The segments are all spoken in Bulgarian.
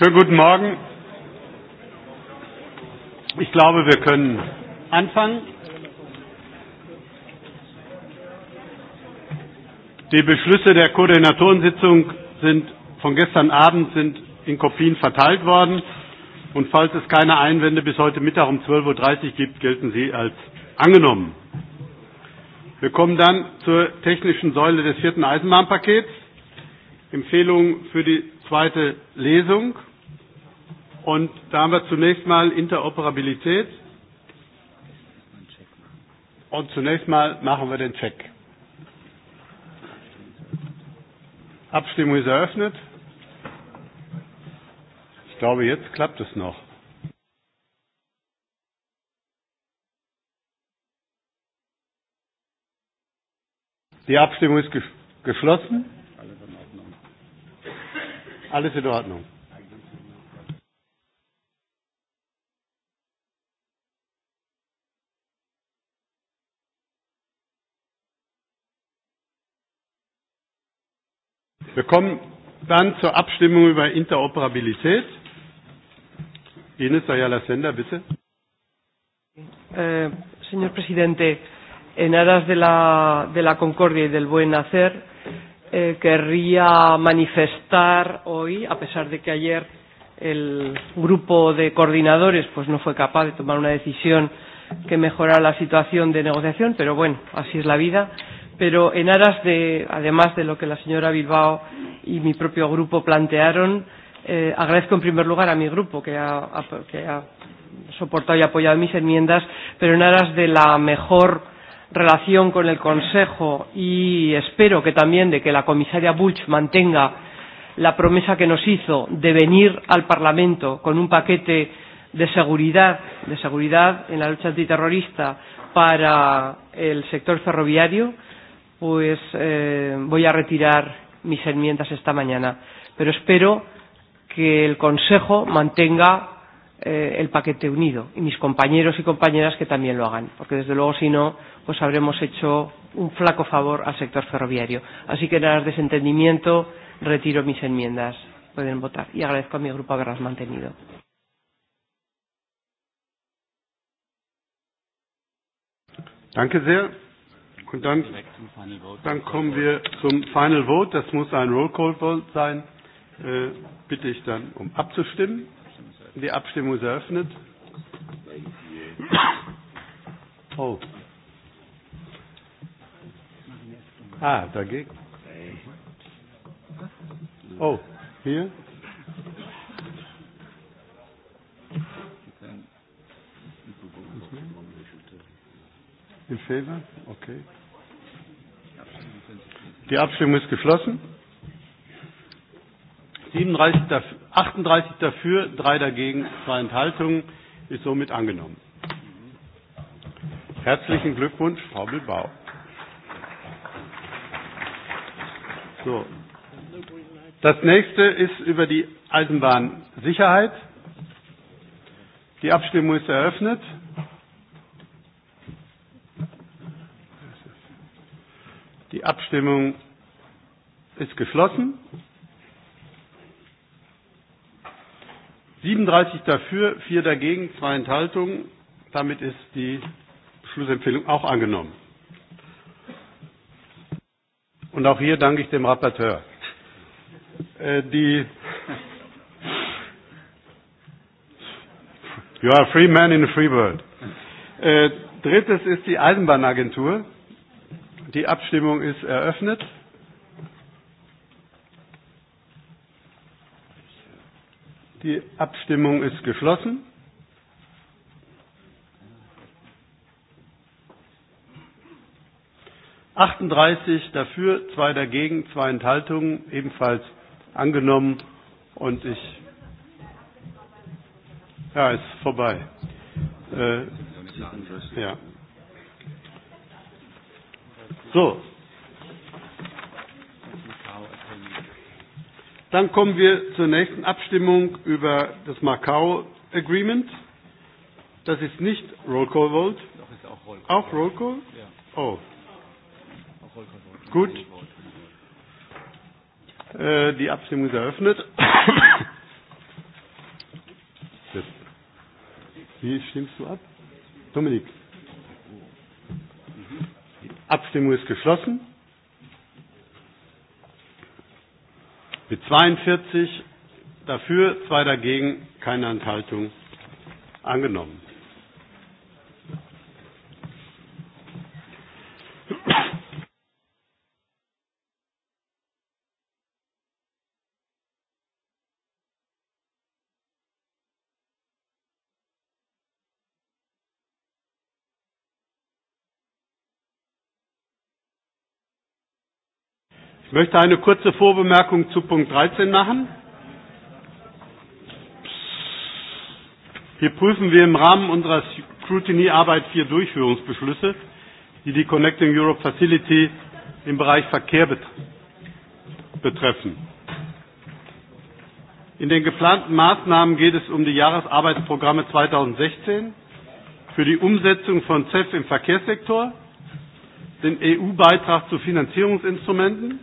Schönen guten Morgen. Ich glaube, wir können anfangen. Die Beschlüsse der Koordinatorensitzung sind von gestern Abend sind in Kopien verteilt worden. Und falls es keine Einwände bis heute Mittag um 12.30 Uhr gibt, gelten sie als angenommen. Wir kommen dann zur technischen Säule des vierten Eisenbahnpakets. Empfehlungen für die zweite Lesung. Und da haben wir zunächst mal Interoperabilität. Und zunächst mal machen wir den Check. Abstimmung ist eröffnet. Ich glaube, jetzt klappt es noch. Die Abstimmung ist geschlossen. Alles in Ordnung. Alles in Ordnung. Wir kommen dann zur Abstimmung über Interoperabilität. Ines Ayala Sender, bitte. Eh, señor presidente, en aras de la, de la concordia y del buen hacer, eh, querría manifestar hoy, a pesar de que ayer el grupo de coordinadores pues no fue capaz de tomar una decisión que mejorara la situación de negociación, pero bueno, así es la vida pero en aras de, además de lo que la señora Bilbao y mi propio grupo plantearon, eh, agradezco en primer lugar a mi grupo que ha, a, que ha soportado y apoyado mis enmiendas, pero en aras de la mejor relación con el Consejo y espero que también de que la comisaria Bulch mantenga la promesa que nos hizo de venir al Parlamento con un paquete de seguridad, de seguridad en la lucha antiterrorista para el sector ferroviario, pues eh, voy a retirar mis enmiendas esta mañana. Pero espero que el Consejo mantenga eh, el paquete unido y mis compañeros y compañeras que también lo hagan, porque desde luego si no, pues habremos hecho un flaco favor al sector ferroviario. Así que en aras de ese entendimiento retiro mis enmiendas. Pueden votar y agradezco a mi grupo haberlas mantenido. Danke sehr. Und dann, dann kommen wir zum Final Vote. Das muss ein Roll Call Vote sein. Äh, bitte ich dann, um abzustimmen. Die Abstimmung ist eröffnet. Oh. Ah, dagegen. Oh, hier. In favor? Okay. Die Abstimmung ist geschlossen. 37 dafür, 38 dafür, 3 dagegen, 2 Enthaltungen ist somit angenommen. Herzlichen Glückwunsch, Frau Bilbao. So. Das nächste ist über die Eisenbahnsicherheit. Die Abstimmung ist eröffnet. Die Abstimmung ist geschlossen. 37 dafür, 4 dagegen, 2 Enthaltungen. Damit ist die Schlussempfehlung auch angenommen. Und auch hier danke ich dem Rapporteur. Äh, die You are a free man in a free world. Äh, drittes ist die Eisenbahnagentur. Die Abstimmung ist eröffnet. Die Abstimmung ist geschlossen. Achtunddreißig dafür, zwei dagegen, zwei Enthaltungen, ebenfalls angenommen. Und ich ja, ist vorbei. Äh, ja. So. Dann kommen wir zur nächsten Abstimmung über das Macau Agreement. Das ist nicht Roll Call Vote. Doch, ist auch Roll Call. Auch Roll Call? Ja. Oh. Auch Roll Call Vote. Gut. Äh, die Abstimmung ist eröffnet. Wie stimmst du ab? Dominik. Abstimmung ist geschlossen. Mit 42 dafür, zwei dagegen, keine Enthaltung angenommen. Ich möchte eine kurze Vorbemerkung zu Punkt 13 machen. Hier prüfen wir im Rahmen unserer Scrutiny-Arbeit vier Durchführungsbeschlüsse, die die Connecting Europe Facility im Bereich Verkehr betreffen. In den geplanten Maßnahmen geht es um die Jahresarbeitsprogramme 2016 für die Umsetzung von CEF im Verkehrssektor, den EU-Beitrag zu Finanzierungsinstrumenten,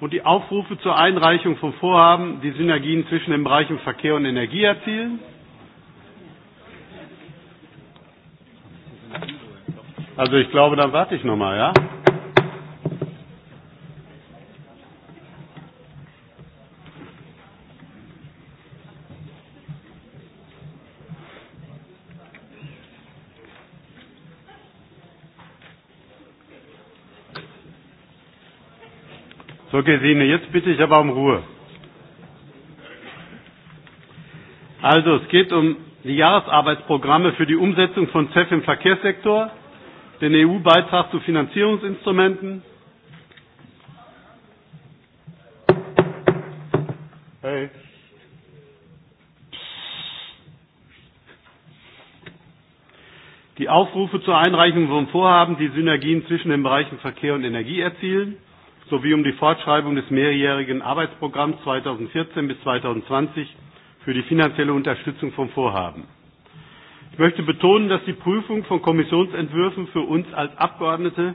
und die Aufrufe zur Einreichung von Vorhaben, die Synergien zwischen den Bereichen Verkehr und Energie erzielen. Also ich glaube, dann warte ich nochmal, ja? Gesine, jetzt bitte ich aber um Ruhe. Also, es geht um die Jahresarbeitsprogramme für die Umsetzung von CEF im Verkehrssektor, den EU-Beitrag zu Finanzierungsinstrumenten. Hey. Die Aufrufe zur Einreichung von Vorhaben, die Synergien zwischen den Bereichen Verkehr und Energie erzielen sowie um die Fortschreibung des mehrjährigen Arbeitsprogramms 2014 bis 2020 für die finanzielle Unterstützung vom Vorhaben. Ich möchte betonen, dass die Prüfung von Kommissionsentwürfen für uns als Abgeordnete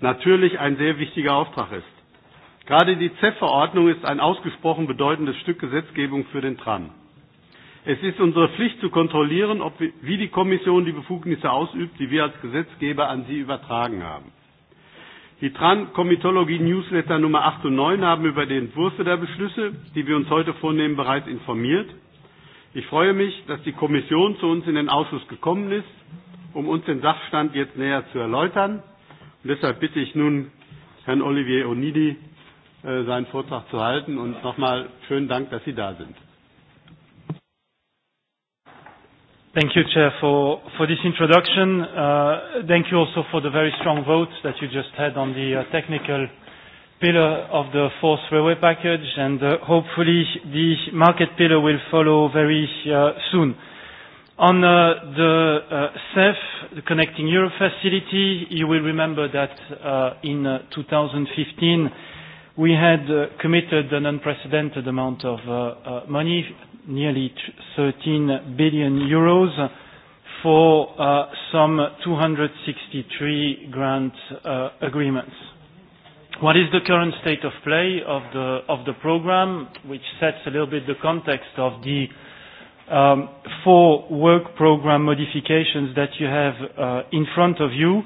natürlich ein sehr wichtiger Auftrag ist. Gerade die CEF-Verordnung ist ein ausgesprochen bedeutendes Stück Gesetzgebung für den TRAN. Es ist unsere Pflicht zu kontrollieren, ob, wie die Kommission die Befugnisse ausübt, die wir als Gesetzgeber an sie übertragen haben. Die TRAN Newsletter Nummer 8 und 9 haben über die Entwürfe der Beschlüsse, die wir uns heute vornehmen, bereits informiert. Ich freue mich, dass die Kommission zu uns in den Ausschuss gekommen ist, um uns den Sachstand jetzt näher zu erläutern. Und deshalb bitte ich nun Herrn Olivier Onidi, seinen Vortrag zu halten. Und nochmal schönen Dank, dass Sie da sind. Thank you, Chair, for, for this introduction. Uh, thank you also for the very strong vote that you just had on the uh, technical pillar of the fourth railway package, and uh, hopefully the market pillar will follow very uh, soon. On uh, the uh, CEF, the Connecting Europe facility, you will remember that uh, in uh, 2015 we had uh, committed an unprecedented amount of uh, uh, money, nearly 13 billion euros for uh, some 263 grant uh, agreements. What is the current state of play of the, of the program, which sets a little bit the context of the um, four work program modifications that you have uh, in front of you?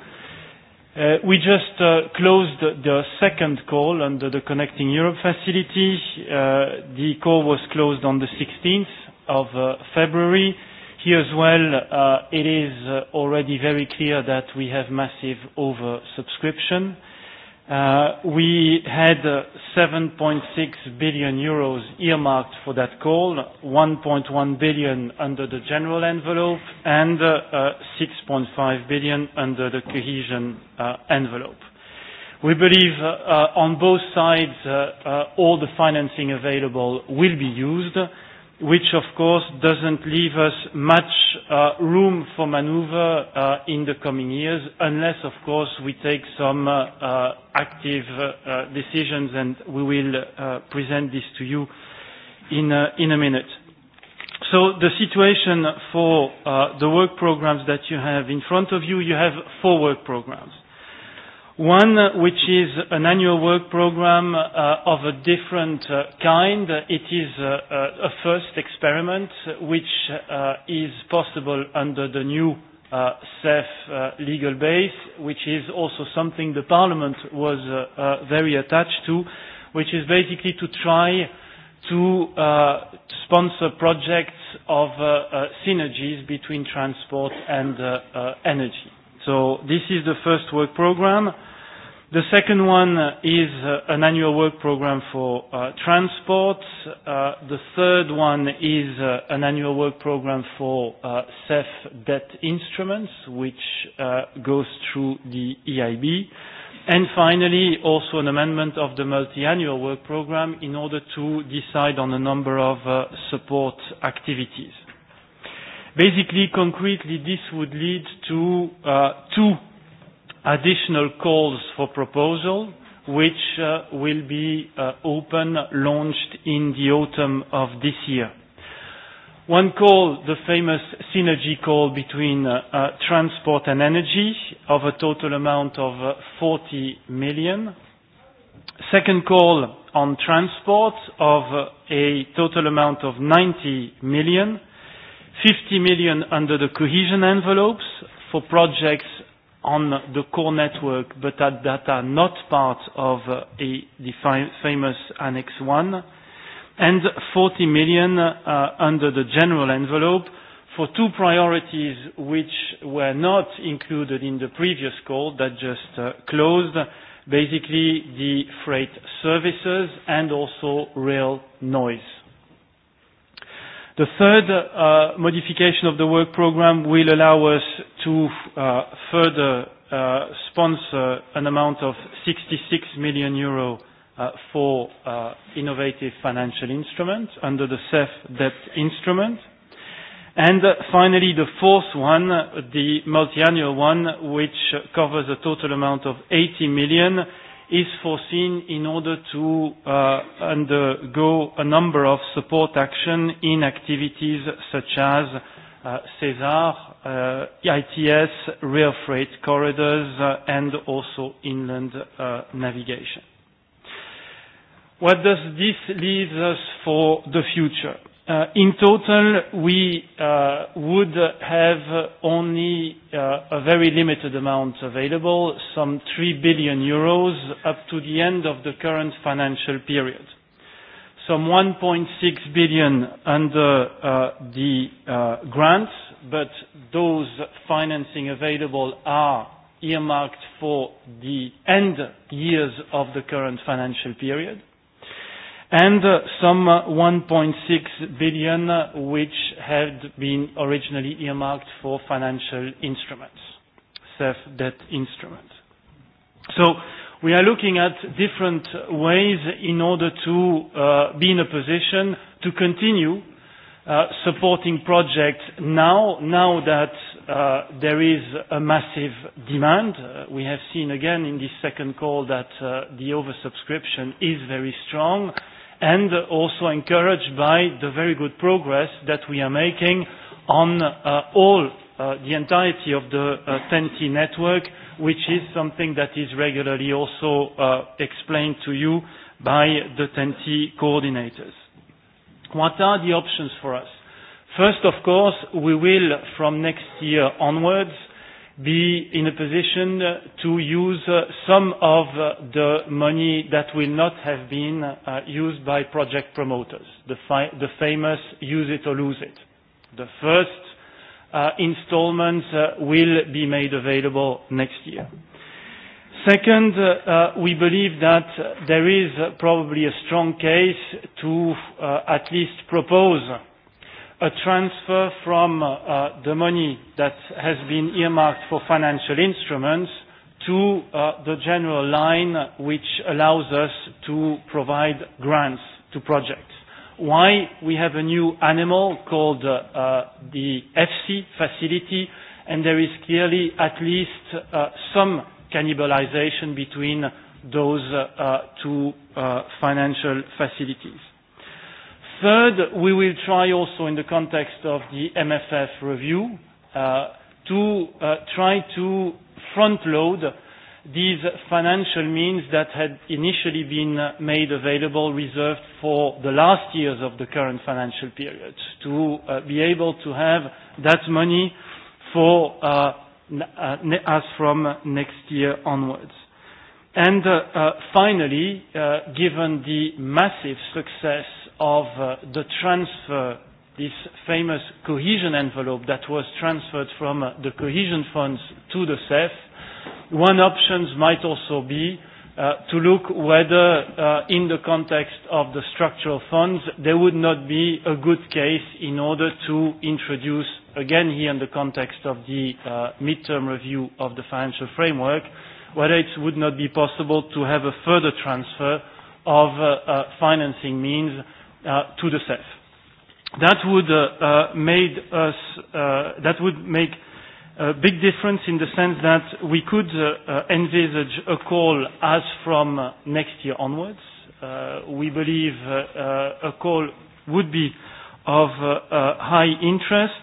Uh, we just uh, closed the second call under the Connecting Europe facility. Uh, the call was closed on the 16th of uh, February. Here as well, uh, it is uh, already very clear that we have massive oversubscription. Uh, we had uh, 7.6 billion euros earmarked for that call, 1.1 billion under the general envelope, and uh, uh, 6.5 billion under the cohesion uh, envelope. We believe uh, uh, on both sides uh, uh, all the financing available will be used. Uh, which of course doesn't leave us much uh, room for maneuver uh, in the coming years unless of course we take some uh, uh, active uh, uh, decisions and we will uh, present this to you in a, in a minute. So the situation for uh, the work programs that you have in front of you, you have four work programs. One, which is an annual work program uh, of a different uh, kind. It is a, a first experiment which uh, is possible under the new uh, CEF uh, legal base, which is also something the Parliament was uh, uh, very attached to, which is basically to try to uh, sponsor projects of uh, uh, synergies between transport and uh, uh, energy. So this is the first work program. The second one is uh, an annual work program for uh, transport. Uh, the third one is uh, an annual work program for uh, CEF debt instruments, which uh, goes through the EIB. And finally, also an amendment of the multi-annual work program in order to decide on a number of uh, support activities. Basically, concretely, this would lead to uh, two additional calls for proposal, which uh, will be uh, open, launched in the autumn of this year. One call, the famous synergy call between uh, uh, transport and energy of a total amount of uh, 40 million. Second call on transport of uh, a total amount of 90 million 50 million under the cohesion envelopes for projects on the core network, but that that are not part of uh a the famous Annex 1, and 40 million uh under the general envelope for two priorities which were not included in the previous call that just uh closed, basically the freight services and also rail noise. The third uh, modification of the work program will allow us to uh, further uh, sponsor an amount of 66 million euro uh, for uh, innovative financial instruments under the CEF debt instrument. And finally, the fourth one, the multi-annual one, which covers a total amount of 80 million is foreseen in order to uh, undergo a number of support action in activities such as uh, CESAR, uh, ITS, rail freight corridors, uh, and also inland uh, navigation. What does this leave us for the future? Uh, in total, we uh, would have only uh, a very limited amount available, some 3 billion euros up to the end of the current financial period. Some 1.6 billion under uh, the uh, grants, but those financing available are earmarked for the end years of the current financial period and some 1.6 billion, which had been originally earmarked for financial instruments, self-debt instruments. So we are looking at different ways in order to be in a position to continue supporting projects now now that there is a massive demand. We have seen again in this second call that the oversubscription is very strong and also encouraged by the very good progress that we are making on uh, all uh, the entirety of the uh, 10T network, which is something that is regularly also uh, explained to you by the TEN t coordinators. What are the options for us? First, of course, we will, from next year onwards, be in a position to use some of the money that will not have been used by project promoters, the famous use it or lose it. The first installments will be made available next year. Second, we believe that there is probably a strong case to at least propose a transfer from uh, the money that has been earmarked for financial instruments to uh, the general line which allows us to provide grants to projects. Why we have a new animal called uh, uh, the FC facility and there is clearly at least uh, some cannibalization between those uh, two uh, financial facilities. Third, we will try also in the context of the MFF review uh, to uh, try to front load these financial means that had initially been made available reserved for the last years of the current financial period to uh, be able to have that money for uh, as from next year onwards. And uh, uh, finally, uh, given the massive success of uh, the transfer, this famous cohesion envelope that was transferred from uh, the cohesion funds to the CEF, one option might also be uh, to look whether uh, in the context of the structural funds there would not be a good case in order to introduce, again here in the context of the uh, midterm review of the financial framework, whether it would not be possible to have a further transfer of uh, uh, financing means uh, to the CEF. That would, uh, uh, made us, uh, that would make a big difference in the sense that we could uh, uh, envisage a call as from next year onwards. Uh, we believe uh, uh, a call would be of uh, uh, high interest,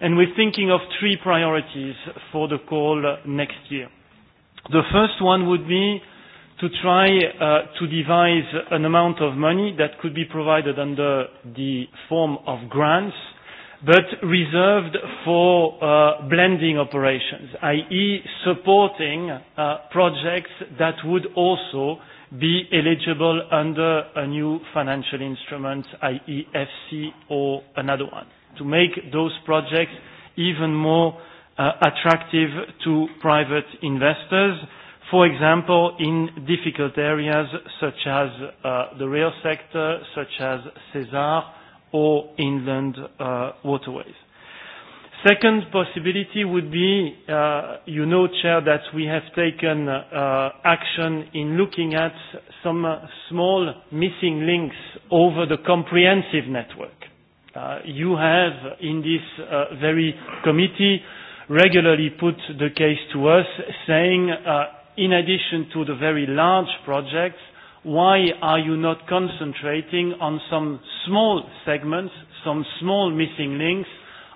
and we're thinking of three priorities for the call next year. The first one would be uh, to try uh, to devise an amount of money that could be provided under the form of grants, but reserved for uh, blending operations, i.e. supporting uh, projects that would also be eligible under a new financial instrument, i.e. FC or another one, to make those projects even more uh, attractive to private investors for example, in difficult areas such as uh, the rail sector, such as CESAR or inland uh, waterways. Second possibility would be, uh, you know, Chair, that we have taken uh, action in looking at some small missing links over the comprehensive network. Uh, you have, in this uh, very committee, regularly put the case to us, saying uh, in addition to the very large projects, why are you not concentrating on some small segments, some small missing links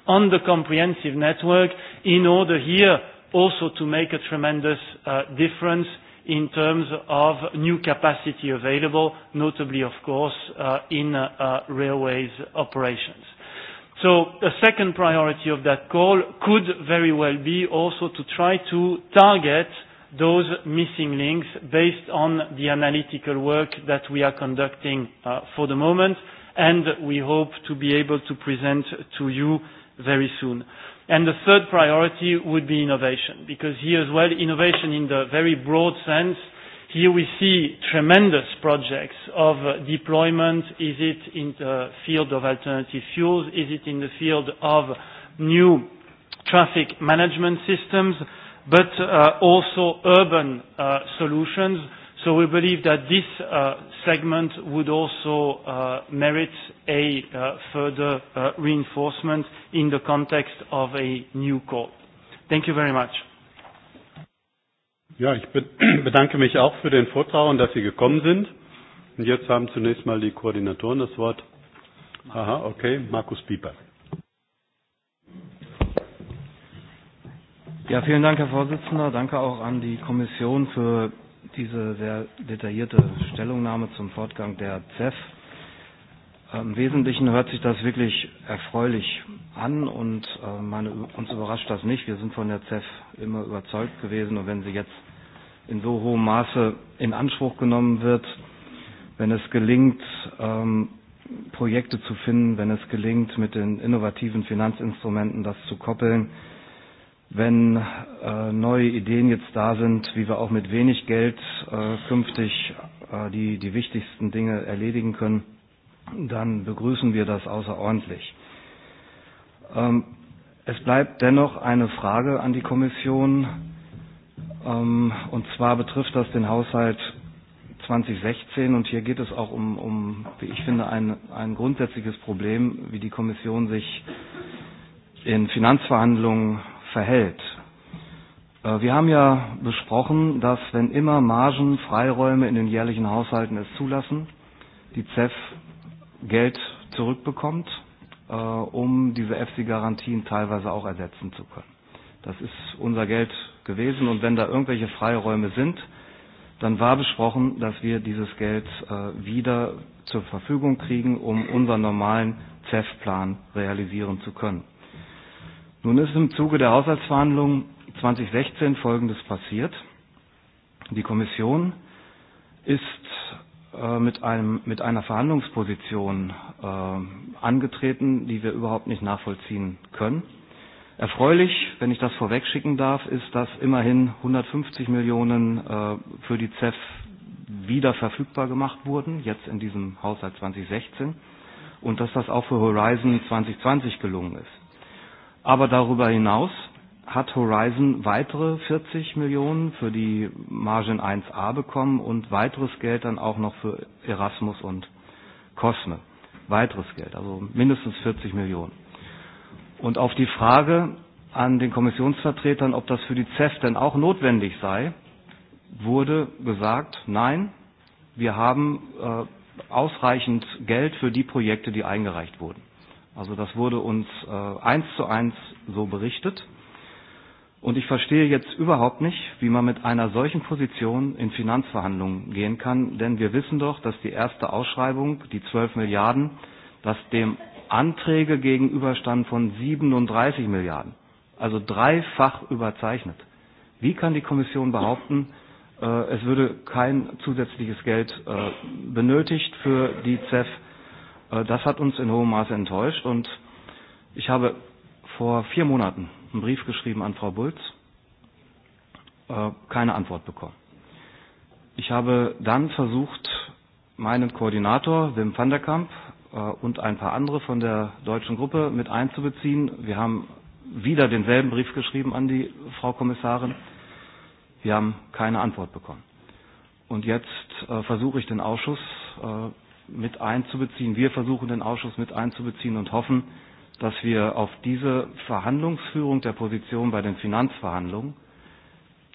on the comprehensive network in order here also to make a tremendous uh, difference in terms of new capacity available, notably, of course, uh, in uh, uh, railways operations. So a second priority of that call could very well be also to try to target uh, those missing links based on the analytical work that we are conducting uh, for the moment, and we hope to be able to present to you very soon. And the third priority would be innovation, because here as well, innovation in the very broad sense, here we see tremendous projects of deployment. Is it in the field of alternative fuels? Is it in the field of new traffic management systems? but uh, also urban uh, solutions. So we believe that this uh, segment would also uh, merit a uh, further uh, reinforcement in the context of a new call. Thank you very much. Ja, ich bedanke mich auch für den Vortrag und dass Sie gekommen sind. Und jetzt haben zunächst mal die Koordinatoren das Wort. Aha, okay, Markus Pieper. Ja, vielen Dank, Herr Vorsitzender. Danke auch an die Kommission für diese sehr detaillierte Stellungnahme zum Fortgang der CEF. Im Wesentlichen hört sich das wirklich erfreulich an und meine, uns überrascht das nicht. Wir sind von der CEF immer überzeugt gewesen und wenn sie jetzt in so hohem Maße in Anspruch genommen wird, wenn es gelingt, Projekte zu finden, wenn es gelingt, mit den innovativen Finanzinstrumenten das zu koppeln, wenn äh, neue Ideen jetzt da sind, wie wir auch mit wenig Geld äh, künftig äh, die, die wichtigsten Dinge erledigen können, dann begrüßen wir das außerordentlich. Ähm, es bleibt dennoch eine Frage an die Kommission, ähm, und zwar betrifft das den Haushalt 2016 und hier geht es auch um, um wie ich finde, ein, ein grundsätzliches Problem, wie die Kommission sich in Finanzverhandlungen verhält. Wir haben ja besprochen, dass wenn immer Margen, Freiräume in den jährlichen Haushalten es zulassen, die CEF Geld zurückbekommt, um diese EFSI-Garantien teilweise auch ersetzen zu können. Das ist unser Geld gewesen und wenn da irgendwelche Freiräume sind, dann war besprochen, dass wir dieses Geld wieder zur Verfügung kriegen, um unseren normalen CEF-Plan realisieren zu können. Nun ist im Zuge der Haushaltsverhandlungen 2016 Folgendes passiert. Die Kommission ist mit, einem, mit einer Verhandlungsposition äh, angetreten, die wir überhaupt nicht nachvollziehen können. Erfreulich, wenn ich das vorwegschicken darf, ist, dass immerhin 150 Millionen äh, für die CEF wieder verfügbar gemacht wurden, jetzt in diesem Haushalt 2016, und dass das auch für Horizon 2020 gelungen ist. Aber darüber hinaus hat Horizon weitere 40 Millionen für die Margin 1a bekommen und weiteres Geld dann auch noch für Erasmus und Cosme. Weiteres Geld, also mindestens 40 Millionen. Und auf die Frage an den Kommissionsvertretern, ob das für die CEF denn auch notwendig sei, wurde gesagt, nein, wir haben äh, ausreichend Geld für die Projekte, die eingereicht wurden. Also das wurde uns äh, eins zu eins so berichtet. Und ich verstehe jetzt überhaupt nicht, wie man mit einer solchen Position in Finanzverhandlungen gehen kann, denn wir wissen doch, dass die erste Ausschreibung, die 12 Milliarden, dass dem Anträge gegenüberstand von 37 Milliarden, also dreifach überzeichnet. Wie kann die Kommission behaupten, es würde kein zusätzliches Geld benötigt für die CEF Das hat uns in hohem Maße enttäuscht und ich habe vor vier Monaten einen Brief geschrieben an Frau Bulz, keine Antwort bekommen. Ich habe dann versucht, meinen Koordinator Wim van der Kamp und ein paar andere von der deutschen Gruppe mit einzubeziehen. Wir haben wieder denselben Brief geschrieben an die Frau Kommissarin. Wir haben keine Antwort bekommen. Und jetzt äh, versuche ich den Ausschuss äh, mit einzubeziehen. Wir versuchen den Ausschuss mit einzubeziehen und hoffen, dass wir auf diese Verhandlungsführung der Position bei den Finanzverhandlungen,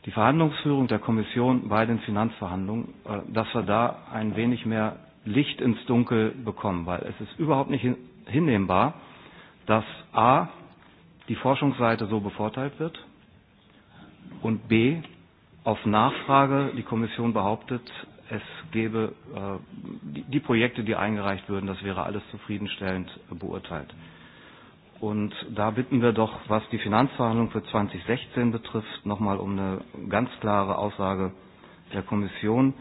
die Verhandlungsführung der Kommission bei den Finanzverhandlungen, dass wir da ein wenig mehr Licht ins Dunkel bekommen, weil es ist überhaupt nicht hinnehmbar, dass a. die Forschungsseite so bevorteilt wird und b. auf Nachfrage die Kommission behauptet, es gäbe die Projekte, die eingereicht würden, das wäre alles zufriedenstellend beurteilt. Und da bitten wir doch, was die Finanzverhandlung für 2016 betrifft, nochmal um eine ganz klare Aussage der Kommission.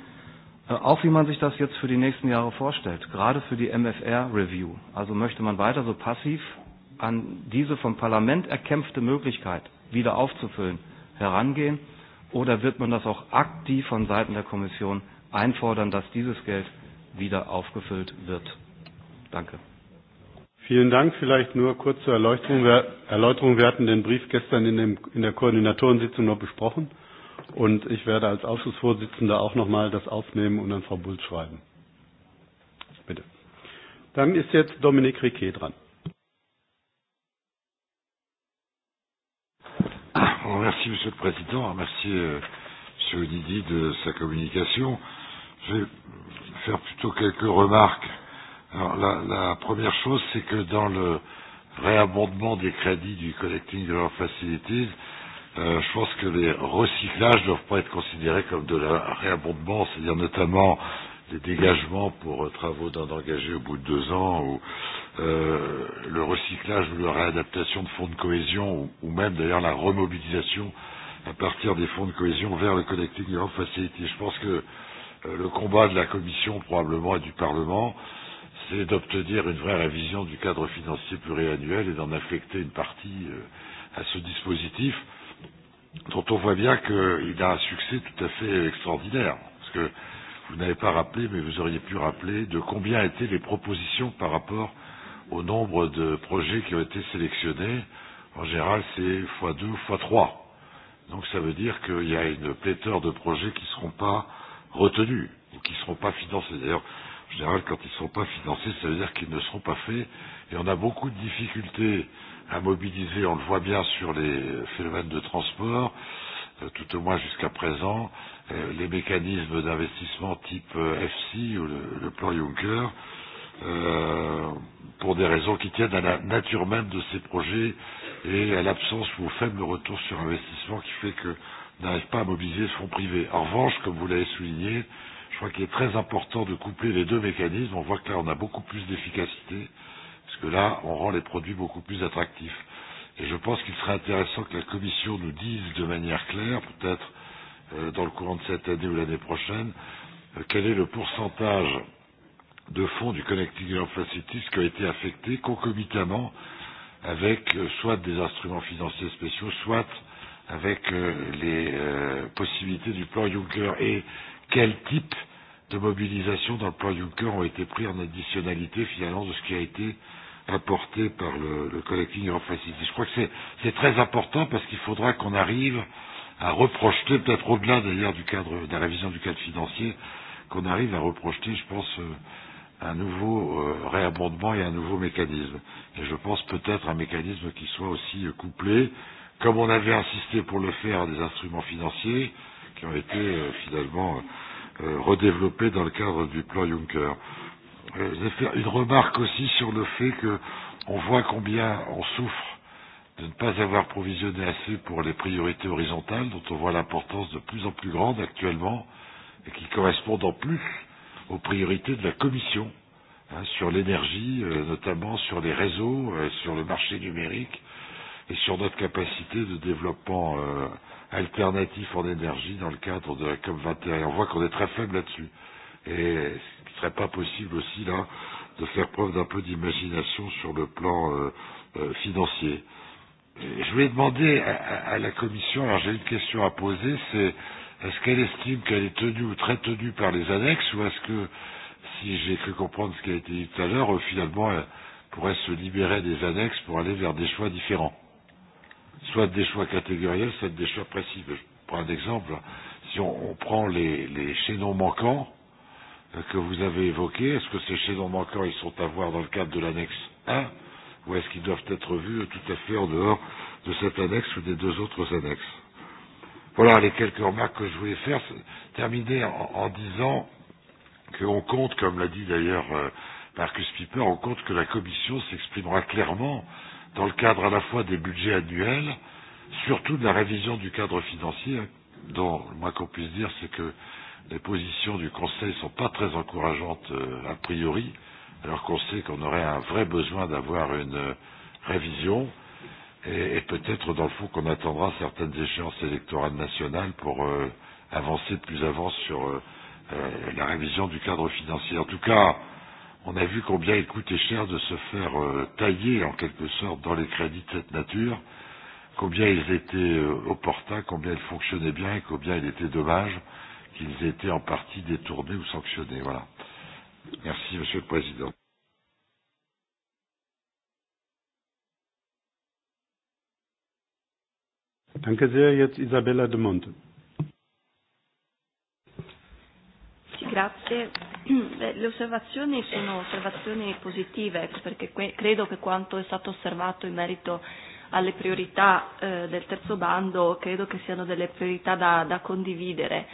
Auch wie man sich das jetzt für die nächsten Jahre vorstellt, gerade für die MFR-Review. Also möchte man weiter so passiv an diese vom Parlament erkämpfte Möglichkeit wieder aufzufüllen herangehen oder wird man das auch aktiv von Seiten der Kommission einfordern, dass dieses Geld wieder aufgefüllt wird. Danke. Vielen Dank. Vielleicht nur kurz zur Erläuterung. Erläuterung. Wir hatten den Brief gestern in, dem, in der Koordinatorensitzung noch besprochen. Und ich werde als Ausschussvorsitzender auch noch mal das aufnehmen und an Frau Bulls schreiben. Bitte. Dann ist jetzt Dominik Riquet dran. Merci, Monsieur le Président. Merci, Monsieur Didi, de sa communication. Je vais faire plutôt quelques remarques. Alors, la, la première chose, c'est que dans le réabondement des crédits du Collecting de leurs Facilities, euh, je pense que les recyclages ne doivent pas être considérés comme de la réabondement, c'est-à-dire notamment les dégagements pour euh, travaux d'un engagé au bout de deux ans, ou euh, le recyclage ou la réadaptation de fonds de cohésion, ou, ou même d'ailleurs la remobilisation à partir des fonds de cohésion vers le Collecting Europe Facility. Je pense que le combat de la Commission probablement et du Parlement, c'est d'obtenir une vraie révision du cadre financier pluriannuel et d'en affecter une partie à ce dispositif dont on voit bien qu'il a un succès tout à fait extraordinaire. Parce que vous n'avez pas rappelé, mais vous auriez pu rappeler de combien étaient les propositions par rapport au nombre de projets qui ont été sélectionnés. En général, c'est x2, x3. Donc ça veut dire qu'il y a une pléthore de projets qui ne seront pas euh, retenus ou qui ne seront pas financés. D'ailleurs, en général, quand ils ne sont pas financés, ça veut dire qu'ils ne seront pas faits. Et on a beaucoup de difficultés à mobiliser, on le voit bien sur les phénomènes de transport, tout au moins jusqu'à présent, les mécanismes d'investissement type FC ou le, le plan Juncker, euh, pour des raisons qui tiennent à la nature même de ces projets et à l'absence ou au faible retour sur investissement qui fait que n'arrivent pas à mobiliser ce fonds privé. En revanche, comme vous l'avez souligné, je crois qu'il est très important de coupler les deux mécanismes. On voit que là, on a beaucoup plus d'efficacité, parce que là, on rend les produits beaucoup plus attractifs. Et je pense qu'il serait intéressant que la Commission nous dise de manière claire, peut-être euh, dans le courant de cette année ou l'année prochaine, euh, quel est le pourcentage de fonds du Connecting Europe Facilities qui a été affecté concomitamment avec euh, soit des instruments financiers spéciaux, soit euh, avec euh, les euh, possibilités du plan Juncker et quel type de mobilisation dans le plan Juncker ont été pris en additionnalité finalement de ce qui a été apporté par le, le collecting Europe Facility. Je crois que c'est très important parce qu'il faudra qu'on arrive à reprojeter, peut-être au-delà d'ailleurs du cadre, de la révision du cadre financier, qu'on arrive à reprojeter, je pense, un nouveau euh, réabondement et un nouveau mécanisme. Et je pense peut-être un mécanisme qui soit aussi couplé euh, comme on avait insisté pour le faire, des instruments financiers qui ont été euh, finalement euh, redéveloppés dans le cadre du plan Juncker. Euh, je vais faire une remarque aussi sur le fait qu'on voit combien on souffre de ne pas avoir provisionné assez pour les priorités horizontales, dont on voit l'importance de plus en plus grande actuellement, et qui correspondent en plus aux priorités de la Commission, hein, sur l'énergie, euh, notamment sur les réseaux, euh, sur le marché numérique, et sur notre capacité de développement euh, alternatif en énergie dans le cadre de la COP21. Et on voit qu'on est très faible là-dessus. Et ce ne serait pas possible aussi, là, de faire preuve d'un peu d'imagination sur le plan euh, euh, financier. Et je voulais demander à, à, à la Commission, alors j'ai une question à poser, c'est est-ce qu'elle estime qu'elle est tenue ou très tenue par les annexes, ou est-ce que, si j'ai cru comprendre ce qui a été dit tout à l'heure, euh, finalement, elle pourrait se libérer des annexes pour aller vers des choix différents soit des choix catégoriels, soit des choix précis. Je prends un exemple. Si on, on prend les, les chaînons manquants que vous avez évoqués, est-ce que ces chaînons manquants, ils sont à voir dans le cadre de l'annexe 1 ou est-ce qu'ils doivent être vus tout à fait en dehors de cette annexe ou des deux autres annexes Voilà les quelques remarques que je voulais faire. Terminer en, en disant qu'on compte, comme l'a dit d'ailleurs Marcus Piper, on compte que la Commission s'exprimera clairement euh, dans le cadre à la fois des budgets annuels, surtout de la révision du cadre financier, dont le moins qu'on puisse dire, c'est que les positions du Conseil ne sont pas très encourageantes a priori, alors qu'on sait qu'on aurait un vrai besoin d'avoir une révision et, et peut-être dans le fond qu'on attendra certaines échéances électorales nationales pour euh, avancer plus avant sur euh, la révision du cadre financier. En tout cas, euh, on a vu combien il coûtait cher de se faire euh, tailler en quelque sorte dans les crédits de cette nature, combien ils étaient euh, opportuns, combien ils fonctionnaient bien et combien il était dommage qu'ils étaient en partie détournés ou sanctionnés. Voilà. Merci, Monsieur le Président. Danke sehr, jetzt Isabella de Monte. Grazie. Le osservazioni sono osservazioni positive perché credo che quanto è stato osservato in merito alle priorità eh, del terzo bando credo che siano delle priorità da, da condividere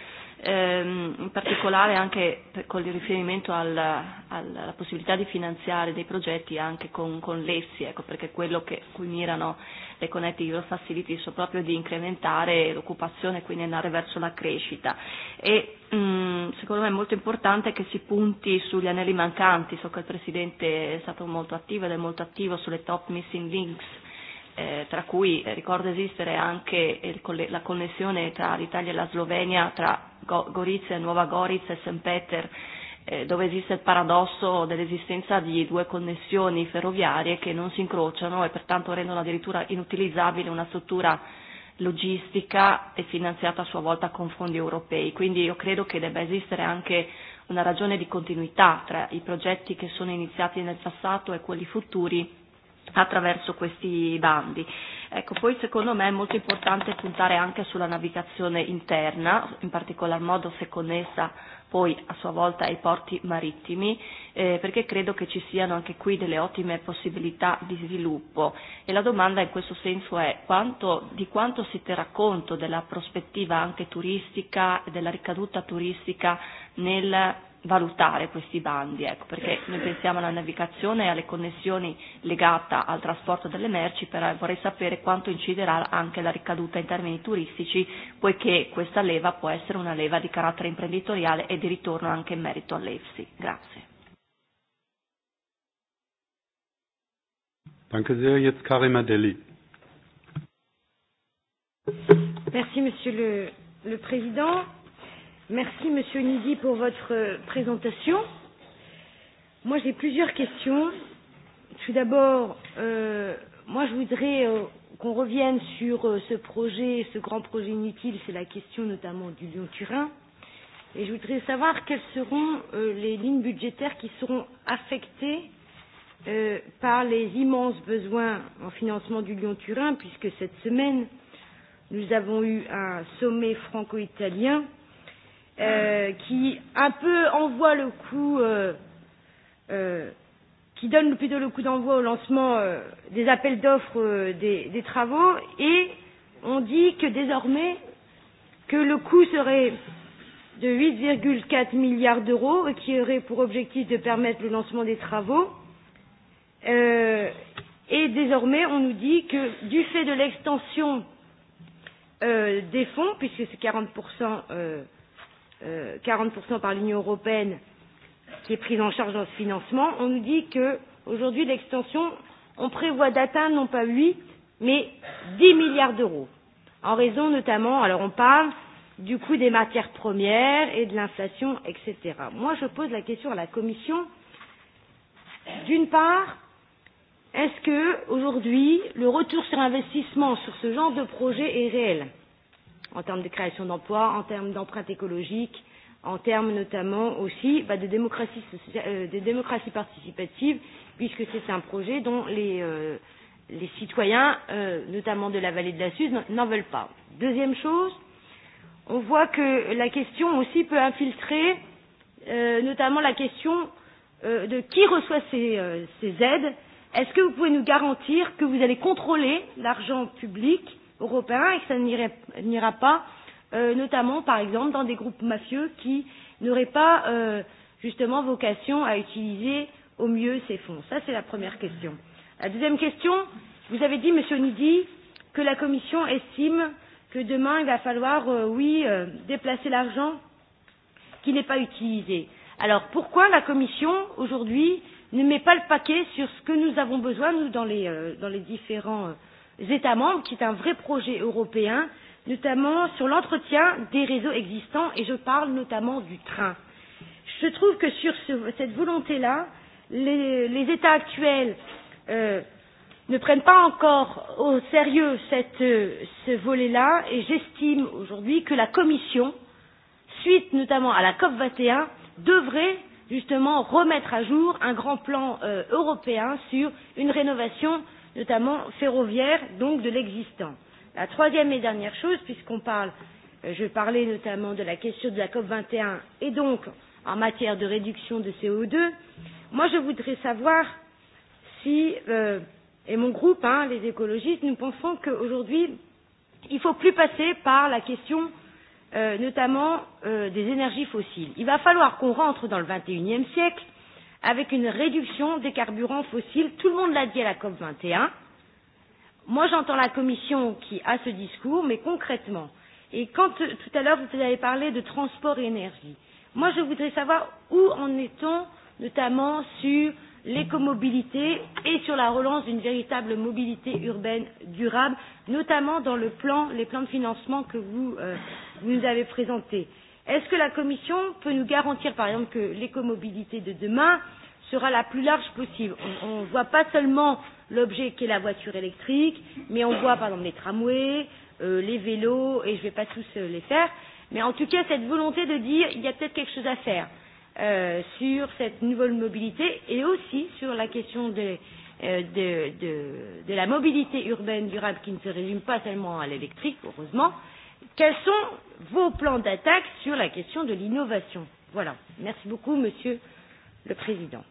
ehm, in particolare anche per, con il riferimento alla, alla possibilità di finanziare dei progetti anche con, con l'ESSI, ecco, perché quello che cui mirano le Connecting Euro Facility sono proprio di incrementare l'occupazione e quindi andare verso la crescita. E mh, secondo me è molto importante che si punti sugli anelli mancanti, so che il Presidente è stato molto attivo ed è molto attivo sulle top missing links eh, tra cui ricordo esistere anche il, la connessione tra l'Italia e la Slovenia, tra Gorizia e Nuova Gorizia e St. Peter, dove esiste il paradosso dell'esistenza di due connessioni ferroviarie che non si incrociano e pertanto rendono addirittura inutilizzabile una struttura logistica e finanziata a sua volta con fondi europei. Quindi io credo che debba esistere anche una ragione di continuità tra i progetti che sono iniziati nel passato e quelli futuri attraverso questi bandi. Ecco, poi secondo me è molto importante puntare anche sulla navigazione interna, in particolar modo se connessa poi a sua volta ai porti marittimi, eh, perché credo che ci siano anche qui delle ottime possibilità di sviluppo e la domanda in questo senso è quanto, di quanto si terrà conto della prospettiva anche turistica e della ricaduta turistica nel valutare questi bandi, ecco, perché noi pensiamo alla navigazione e alle connessioni legata al trasporto delle merci, però vorrei sapere quanto inciderà anche la ricaduta in termini turistici, poiché questa leva può essere una leva di carattere imprenditoriale e di ritorno anche in merito all'EFSI. Grazie. Danke sehr, jetzt Merci Monsieur le, le Président. Merci, Monsieur Nidi, pour votre présentation. Moi, j'ai plusieurs questions. Tout d'abord, euh, moi, je voudrais euh, qu'on revienne sur euh, ce projet, ce grand projet inutile, c'est la question notamment du Lyon-Turin. Et je voudrais savoir quelles seront euh, les lignes budgétaires qui seront affectées euh, par les immenses besoins en financement du Lyon-Turin, puisque cette semaine, nous avons eu un sommet franco-italien euh, euh, qui un peu envoie le coup, euh, euh, qui donne plutôt le coup d'envoi au lancement euh, des appels d'offres euh, des, des travaux, et on dit que désormais que le coût serait de 8,4 milliards d'euros et qui aurait pour objectif de permettre le lancement des travaux. Euh, et désormais, on nous dit que du fait de l'extension euh, des fonds, puisque c'est 40% euh, euh, 40% par l'Union européenne qui est prise en charge dans ce financement, on nous dit que aujourd'hui l'extension, on prévoit d'atteindre non pas 8, mais 10 milliards d'euros, en raison notamment, alors on parle du coût des matières premières et de l'inflation, etc. Moi, je pose la question à la Commission. D'une part, est-ce que aujourd'hui le retour sur investissement sur ce genre de projet est réel en termes de création d'emplois, en termes d'empreinte écologique, en termes notamment aussi bah, de, démocratie, euh, de démocratie participative, puisque c'est un projet dont les, euh, les citoyens, euh, notamment de la vallée de la Suze, n'en veulent pas. Deuxième chose, on voit que la question aussi peut infiltrer euh, notamment la question euh, de qui reçoit ces, euh, ces aides. Est-ce que vous pouvez nous garantir que vous allez contrôler l'argent public euh, européen et que ça n'ira pas, euh, notamment par exemple dans des groupes mafieux qui n'auraient pas euh, justement vocation à utiliser au mieux ces fonds. Ça, c'est la première question. La deuxième question, vous avez dit, Monsieur Nidi, que la Commission estime que demain, il va falloir, euh, oui, euh, déplacer l'argent qui n'est pas utilisé. Alors pourquoi la Commission, aujourd'hui, ne met pas le paquet sur ce que nous avons besoin, nous, dans les, euh, dans les différents euh, États membres, qui est un vrai projet européen, notamment sur l'entretien des réseaux existants, et je parle notamment du train. Je trouve que sur ce, cette volonté-là, les, les États actuels euh, ne prennent pas encore au sérieux cette, ce volet-là, et j'estime aujourd'hui que la Commission, suite notamment à la COP 21, devrait justement remettre à jour un grand plan euh, européen sur une rénovation euh, notamment ferroviaire, donc de l'existant. La troisième et dernière chose, puisqu'on parle, je parlais notamment de la question de la COP21 et donc en matière de réduction de CO2, moi je voudrais savoir si, euh, et mon groupe, hein, les écologistes, nous pensons qu'aujourd'hui, il ne faut plus passer par la question euh, notamment euh, des énergies fossiles. Il va falloir qu'on rentre dans le XXIe siècle avec une réduction des carburants fossiles. Tout le monde l'a dit à la COP21. Moi, j'entends la Commission qui a ce discours, mais concrètement. Et quand tout à l'heure, vous avez parlé de transport et énergie, moi, je voudrais savoir où en est-on, notamment sur l'écomobilité et sur la relance d'une véritable mobilité urbaine durable, notamment dans le plan, les plans de financement que vous euh, nous avez présentés. Euh, Est-ce que la Commission peut nous garantir, par exemple, que l'écomobilité de demain sera la plus large possible On ne voit pas seulement l'objet qu'est la voiture électrique, mais on voit par exemple les tramways, euh, les vélos, et je ne vais pas tous euh, les faire, mais en tout cas cette volonté de dire il y a peut-être quelque chose à faire euh, sur cette nouvelle mobilité et aussi sur la question de, euh, de, de, de la mobilité urbaine durable qui ne se résume pas seulement à l'électrique, heureusement, euh, quels sont vos plans d'attaque sur la question de l'innovation Voilà. Merci beaucoup, Monsieur le Président.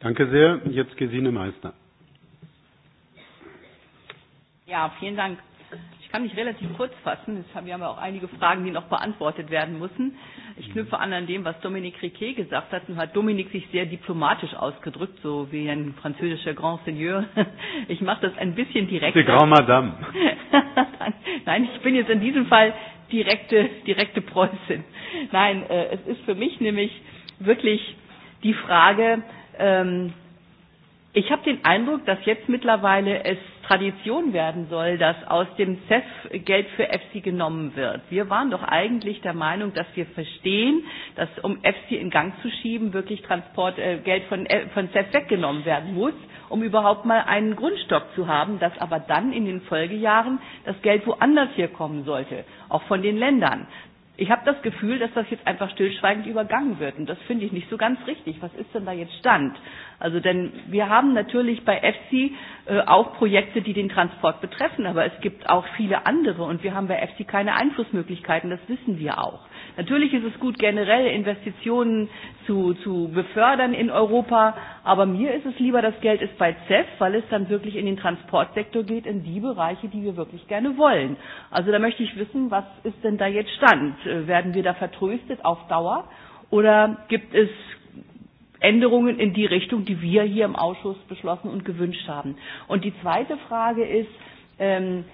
Danke sehr. Jetzt Gesine Meister. Ja, vielen Dank kann mich relativ kurz fassen. Jetzt haben wir ja auch einige Fragen, die noch beantwortet werden müssen. Ich knüpfe an an dem, was Dominique Riquet gesagt hat. Nun hat Dominique sich sehr diplomatisch ausgedrückt, so wie ein französischer Grand Seigneur. Ich mache das ein bisschen direkt. Die Grand Madame. Nein, ich bin jetzt in diesem Fall direkte, direkte Preußin. Nein, äh, es ist für mich nämlich wirklich die Frage, ähm, ich habe den Eindruck, dass jetzt mittlerweile es Tradition werden soll, dass aus dem CEF Geld für EFSI genommen wird. Wir waren doch eigentlich der Meinung, dass wir verstehen, dass um EFSI in Gang zu schieben, wirklich Transport, äh, Geld von, äh, von CEF weggenommen werden muss, um überhaupt mal einen Grundstock zu haben, dass aber dann in den Folgejahren das Geld woanders hier kommen sollte, auch von den Ländern. Ich habe das Gefühl, dass das jetzt einfach stillschweigend übergangen wird. Und das finde ich nicht so ganz richtig. Was ist denn da jetzt Stand? Also denn wir haben natürlich bei EFSI äh, auch Projekte, die den Transport betreffen, aber es gibt auch viele andere und wir haben bei EFSI keine Einflussmöglichkeiten, das wissen wir auch. Natürlich ist es gut, generell Investitionen zu, zu befördern in Europa, aber mir ist es lieber, das Geld ist bei CEF, weil es dann wirklich in den Transportsektor geht, in die Bereiche, die wir wirklich gerne wollen. Also da möchte ich wissen, was ist denn da jetzt Stand? Werden wir da vertröstet auf Dauer oder gibt es Änderungen in die Richtung, die wir hier im Ausschuss beschlossen und gewünscht haben. Und die zweite Frage ist, ähm,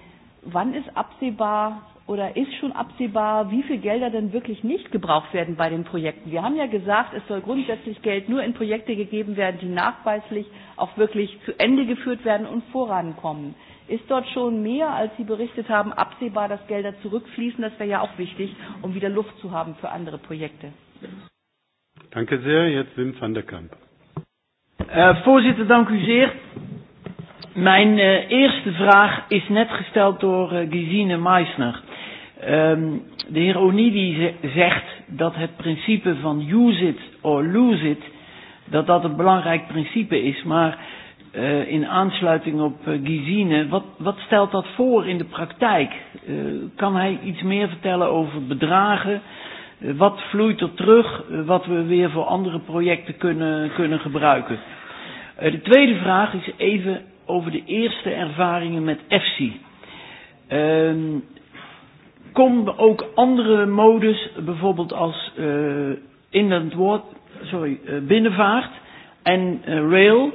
wann ist absehbar, oder ist schon absehbar, wie viel Gelder denn wirklich nicht gebraucht werden bei den Projekten? Wir haben ja gesagt, es soll grundsätzlich Geld nur in Projekte gegeben werden, die nachweislich auch wirklich zu Ende geführt werden und vorankommen. Ist dort schon mehr, als Sie berichtet haben, absehbar, dass Gelder zurückfließen? Das wäre ja auch wichtig, um wieder Luft zu haben für andere Projekte. Danke sehr. Jetzt Wim van der Kamp. Herr äh, Vorsitzender, danke sehr. Mijn uh, eerste vraag is net gesteld door uh, Gesine Meissner. Um, de heer Onidi zegt dat het principe van use it or lose it, dat dat een belangrijk principe is. Maar uh, in aansluiting op uh, Gizine, wat, wat stelt dat voor in de praktijk? Uh, kan hij iets meer vertellen over bedragen? Uh, wat vloeit er terug, uh, wat we weer voor andere projecten kunnen, kunnen gebruiken? Uh, de tweede vraag is even over de eerste ervaringen met EFSI. Uh, kon ook andere modus, bijvoorbeeld als uh, inland woord, sorry, uh, binnenvaart en uh, rail,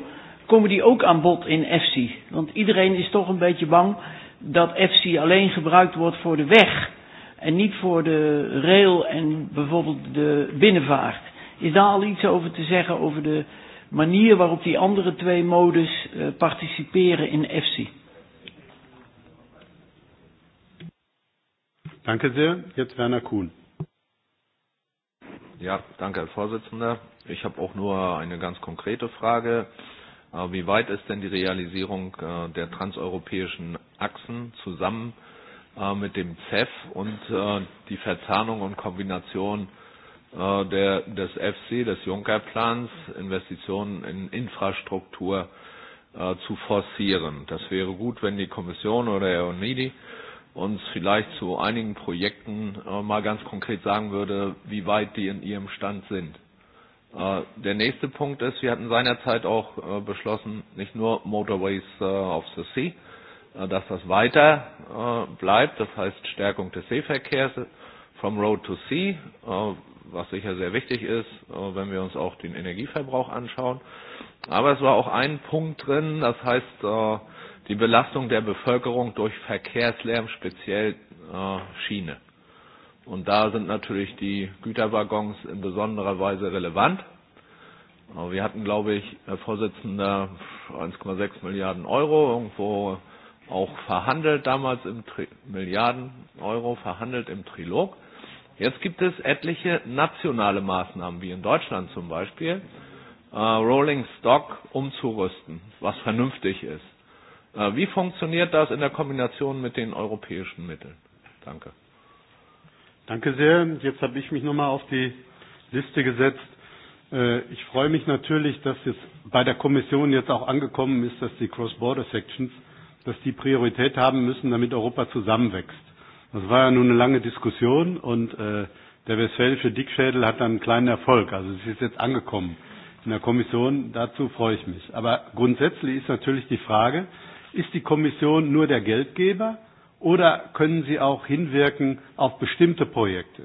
komen die ook aan bod in FC. Want iedereen is toch een beetje bang dat FC alleen gebruikt wordt voor de weg en niet voor de rail en bijvoorbeeld de binnenvaart. Is daar al iets over te zeggen over de manier waarop die andere twee modus uh, participeren in FC? Danke sehr. Jetzt Werner Kuhn. Ja, danke, Herr Vorsitzender. Ich habe auch nur eine ganz konkrete Frage. Wie weit ist denn die Realisierung der transeuropäischen Achsen zusammen mit dem CEF und die Verzahnung und Kombination der, des FC, des Juncker-Plans, Investitionen in Infrastruktur zu forcieren? Das wäre gut, wenn die Kommission oder Herr Onidi uns vielleicht zu einigen Projekten äh, mal ganz konkret sagen würde, wie weit die in ihrem Stand sind. Äh, der nächste Punkt ist, wir hatten seinerzeit auch äh, beschlossen, nicht nur Motorways äh, of the Sea, äh, dass das weiter äh, bleibt, das heißt Stärkung des Seeverkehrs from Road to Sea, äh, was sicher sehr wichtig ist, äh, wenn wir uns auch den Energieverbrauch anschauen. Aber es war auch ein Punkt drin, das heißt, äh, die Belastung der Bevölkerung durch Verkehrslärm, speziell äh, Schiene. Und da sind natürlich die Güterwaggons in besonderer Weise relevant. Wir hatten, glaube ich, Herr Vorsitzender, 1,6 Milliarden Euro irgendwo auch verhandelt, damals im Tri Milliarden Euro verhandelt im Trilog. Jetzt gibt es etliche nationale Maßnahmen, wie in Deutschland zum Beispiel, äh, Rolling Stock umzurüsten, was vernünftig ist. Wie funktioniert das in der Kombination mit den europäischen Mitteln? Danke. Danke sehr. Jetzt habe ich mich nochmal auf die Liste gesetzt. Ich freue mich natürlich, dass jetzt bei der Kommission jetzt auch angekommen ist, dass die Cross-Border-Sections, dass die Priorität haben müssen, damit Europa zusammenwächst. Das war ja nun eine lange Diskussion und der westfälische Dickschädel hat dann einen kleinen Erfolg. Also es ist jetzt angekommen in der Kommission. Dazu freue ich mich. Aber grundsätzlich ist natürlich die Frage, Ist die Kommission nur der Geldgeber oder können Sie auch hinwirken auf bestimmte Projekte?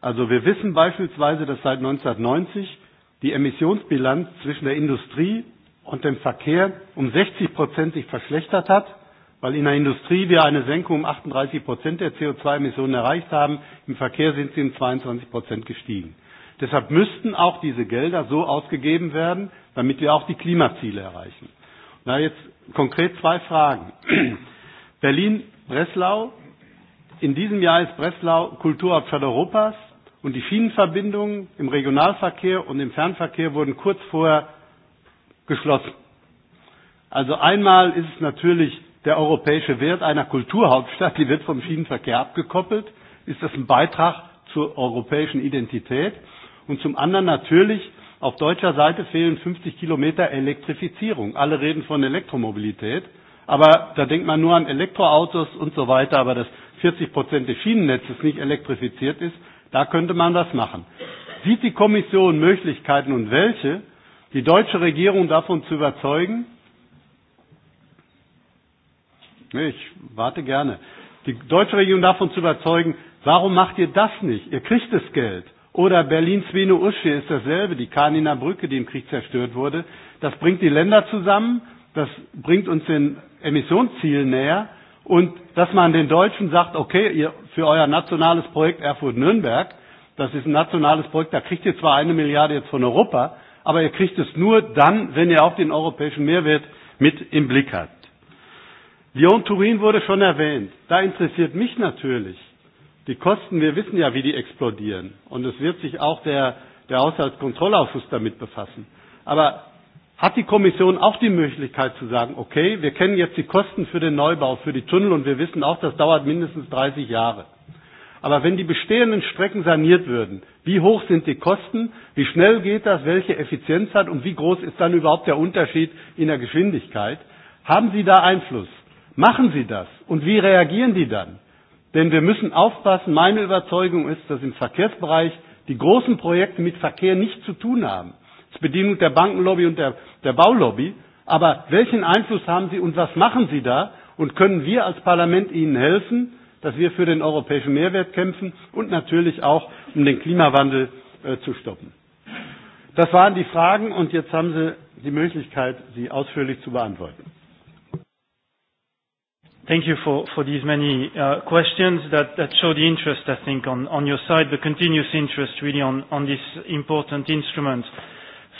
Also wir wissen beispielsweise, dass seit 1990 die Emissionsbilanz zwischen der Industrie und dem Verkehr um 60 Prozent sich verschlechtert hat, weil in der Industrie wir eine Senkung um 38 Prozent der CO2-Emissionen erreicht haben, im Verkehr sind sie um 22 Prozent gestiegen. Deshalb müssten auch diese Gelder so ausgegeben werden, damit wir auch die Klimaziele erreichen. Na, jetzt konkret zwei Fragen. Berlin-Breslau. In diesem Jahr ist Breslau Kulturhauptstadt Europas und die Schienenverbindungen im Regionalverkehr und im Fernverkehr wurden kurz vorher geschlossen. Also einmal ist es natürlich der europäische Wert einer Kulturhauptstadt, die wird vom Schienenverkehr abgekoppelt. Ist das ein Beitrag zur europäischen Identität? Und zum anderen natürlich Auf deutscher Seite fehlen 50 Kilometer Elektrifizierung. Alle reden von Elektromobilität, aber da denkt man nur an Elektroautos und so weiter, aber dass 40 Prozent des Schienennetzes nicht elektrifiziert ist, da könnte man was machen. Sieht die Kommission Möglichkeiten und welche, die deutsche Regierung davon zu überzeugen? Ich warte gerne. Die deutsche Regierung davon zu überzeugen, warum macht ihr das nicht? Ihr kriegt das Geld. Oder Berlin-Sweno-Usche ist dasselbe, die Kaniner Brücke, die im Krieg zerstört wurde. Das bringt die Länder zusammen, das bringt uns den Emissionszielen näher. Und dass man den Deutschen sagt, okay, ihr, für euer nationales Projekt Erfurt-Nürnberg, das ist ein nationales Projekt, da kriegt ihr zwar eine Milliarde jetzt von Europa, aber ihr kriegt es nur dann, wenn ihr auch den europäischen Mehrwert mit im Blick habt. Lyon-Turin wurde schon erwähnt. Da interessiert mich natürlich, Die Kosten, wir wissen ja, wie die explodieren. Und es wird sich auch der, der Haushaltskontrollausschuss damit befassen. Aber hat die Kommission auch die Möglichkeit zu sagen, okay, wir kennen jetzt die Kosten für den Neubau, für die Tunnel und wir wissen auch, das dauert mindestens 30 Jahre. Aber wenn die bestehenden Strecken saniert würden, wie hoch sind die Kosten, wie schnell geht das, welche Effizienz hat und wie groß ist dann überhaupt der Unterschied in der Geschwindigkeit? Haben Sie da Einfluss? Machen Sie das? Und wie reagieren die dann? Denn wir müssen aufpassen, meine Überzeugung ist, dass im Verkehrsbereich die großen Projekte mit Verkehr nichts zu tun haben. Das Bedienung der Bankenlobby und der, der Baulobby. Aber welchen Einfluss haben sie und was machen sie da? Und können wir als Parlament ihnen helfen, dass wir für den europäischen Mehrwert kämpfen und natürlich auch, um den Klimawandel äh, zu stoppen? Das waren die Fragen und jetzt haben Sie die Möglichkeit, sie ausführlich zu beantworten. Thank you for, for these many uh, questions that, that show the interest, I think, on, on your side, the continuous interest really on, on this important instrument.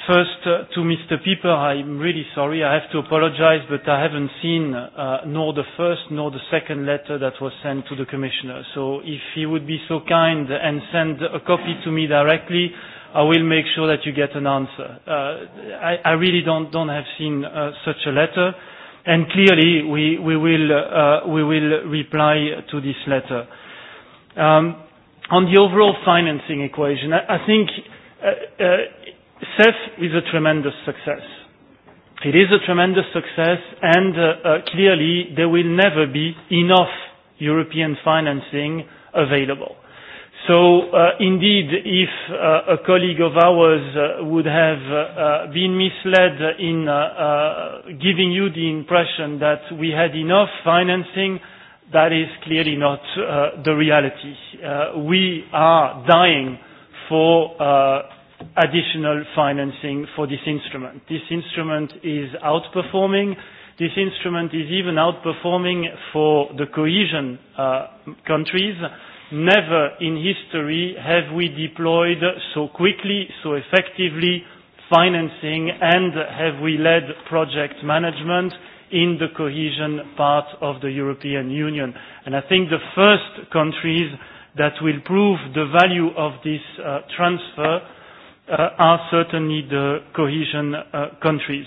First, uh, to Mr. Pieper, I'm really sorry. I have to apologize, but I haven't seen uh, nor the first nor the second letter that was sent to the Commissioner. So if he would be so kind and send a copy to me directly, I will make sure that you get an answer. Uh, I, I really don't, don't have seen uh, such a letter. And Clearly, we we will uh we will reply to this letter. Um On the overall financing equation, I I think uh uh CEF is a tremendous success. It is a tremendous success, and uh uh clearly, there will never be enough European financing available So uh, indeed, if uh, a colleague of ours uh, would have uh, been misled in uh, uh, giving you the impression that we had enough financing, that is clearly not uh, the reality. Uh, we are dying for uh, additional financing for this instrument. This instrument is outperforming. This instrument is even outperforming for the cohesion uh, countries Never in history have we deployed so quickly, so effectively financing, and have we led project management in the cohesion part of the European Union. And I think the first countries that will prove the value of this uh, transfer uh, are certainly the cohesion uh, countries.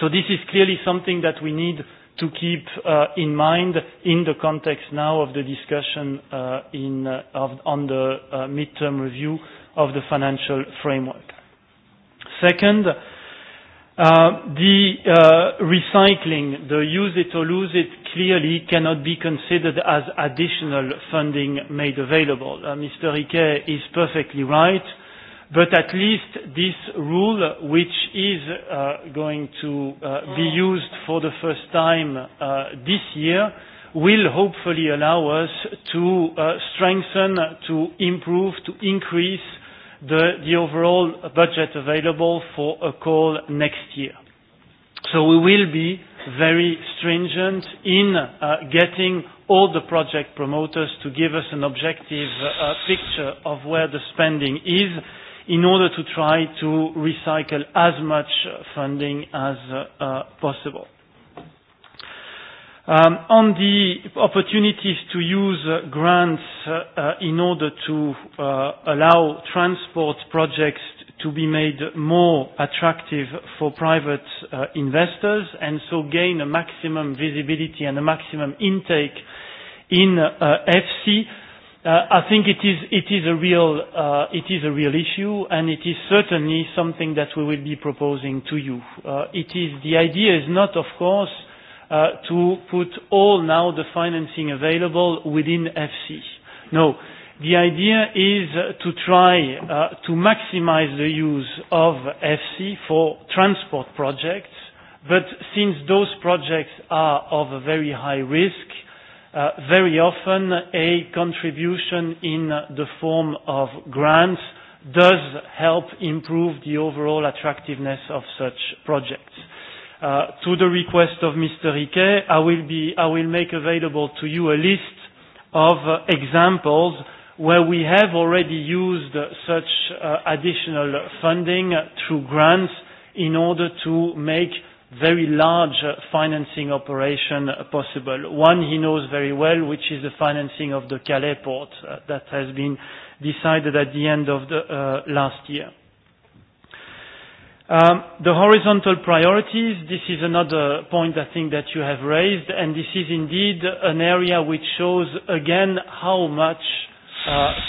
So this is clearly something that we need to keep uh, in mind in the context now of the discussion uh, in, uh, of, on the uh, midterm review of the financial framework. Second, uh, the uh, recycling, the use it or lose it, clearly cannot be considered as additional funding made available. Uh, Mr. Riquet is perfectly right but at least this rule, which is uh, going to uh, be used for the first time uh, this year, will hopefully allow us to uh, strengthen, to improve, to increase the, the overall budget available for a call next year. So we will be very stringent in uh, getting all the project promoters to give us an objective uh, picture of where the spending is in order to try to recycle as much funding as uh, uh, possible. Um, on the opportunities to use uh, grants uh, uh, in order to uh, allow transport projects to be made more attractive for private uh, investors and so gain a maximum visibility and a maximum intake in uh, FC, Uh, I think it is, it, is a real, uh, it is a real issue, and it is certainly something that we will be proposing to you. Uh, it is, the idea is not, of course, uh, to put all now the financing available within FC. No, the idea is to try uh, to maximize the use of FC for transport projects, but since those projects are of a very high risk, uh, very often a contribution in the form of grants does help improve the overall attractiveness of such projects. Uh, to the request of Mr. Riquet, I will, be, I will make available to you a list of uh, examples where we have already used such uh, additional funding through grants in order to make very large financing operation possible. One he knows very well, which is the financing of the Calais port. uh That has been decided at the end of the uh last year. Um The horizontal priorities, this is another point I think that you have raised, and this is indeed an area which shows again how much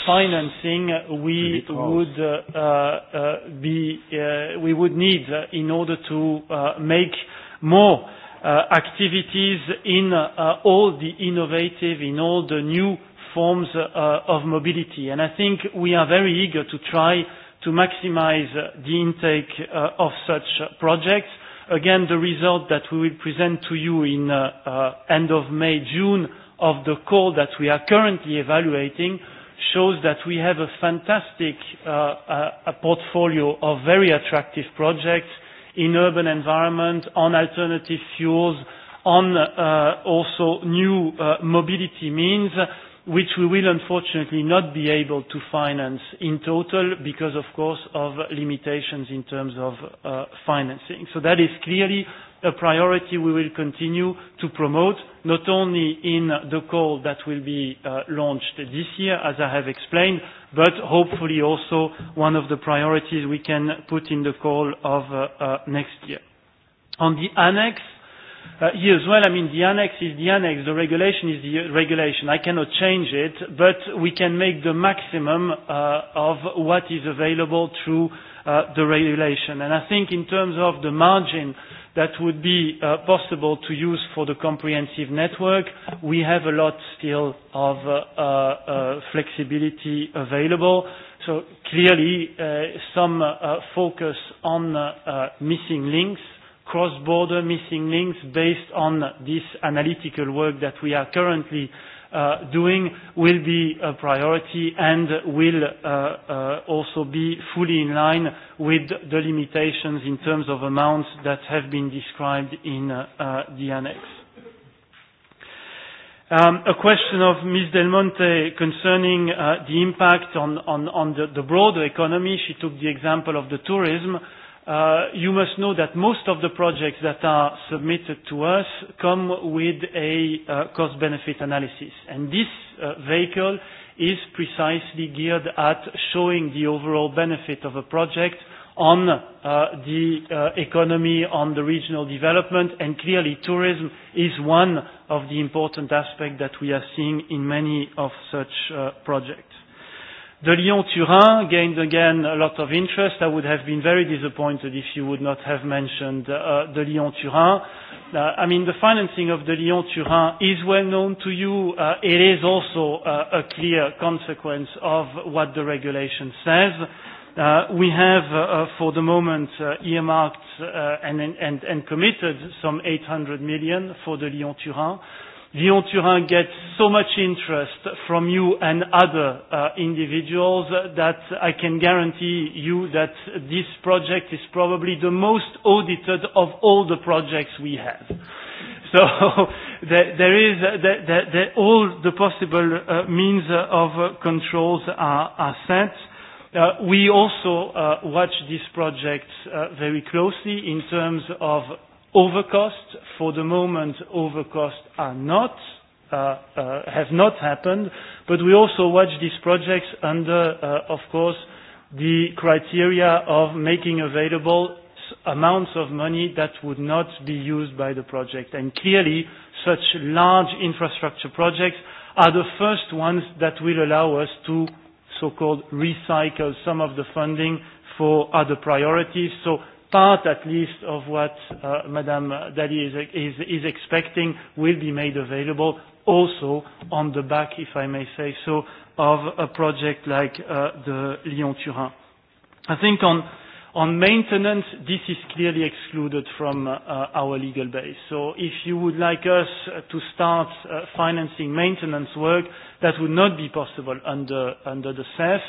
financing we would uh, be uh, we would need in order to uh, make more activities in uh, all the innovative, in all the new forms uh, of mobility. I think we are very eager to try to maximize the intake uh, of such projects. Again, the result that we will present to you in end of May, June of the call that we are currently evaluating shows that we have a fantastic uh, uh, a portfolio of very attractive projects in urban environment, on alternative fuels, on uh, also new uh, mobility means, which we will unfortunately not be able to finance in total because, of course, of limitations in terms of uh, financing. So that is clearly a priority we will continue to promote, not only in the call that will be uh, launched this year, as I have explained, but hopefully also one of the priorities we can put in the call of uh, uh, next year. On the annex, Uh, here as well, I mean, the annex is the annex, the regulation is the regulation. I cannot change it, but we can make the maximum uh, of what is available through uh, the regulation. And I think in terms of the margin that would be uh, possible to use for the comprehensive network. We have a lot still of uh, uh, flexibility available. So clearly, uh, some uh, focus on uh, uh, missing links, cross-border missing links based on this analytical work that we are currently uh, doing will be a priority and will uh, uh, also be fully in line with the limitations in terms of amounts that have been described in uh, uh, the annex. Um, a question of Ms. Del Monte concerning uh, the impact on, on, on the, the broader economy. She took the example of the tourism. Uh, you must know that most of the projects that are submitted to us come with a uh, cost-benefit analysis. And this uh, vehicle is precisely geared at showing the overall benefit of a project on uh, the uh, economy, on the regional development, and clearly tourism is one of the important aspects that we are seeing in many of such uh, projects. The Lyon-Turin gained again a lot of interest. I would have been very disappointed if you would not have mentioned uh, the Lyon-Turin. Uh, I mean, the financing of the Lyon-Turin is well known to you. Uh, it is also uh, a clear consequence of what the regulation says. Uh, we have, uh, for the moment, uh, earmarked uh, and, and, and committed some 800 million for the Lyon-Turin the Turin gets so much interest from you and other uh, individuals that I can guarantee you that this project is probably the most audited of all the projects we have. So there, there is there, there, there, all the possible uh, means of uh, controls are, are sent. Uh, we also uh, watch this project uh, very closely in terms of cost for the moment, overcosts are not, uh, uh, have not happened, but we also watch these projects under, uh, of course, the criteria of making available amounts of money that would not be used by the project. And clearly, such large infrastructure projects are the first ones that will allow us to so-called recycle some of the funding for other priorities. So part at least of what uh, Madame Dali is, is, is expecting will be made available also on the back, if I may say so, of a project like uh, the Lyon-Turin. I think on, on maintenance, this is clearly excluded from uh, our legal base. So if you would like us to start uh, financing maintenance work, that would not be possible under, under the CEF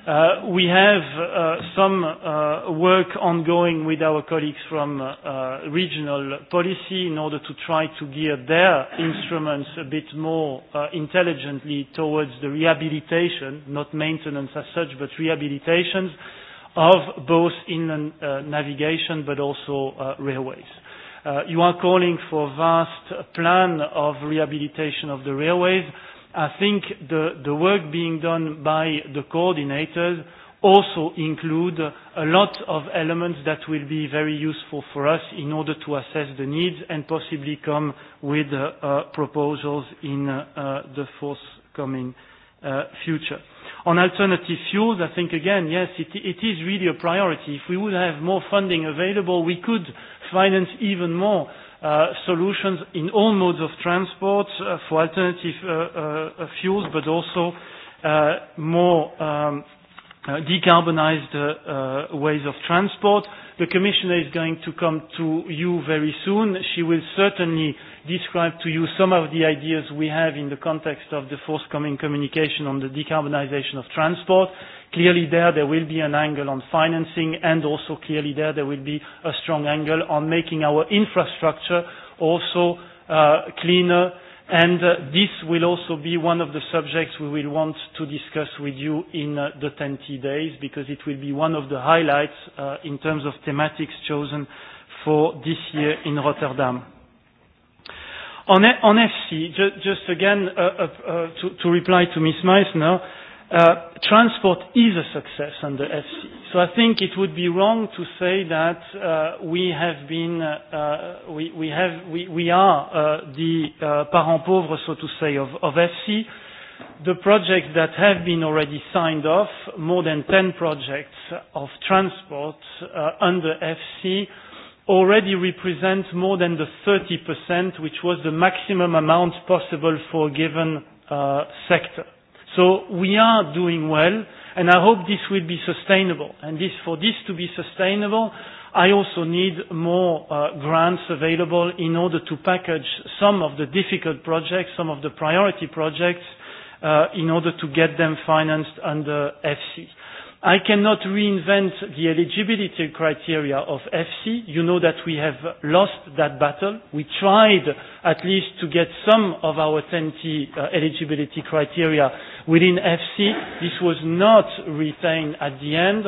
Uh, we have uh, some uh, work ongoing with our colleagues from uh, regional policy in order to try to gear their instruments a bit more uh, intelligently towards the rehabilitation, not maintenance as such, but rehabilitations of both inland uh, navigation but also uh, railways. Uh, you are calling for a vast plan of rehabilitation of the railways. I think the, the work being done by the coordinators also include a lot of elements that will be very useful for us in order to assess the needs and possibly come with uh, uh, proposals in uh, the forthcoming uh, future. On alternative fuels, I think again, yes, it, it is really a priority. If we would have more funding available, we could finance even more uh, solutions in all modes of transport uh, for alternative uh, uh, fuels, but also uh, more um, uh, decarbonized uh, uh, ways of transport. The Commissioner is going to come to you very soon. She will certainly describe to you some of the ideas we have in the context of the forthcoming communication on the decarbonization of transport Clearly there, there will be an angle on financing, and also clearly there, there will be a strong angle on making our infrastructure also uh, cleaner. And uh, this will also be one of the subjects we will want to discuss with you in uh, the 10T days, because it will be one of the highlights uh, in terms of thematics chosen for this year in Rotterdam. On, on FC, just, just again uh, uh, to, to reply to Ms. Meissner, Uh, transport is a success under FC. So I think it would be wrong to say that uh, we have been, uh, uh, we, we, have, we, we are uh, the uh, parent pauvre, so to say, of, of FC. The projects that have been already signed off, more than 10 projects of transport uh, under FC, already represent more than the 30%, which was the maximum amount possible for a given uh, sector. So we are doing well, and I hope this will be sustainable. And this, for this to be sustainable, I also need more uh, grants available in order to package some of the difficult projects, some of the priority projects, uh, in order to get them financed under FC. I cannot reinvent the eligibility criteria of FC. You know that we have lost that battle. We tried at least to get some of our 10T uh, eligibility criteria Within FC, this was not retained at the end,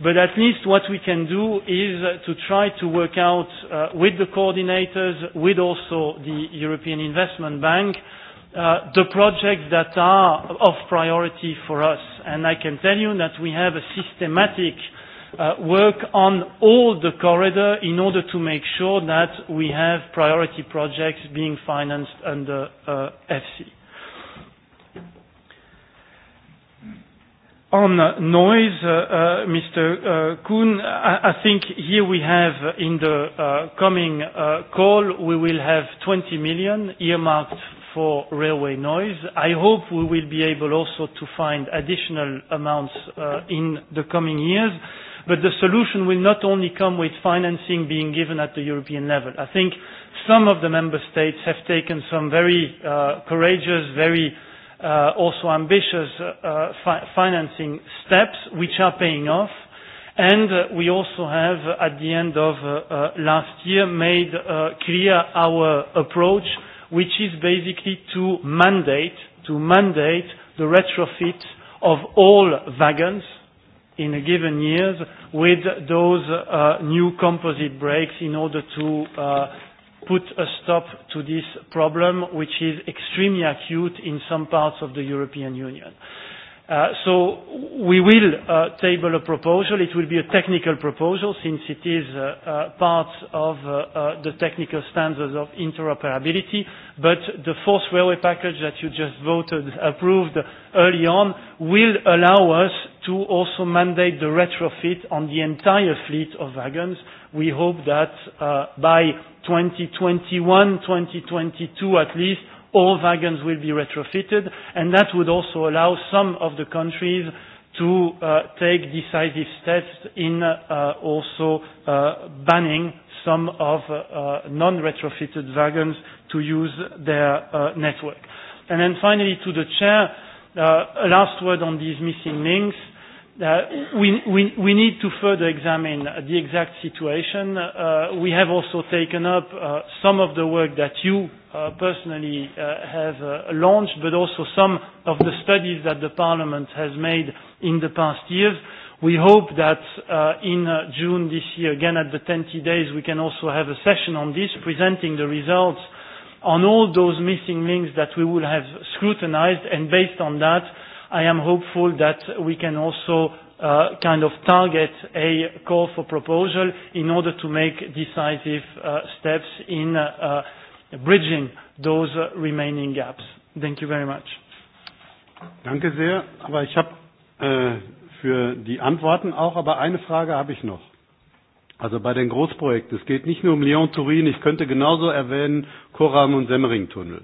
but at least what we can do is to try to work out uh, with the coordinators, with also the European Investment Bank, uh, the projects that are of priority for us. And I can tell you that we have a systematic uh, work on all the corridor in order to make sure that we have priority projects being financed under uh, FC. On noise, uh Mr. Kuhn, I I think here we have in the uh coming uh call, we will have 20 million earmarked for railway noise. I hope we will be able also to find additional amounts uh in the coming years. but The solution will not only come with financing being given at the European level. I think some of the member states have taken some very uh courageous, very uh, also ambitious uh, fi- financing steps, which are paying off. And uh, we also have, at the end of uh, uh, last year, made uh, clear our approach, which is basically to mandate, to mandate the retrofit of all wagons in a given years with those uh, new composite brakes in order to uh, put a stop to this problem, which is extremely acute in some parts of the European Union. So we will uh table a proposal. It will be a technical proposal since it is uh uh part of uh uh the technical standards of interoperability. But the fourth railway package that you just voted, approved early on, will allow us to also mandate the retrofit on the entire fleet of wagons, We hope that uh, by 2021, 2022 at least, all wagons will be retrofitted, and that would also allow some of the countries to uh, take decisive steps in uh, also uh, banning some of uh, non-retrofitted wagons to use their uh, network. And then finally to the chair, uh, a last word on these missing links We we we need to further examine the exact situation. Uh We have also taken up uh some of the work that you uh personally uh have uh launched, but also some of the studies that the parliament has made in the past years. We hope that uh in uh June this year, again at the 20 days, we can also have a session on this, presenting the results on all those missing links that we will have scrutinized, and based on that, I am hopeful that we can also uh, kind of target a call for proposal in order to make decisive uh, steps in uh, uh, bridging those uh, remaining gaps. Thank you very much. Danke sehr, aber ich habe äh, für die Antworten auch, aber eine Frage habe ich noch. Also bei den Großprojekten, es geht nicht nur um Lyon-Turin, ich könnte genauso erwähnen Koram und Semmering-Tunnel.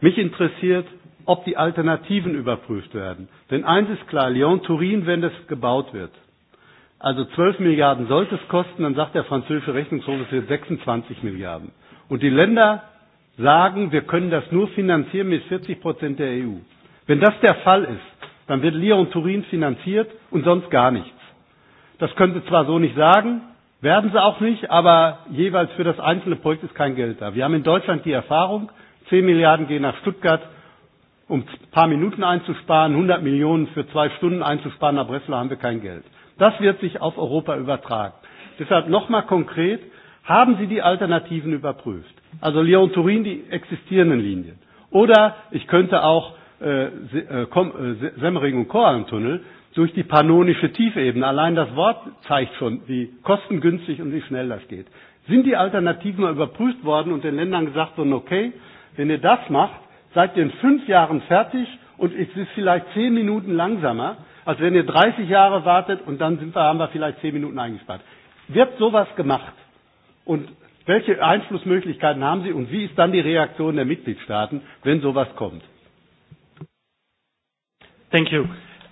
Mich interessiert, ob die Alternativen überprüft werden. Denn eins ist klar, Lyon-Turin, wenn das gebaut wird, also 12 Milliarden sollte es kosten, dann sagt der französische Rechnungshof, es wird 26 Milliarden. Und die Länder sagen, wir können das nur finanzieren mit 40 Prozent der EU. Wenn das der Fall ist, dann wird Lyon-Turin finanziert und sonst gar nichts. Das können Sie zwar so nicht sagen, werden Sie auch nicht, aber jeweils für das einzelne Projekt ist kein Geld da. Wir haben in Deutschland die Erfahrung, 10 Milliarden gehen nach Stuttgart, um ein paar Minuten einzusparen, 100 Millionen für zwei Stunden einzusparen, nach Breslau haben wir kein Geld. Das wird sich auf Europa übertragen. Deshalb nochmal konkret, haben Sie die Alternativen überprüft? Also Lyon-Turin, die existierenden Linien. Oder ich könnte auch äh, Semmering und Korallentunnel durch die pannonische Tiefebene. Allein das Wort zeigt schon, wie kostengünstig und wie schnell das geht. Sind die Alternativen mal überprüft worden und den Ländern gesagt worden, okay, wenn ihr das macht, seid ihr in fünf Jahren fertig und es ist vielleicht zehn Minuten langsamer, als wenn ihr 30 Jahre wartet und dann sind wir, haben wir vielleicht zehn Minuten eingespart. Wird sowas gemacht? Und welche Einflussmöglichkeiten haben Sie und wie ist dann die Reaktion der Mitgliedstaaten, wenn sowas kommt? Thank you.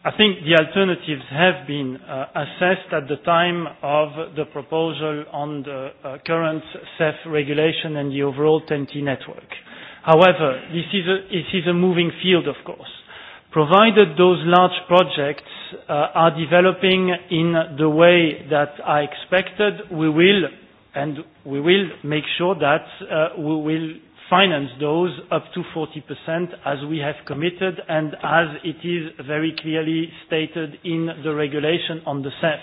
I think the alternatives have been uh, assessed at the time of the proposal on the uh, current CEF regulation and the overall TNT network. Uh, However, this is a, this is a moving field, of course. Provided those large projects uh, are developing in the way that I expected, we will, and we will make sure that uh, we will finance those up to 40% as we have committed and as it is very clearly stated in the regulation on the CEF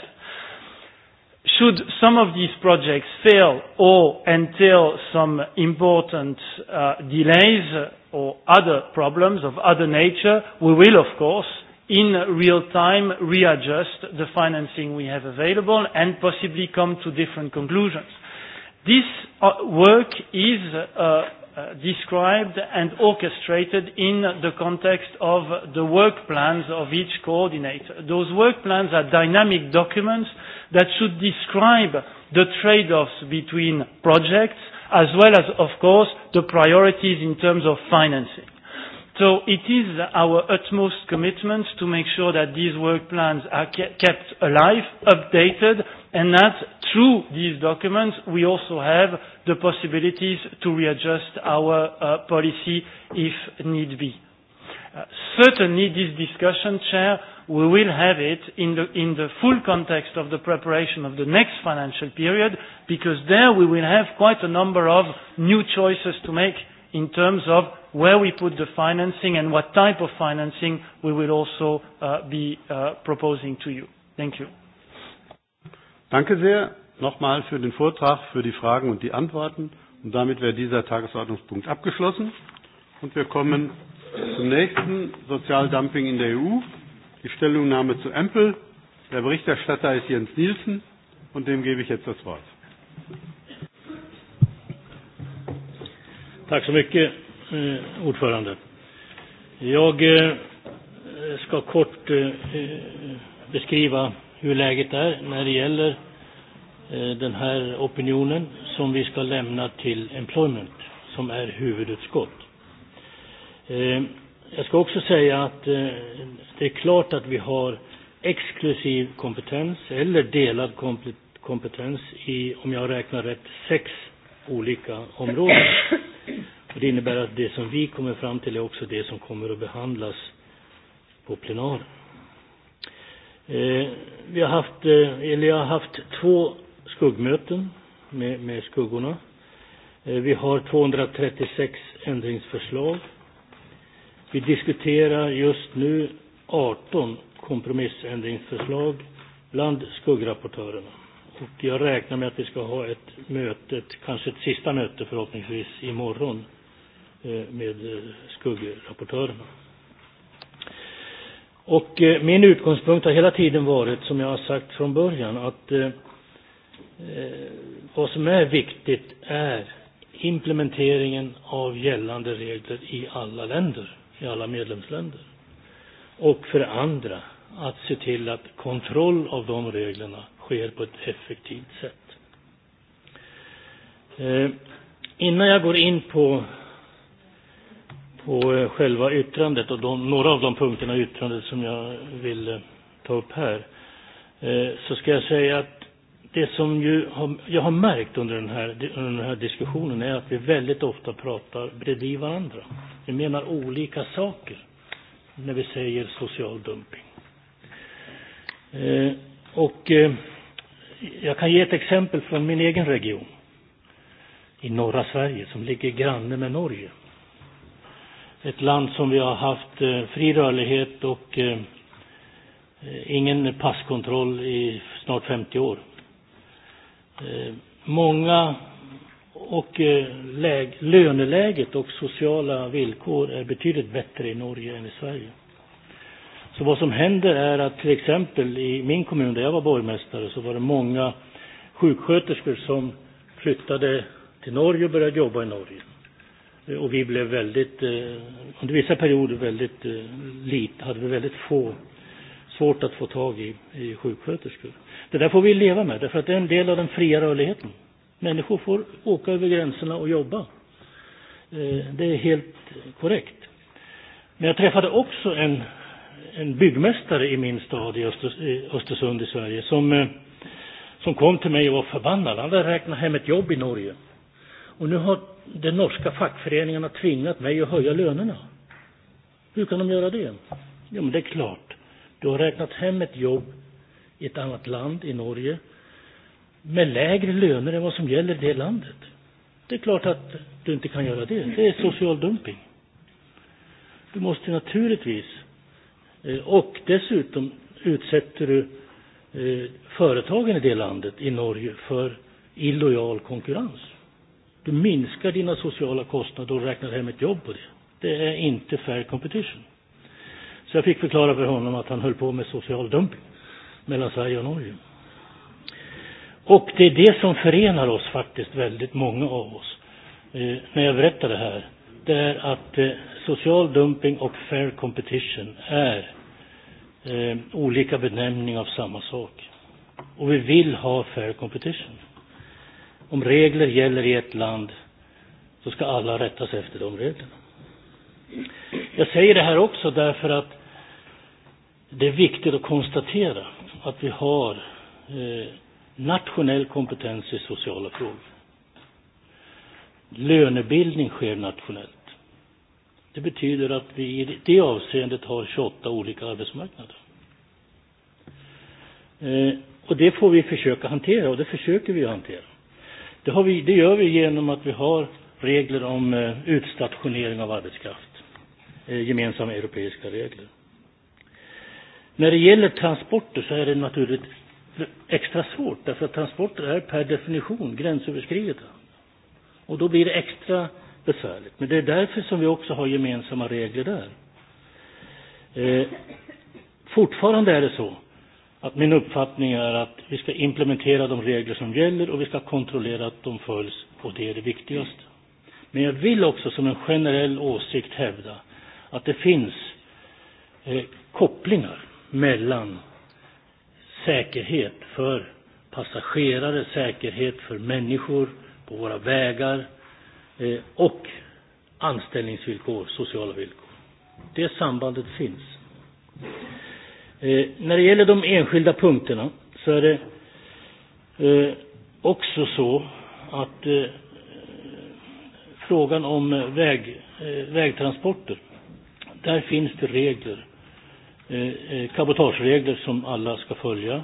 should some of these projects fail or entail some important uh, delays or other problems of other nature, we will, of course, in real time readjust the financing we have available and possibly come to different conclusions. This work is uh, described and orchestrated in the context of the work plans of each coordinator. Those work plans are dynamic documents that should describe the trade-offs between projects as well as, of course, the priorities in terms of financing. So it is our utmost commitment to make sure that these work plans are kept alive, updated, and that through these documents we also have the possibilities to readjust our uh, policy if need be. Uh, certainly this discussion, Chair, we will have it in the, in the full context of the preparation of the next financial period because there we will have quite a number of new choices to make in terms of where we put the financing and what type of financing we will also uh, be uh, proposing to you. Thank you. Danke sehr nochmal für den Vortrag, für die Fragen und die Antworten. Und damit wäre dieser Tagesordnungspunkt abgeschlossen. Und wir kommen zum nächsten Sozialdumping in der EU. Die Stellungnahme zu Empel. Der Berichterstatter ist Jens Nielsen und dem gebe ich jetzt das Wort. Tack så mycket, ordförande. Jag ska kort beskriva hur läget är när det gäller den här opinionen som vi ska lämna till Employment som är huvudutskott. Jag ska också säga att det är klart att vi har exklusiv kompetens eller delad kompetens i, om jag räknar rätt, sex olika områden. Det innebär att det som vi kommer fram till är också det som kommer att behandlas på plenaren. Vi har haft, eller jag har haft två skuggmöten med, med skuggorna. Vi har 236 ändringsförslag. Vi diskuterar just nu 18 kompromissändringsförslag bland skuggrapportörerna. Och jag räknar med att vi ska ha ett möte, kanske ett sista möte förhoppningsvis imorgon med skuggrapportörerna. Och min utgångspunkt har hela tiden varit, som jag har sagt från början, att eh, vad som är viktigt är implementeringen av gällande regler i alla länder, i alla medlemsländer. Och för andra, att se till att kontroll av de reglerna sker på ett effektivt sätt. Eh, innan jag går in på på själva yttrandet och de, några av de punkterna i yttrandet som jag vill ta upp här så ska jag säga att det som ju har, jag har märkt under den, här, under den här diskussionen är att vi väldigt ofta pratar bredvid varandra. Vi menar olika saker när vi säger social dumping. Eh, och eh, jag kan ge ett exempel från min egen region i norra Sverige som ligger granne med Norge ett land som vi har haft fri rörlighet och ingen passkontroll i snart 50 år. Många och läg, löneläget och sociala villkor är betydligt bättre i Norge än i Sverige. Så vad som händer är att till exempel i min kommun där jag var borgmästare så var det många sjuksköterskor som flyttade till Norge och började jobba i Norge. Och vi blev väldigt, under vissa perioder väldigt lite, hade vi väldigt få, svårt att få tag i, i sjuksköterskor. Det där får vi leva med, därför att det är en del av den fria rörligheten. Människor får åka över gränserna och jobba. Det är helt korrekt. Men jag träffade också en, en byggmästare i min stad i Östersund i Sverige som, som kom till mig och var förbannad. Han hade räknat hem ett jobb i Norge. Och nu har de norska fackföreningarna har tvingat mig att höja lönerna. Hur kan de göra det? Jo, men det är klart. Du har räknat hem ett jobb i ett annat land, i Norge, med lägre löner än vad som gäller i det landet. Det är klart att du inte kan göra det. Det är social dumping. Du måste naturligtvis, och dessutom utsätter du företagen i det landet, i Norge, för illojal konkurrens. Du minskar dina sociala kostnader och räknar hem ett jobb på det. Det är inte fair competition. Så jag fick förklara för honom att han höll på med social dumping mellan Sverige och Norge. Och det är det som förenar oss faktiskt, väldigt många av oss, eh, när jag berättar det här. Det är att eh, social dumping och fair competition är eh, olika benämningar av samma sak. Och vi vill ha fair competition. Om regler gäller i ett land så ska alla rätta sig efter de reglerna. Jag säger det här också därför att det är viktigt att konstatera att vi har eh, nationell kompetens i sociala frågor. Lönebildning sker nationellt. Det betyder att vi i det avseendet har 28 olika arbetsmarknader. Eh, och det får vi försöka hantera, och det försöker vi hantera. Det, har vi, det gör vi genom att vi har regler om utstationering av arbetskraft, gemensamma europeiska regler. När det gäller transporter så är det naturligt extra svårt därför att transporter är per definition gränsöverskridande. Och då blir det extra besvärligt. Men det är därför som vi också har gemensamma regler där. Eh, fortfarande är det så att min uppfattning är att vi ska implementera de regler som gäller och vi ska kontrollera att de följs och det är det viktigaste. Men jag vill också som en generell åsikt hävda att det finns eh, kopplingar mellan säkerhet för passagerare, säkerhet för människor på våra vägar eh, och anställningsvillkor, sociala villkor. Det sambandet finns. När det gäller de enskilda punkterna så är det också så att frågan om väg, vägtransporter, där finns det regler, kabotageregler som alla ska följa.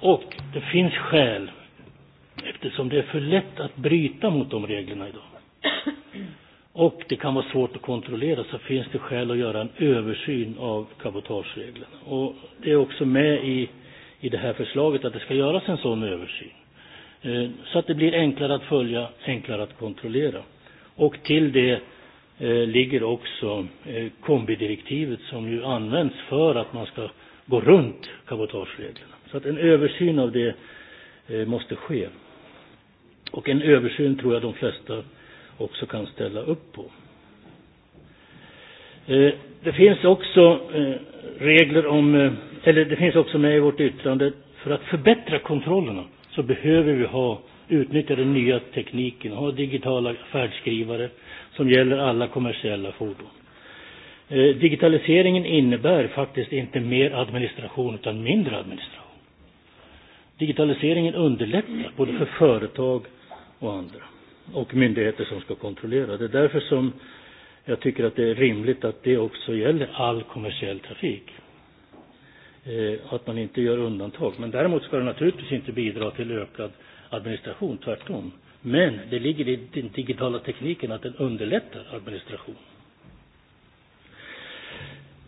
Och det finns skäl, eftersom det är för lätt att bryta mot de reglerna idag och det kan vara svårt att kontrollera så finns det skäl att göra en översyn av kapitalsreglerna. Och det är också med i, i det här förslaget att det ska göras en sån översyn. Så att det blir enklare att följa, enklare att kontrollera. Och till det ligger också kombidirektivet som ju används för att man ska gå runt kapitalsreglerna. Så att en översyn av det måste ske. Och en översyn tror jag de flesta också kan ställa upp på. Det finns också regler om, eller det finns också med i vårt yttrande, för att förbättra kontrollerna så behöver vi ha utnyttja den nya tekniken, ha digitala färdskrivare som gäller alla kommersiella fordon. Digitaliseringen innebär faktiskt inte mer administration utan mindre administration. Digitaliseringen underlättar både för företag och andra och myndigheter som ska kontrollera. Det är därför som jag tycker att det är rimligt att det också gäller all kommersiell trafik. Att man inte gör undantag. Men däremot ska det naturligtvis inte bidra till ökad administration, tvärtom. Men det ligger i den digitala tekniken att den underlättar administration.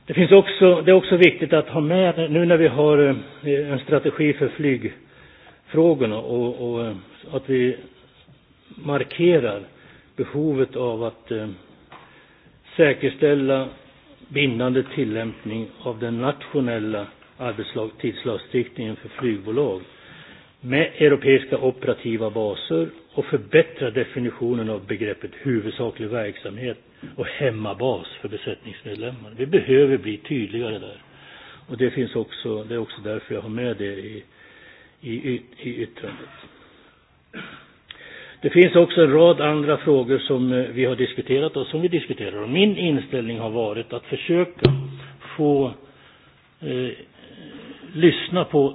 Det, finns också, det är också viktigt att ha med, nu när vi har en strategi för flygfrågorna och, och att vi markerar behovet av att säkerställa bindande tillämpning av den nationella arbetstidslagstiftningen för flygbolag med europeiska operativa baser och förbättra definitionen av begreppet huvudsaklig verksamhet och hemmabas för besättningsmedlemmar. Vi behöver bli tydligare där. Och det, finns också, det är också därför jag har med det i, i, i yttrandet. Det finns också en rad andra frågor som vi har diskuterat och som vi diskuterar. och Min inställning har varit att försöka få eh, lyssna på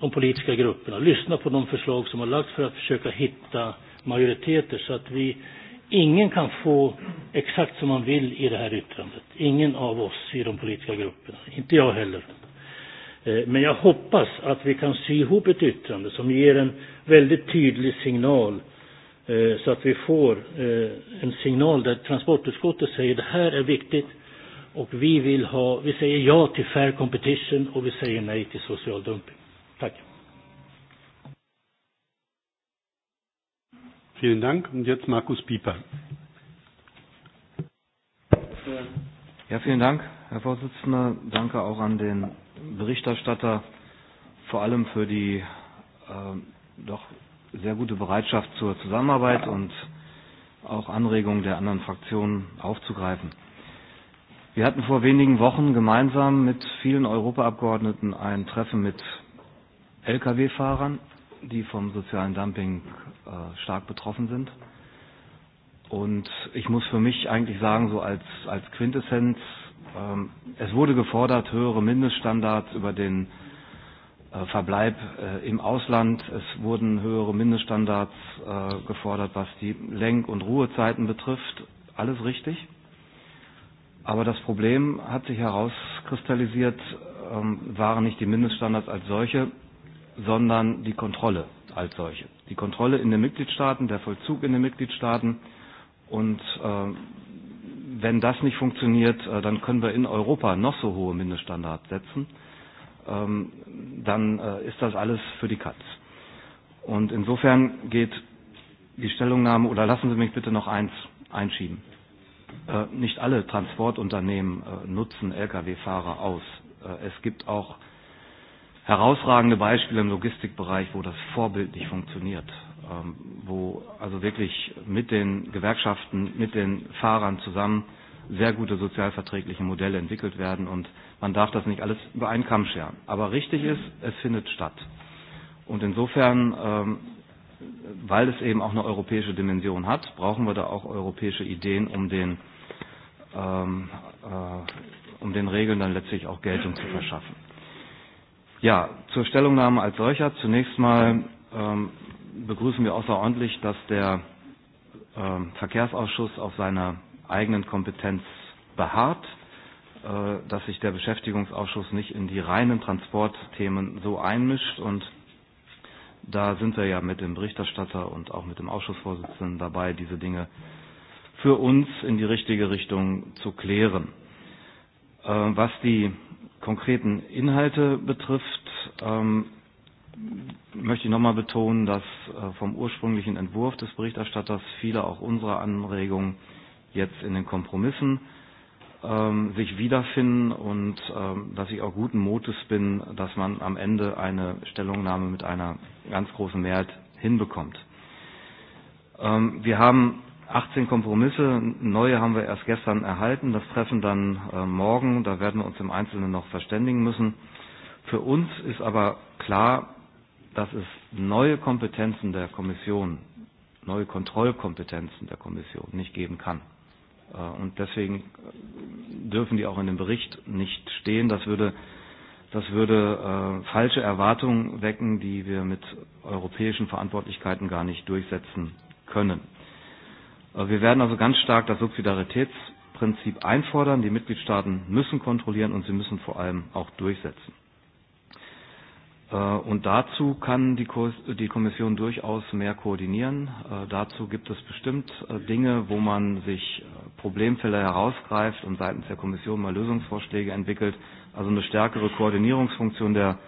de politiska grupperna, lyssna på de förslag som har lagts för att försöka hitta majoriteter så att vi ingen kan få exakt som man vill i det här yttrandet. Ingen av oss i de politiska grupperna. Inte jag heller. Men jag hoppas att vi kan sy ihop ett yttrande som ger en väldigt tydlig signal så att vi får en signal där transportutskottet säger det här är viktigt och vi vill ha, vi säger ja till fair competition och vi säger nej till social dumping. Tack. Vielen Dank. Und jetzt Markus Pieper. Ja, vielen Dank, Herr Vorsitzender. Danke auch an den Berichterstatter, vor allem für die äh, doch sehr gute Bereitschaft zur Zusammenarbeit und auch Anregungen der anderen Fraktionen aufzugreifen. Wir hatten vor wenigen Wochen gemeinsam mit vielen Europaabgeordneten ein Treffen mit Lkw-Fahrern, die vom sozialen Dumping äh, stark betroffen sind. Und ich muss für mich eigentlich sagen, so als, als Quintessenz, ähm, es wurde gefordert, höhere Mindeststandards über den Verbleib im Ausland. Es wurden höhere Mindeststandards gefordert, was die Lenk- und Ruhezeiten betrifft. Alles richtig. Aber das Problem hat sich herauskristallisiert, waren nicht die Mindeststandards als solche, sondern die Kontrolle als solche. Die Kontrolle in den Mitgliedstaaten, der Vollzug in den Mitgliedstaaten. Und wenn das nicht funktioniert, dann können wir in Europa noch so hohe Mindeststandards setzen ähm, dann äh, ist das alles für die Katz. Und insofern geht die Stellungnahme, oder lassen Sie mich bitte noch eins einschieben. Äh, nicht alle Transportunternehmen äh, nutzen Lkw-Fahrer aus. Äh, es gibt auch herausragende Beispiele im Logistikbereich, wo das vorbildlich funktioniert, ähm, wo also wirklich mit den Gewerkschaften, mit den Fahrern zusammen äh, sehr gute sozialverträgliche Modelle entwickelt werden und man darf das nicht alles über einen Kamm scheren. Aber richtig ist, es findet statt. Und insofern, ähm, weil es eben auch eine europäische Dimension hat, brauchen wir da auch europäische Ideen, um den, ähm, äh, um den Regeln dann letztlich auch Geltung zu verschaffen. Ja, zur Stellungnahme als solcher. Zunächst mal ähm, begrüßen wir außerordentlich, dass der ähm, Verkehrsausschuss auf seiner eigenen Kompetenz beharrt, dass sich der Beschäftigungsausschuss nicht in die reinen Transportthemen so einmischt. Und da sind wir ja mit dem Berichterstatter und auch mit dem Ausschussvorsitzenden dabei, diese Dinge für uns in die richtige Richtung zu klären. Was die konkreten Inhalte betrifft, möchte ich nochmal betonen, dass vom ursprünglichen Entwurf des Berichterstatters viele auch unserer Anregungen jetzt in den Kompromissen ähm, sich wiederfinden und ähm, dass ich auch guten Mutes bin, dass man am Ende eine Stellungnahme mit einer ganz großen Mehrheit hinbekommt. Ähm, wir haben 18 Kompromisse, neue haben wir erst gestern erhalten, das treffen dann äh, morgen, da werden wir uns im Einzelnen noch verständigen müssen. Für uns ist aber klar, dass es neue Kompetenzen der Kommission, neue Kontrollkompetenzen der Kommission nicht geben kann. Und deswegen dürfen die auch in dem Bericht nicht stehen. Das würde, das würde äh, falsche Erwartungen wecken, die wir mit europäischen Verantwortlichkeiten gar nicht durchsetzen können. Äh, wir werden also ganz stark das Subsidiaritätsprinzip einfordern. Die Mitgliedstaaten müssen kontrollieren und sie müssen vor allem auch durchsetzen. Und dazu kann die, die Kommission durchaus mehr koordinieren. Dazu gibt es bestimmt Dinge, wo man sich Problemfälle herausgreift und seitens der Kommission mal Lösungsvorschläge entwickelt. Also eine stärkere Koordinierungsfunktion der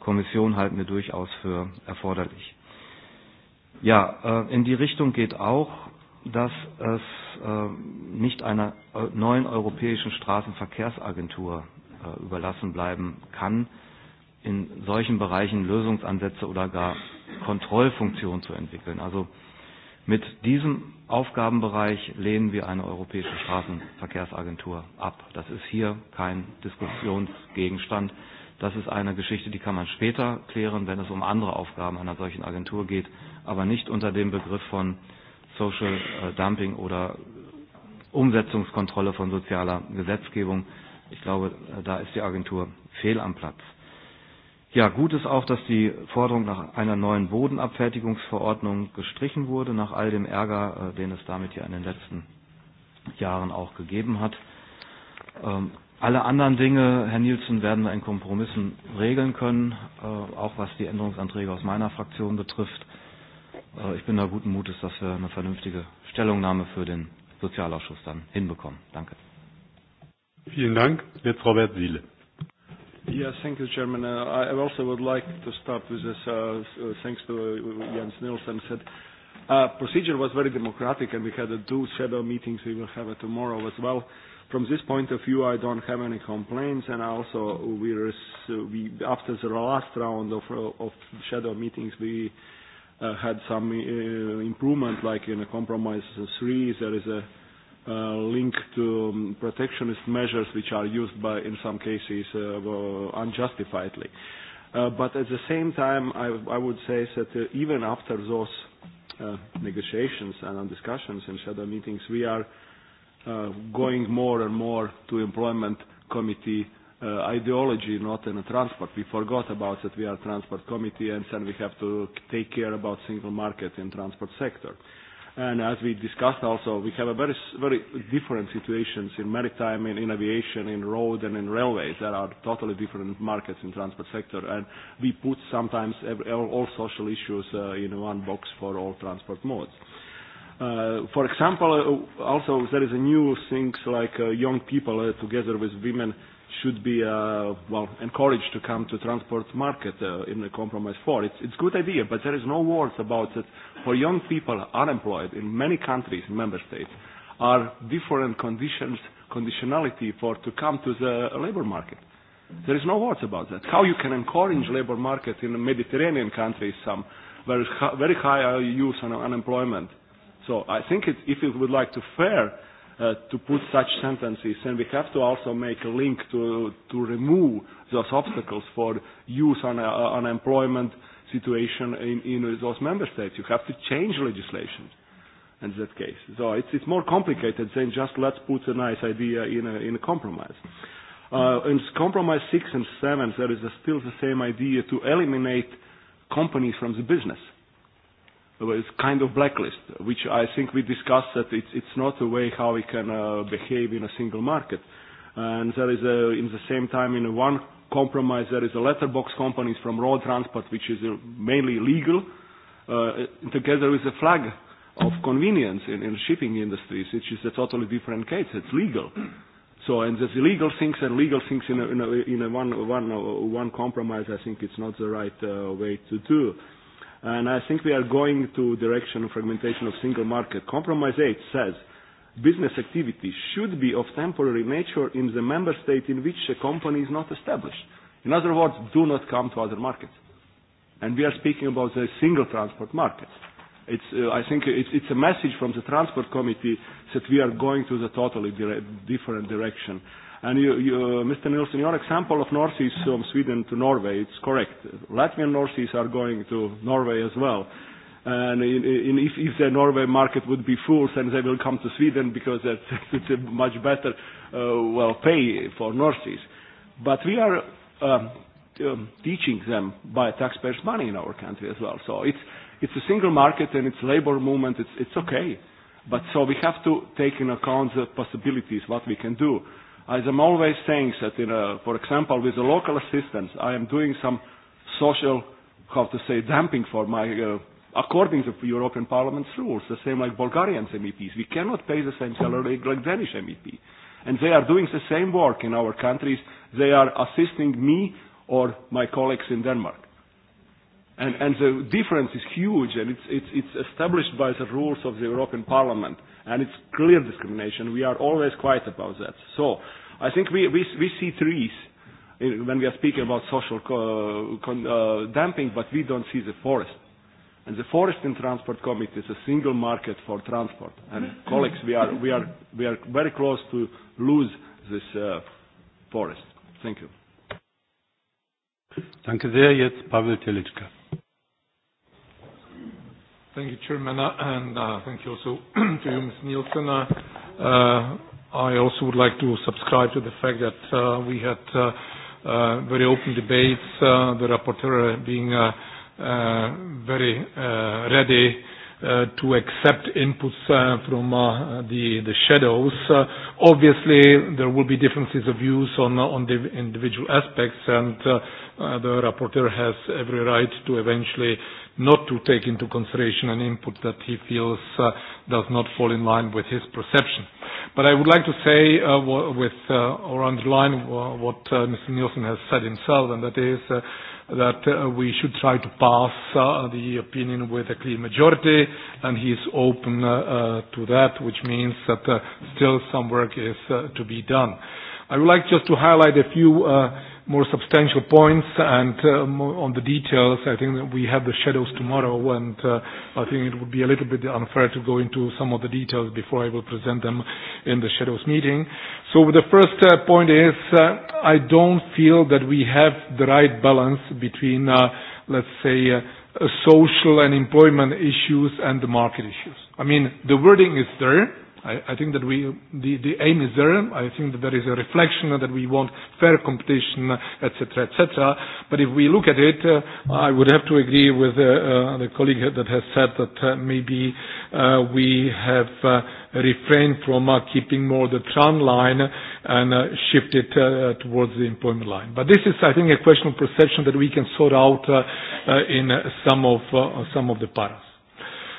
Kommission halten wir durchaus für erforderlich. Ja, in die Richtung geht auch, dass es nicht einer neuen europäischen Straßenverkehrsagentur überlassen bleiben kann, in solchen Bereichen Lösungsansätze oder gar Kontrollfunktionen zu entwickeln. Also Mit diesem Aufgabenbereich lehnen wir eine europäische Straßenverkehrsagentur ab. Das ist hier kein Diskussionsgegenstand. Das ist eine Geschichte, die kann man später klären, wenn es um andere Aufgaben einer solchen Agentur geht, aber nicht unter dem Begriff von Social Dumping oder Umsetzungskontrolle von sozialer Gesetzgebung. Ich glaube, da ist die Agentur fehl am Platz. Ja, gut ist auch, dass die Forderung nach einer neuen Bodenabfertigungsverordnung gestrichen wurde, nach all dem Ärger, äh, den es damit ja in den letzten Jahren auch gegeben hat. Ähm, alle anderen Dinge, Herr Nielsen, werden wir in Kompromissen regeln können, äh, auch was die Änderungsanträge aus meiner Fraktion betrifft. Äh, ich bin da guten Mutes, dass wir eine vernünftige Stellungnahme für den Sozialausschuss dann hinbekommen. Danke. Vielen Dank. Jetzt Robert Siele. Yes, thank you, Chairman. Uh, I also would like to start with this, uh, thanks to uh, Jens Nielsen said, uh, procedure was very democratic and we had uh, two shadow meetings we will have uh, tomorrow as well. From this point of view, I don't have any complaints and also we, res- we after the last round of, of shadow meetings, we uh, had some uh, improvement like in a compromise three, there is a uh, linked to protectionist measures which are used by, in some cases, uh, unjustifiedly. Uh, but at the same time, I, I would say that uh, even after those uh, negotiations and discussions and shadow meetings, we are uh, going more and more to employment committee uh, ideology, not in a transport. We forgot about that we are a transport committee and then we have to take care about single market in transport sector. Uh, And as we discussed also, we have a very, very different situations in maritime, in, in aviation, in road, and in railways that are totally different markets in transport sector. And we put sometimes every, all all social issues uh, in one box for all transport modes. Uh, for example, uh, also there is a new things like uh, young people uh, together with women should be uh, well encouraged to come to transport market uh, in a compromise for. It's it's good idea, but there is no words about it. For young people unemployed in many countries, member states, are different conditions conditionality for to come to the labor market. There is no words about that. How you can encourage labor market in Mediterranean countries, some very very high use on unemployment. So I think it, if you would like to fair uh, to put such sentences, and we have to also make a link to, to remove those obstacles for youth on, uh, unemployment situation in, in those member states. You have to change legislation in that case. So it's, it's more complicated than just let's put a nice idea in a, in a compromise. Uh, in compromise six and seven, there is a, still the same idea to eliminate companies from the business. It's kind of blacklist, which I think we discussed that it's, it's not a way how we can uh, behave in a single market. And there is a, in the same time, in one compromise, there is a letterbox companies from road transport, which is mainly legal, uh, together with a flag of convenience in, in shipping industries, which is a totally different case. It's legal. So, and there's illegal things and legal things in, a, in, a, in a one, one, one compromise. I think it's not the right uh, way to do. Uh, and I think we are going to direction of fragmentation of single market. Compromise 8 says business activity should be of temporary nature in the member state in which a company is not established. In other words, do not come to other markets. And we are speaking about the single transport market. It's, uh, I think it's, it's a message from the Transport Committee that we are going to the totally dire different direction. Uh, And you, you, Mr. Nielsen, your example of North Seas from Sweden to Norway, it's correct. Latvian North Seas are going to Norway as well. And in, in, if, if the Norway market would be full, then they will come to Sweden because that's, it's a much better uh, well pay for North Seas. But we are um, um, teaching them by taxpayers' money in our country as well. So it's, it's a single market and it's labor movement. It's, it's okay. But so we have to take in account the possibilities, what we can do. As I'm always saying that, in a, for example, with the local assistance, I am doing some social, how to say, damping for my, uh, according to European Parliament's rules, the same like Bulgarian MEPs. We cannot pay the same salary like Danish MEP. And they are doing the same work in our countries. They are assisting me or my colleagues in Denmark. And, and the difference is huge, and it's, it's, it's established by the rules of the European Parliament, and it's clear discrimination. We are always quiet about that. So I think we, we, we see trees in when we are speaking about social co- con- uh, damping but we don't see the forest. And the Forest and Transport Committee is a single market for transport. And colleagues, we are, we are, we are very close to lose this uh, forest. Thank you. Danke sehr. Jetzt Pavel Telitschka. Thank you, Chairman, and uh, thank you also to you, Ms. Nielsen. Uh, uh, I also would like to subscribe to the fact that uh, we had uh, uh, very open debates, uh, the rapporteur being uh, uh, very uh, ready uh, to accept inputs uh, from uh, the, the shadows. Uh, obviously, there will be differences of views on, on the individual aspects, and uh, uh, the rapporteur has every right to eventually uh, not to take into consideration an input that he feels uh, does not fall in line with his perception. But I would like to say uh, with uh, or underline what uh, Mr. Nielsen has said himself, and that is uh, that uh, we should try to pass uh, the opinion with a clear majority, and he is open uh, uh, to that, which means that uh, still some work is uh, to be done. I would like just to highlight a few. Uh, more substantial points and um, on the details, I think that we have the shadows tomorrow, and uh, I think it would be a little bit unfair to go into some of the details before I will present them in the shadows meeting. So the first uh, point is uh, I don't feel that we have the right balance between, uh, let's say, uh, social and employment issues and the market issues. I mean, the wording is there I, I think that we, the, the aim is there. I think that there is a reflection that we want fair competition, etc., etc. But if we look at it, uh, I would have to agree with uh, uh, the colleague that has said that uh, maybe uh, we have uh, refrained from uh, keeping more the trend line and uh, shift it uh, towards the employment line. But this is, I think, a question of perception that we can sort out uh, uh, in some of uh, some of the paras.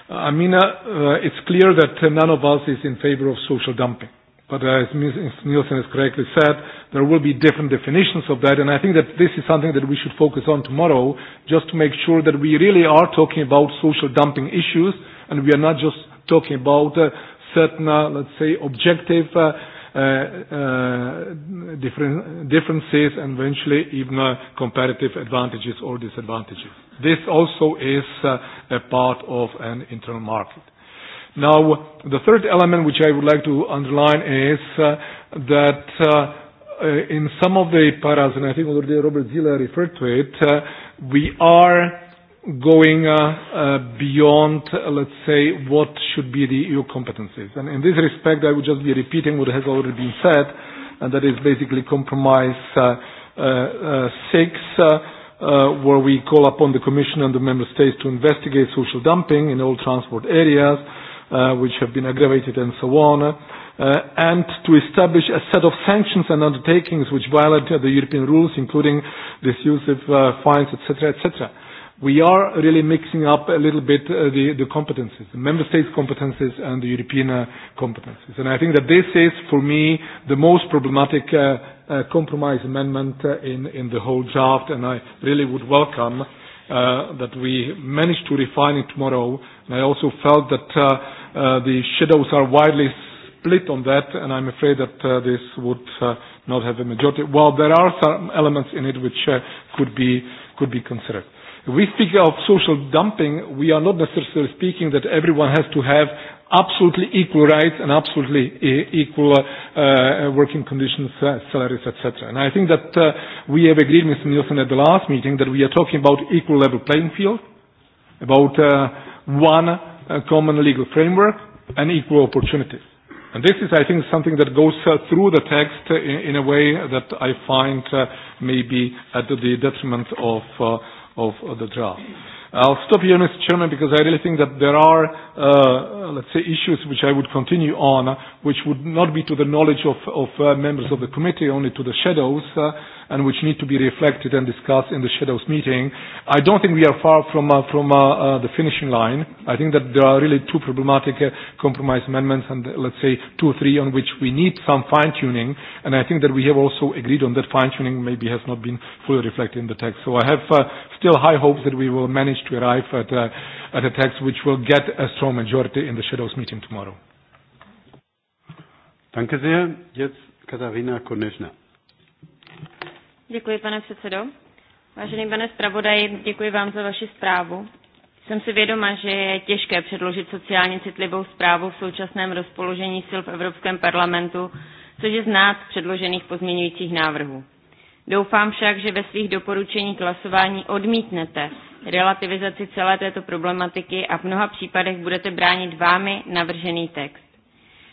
Amina, uh, it's clear that none of us is in favor of social dumping. But as Ms. Nielsen has correctly said, there will be different definitions of that, and I think that this is something that we should focus on tomorrow, just to make sure that we really are talking about social dumping issues, and we are not just talking about uh, certain, uh, let's say, objective uh, uh, uh, different differences and eventually even uh, comparative advantages or disadvantages. This also is uh, a part of an internal market. Now, the third element which I would like to underline is uh, that uh, uh, in some of the paras, and I think already Robert Ziller referred to it, uh, we are going uh, uh, beyond, uh, let's say, what should be the EU competencies. And in this respect, I would just be repeating what has already been said, and that is basically compromise uh, uh, six, uh, uh, where we call upon the Commission and the Member States to investigate social dumping in all transport areas, uh, which have been aggravated and so on, uh, and to establish a set of sanctions and undertakings which violate the European rules, including disuse of uh, fines, etc., etc we are really mixing up a little bit uh, the, the competences, the member states' competences and the European uh, competences. And I think that this is, for me, the most problematic uh, uh, compromise amendment uh, in, in the whole draft, and I really would welcome uh, that we managed to refine it tomorrow. And I also felt that uh, uh, the shadows are widely split on that, and I'm afraid that uh, this would uh, not have a majority. Well, there are some elements in it which uh, could be could be considered we speak of social dumping, we are not necessarily speaking that everyone has to have absolutely equal rights and absolutely equal uh, working conditions, uh, salaries, etc. And I think that uh, we have agreed, Mr. Nielsen, at the last meeting that we are talking about equal level playing field, about uh, one uh, common legal framework and equal opportunities. And this is, I think, something that goes uh, through the text in, in a way that I find uh, maybe at the detriment of uh, of the draft. I'll stop here, Mr. Chairman, because I really think that there are, uh, let's say, issues which I would continue on, which would not be to the knowledge of, of uh, members of the committee, only to the shadows. Uh, and which need to be reflected and discussed in the shadows meeting. I don't think we are far from uh, from uh, uh, the finishing line. I think that there are really two problematic uh, compromise amendments, and uh, let's say two or three on which we need some fine tuning. And I think that we have also agreed on that fine tuning. Maybe has not been fully reflected in the text. So I have uh, still high hopes that we will manage to arrive at uh, at a text which will get a strong majority in the shadows meeting tomorrow. Danke sehr. Jetzt Katharina Konechner. Děkuji, pane předsedo. Vážený pane zpravodaji, děkuji vám za vaši zprávu. Jsem si vědoma, že je těžké předložit sociálně citlivou zprávu v současném rozpoložení sil v Evropském parlamentu, což je znát z předložených pozměňujících návrhů. Doufám však, že ve svých doporučení k hlasování odmítnete relativizaci celé této problematiky a v mnoha případech budete bránit vámi navržený text.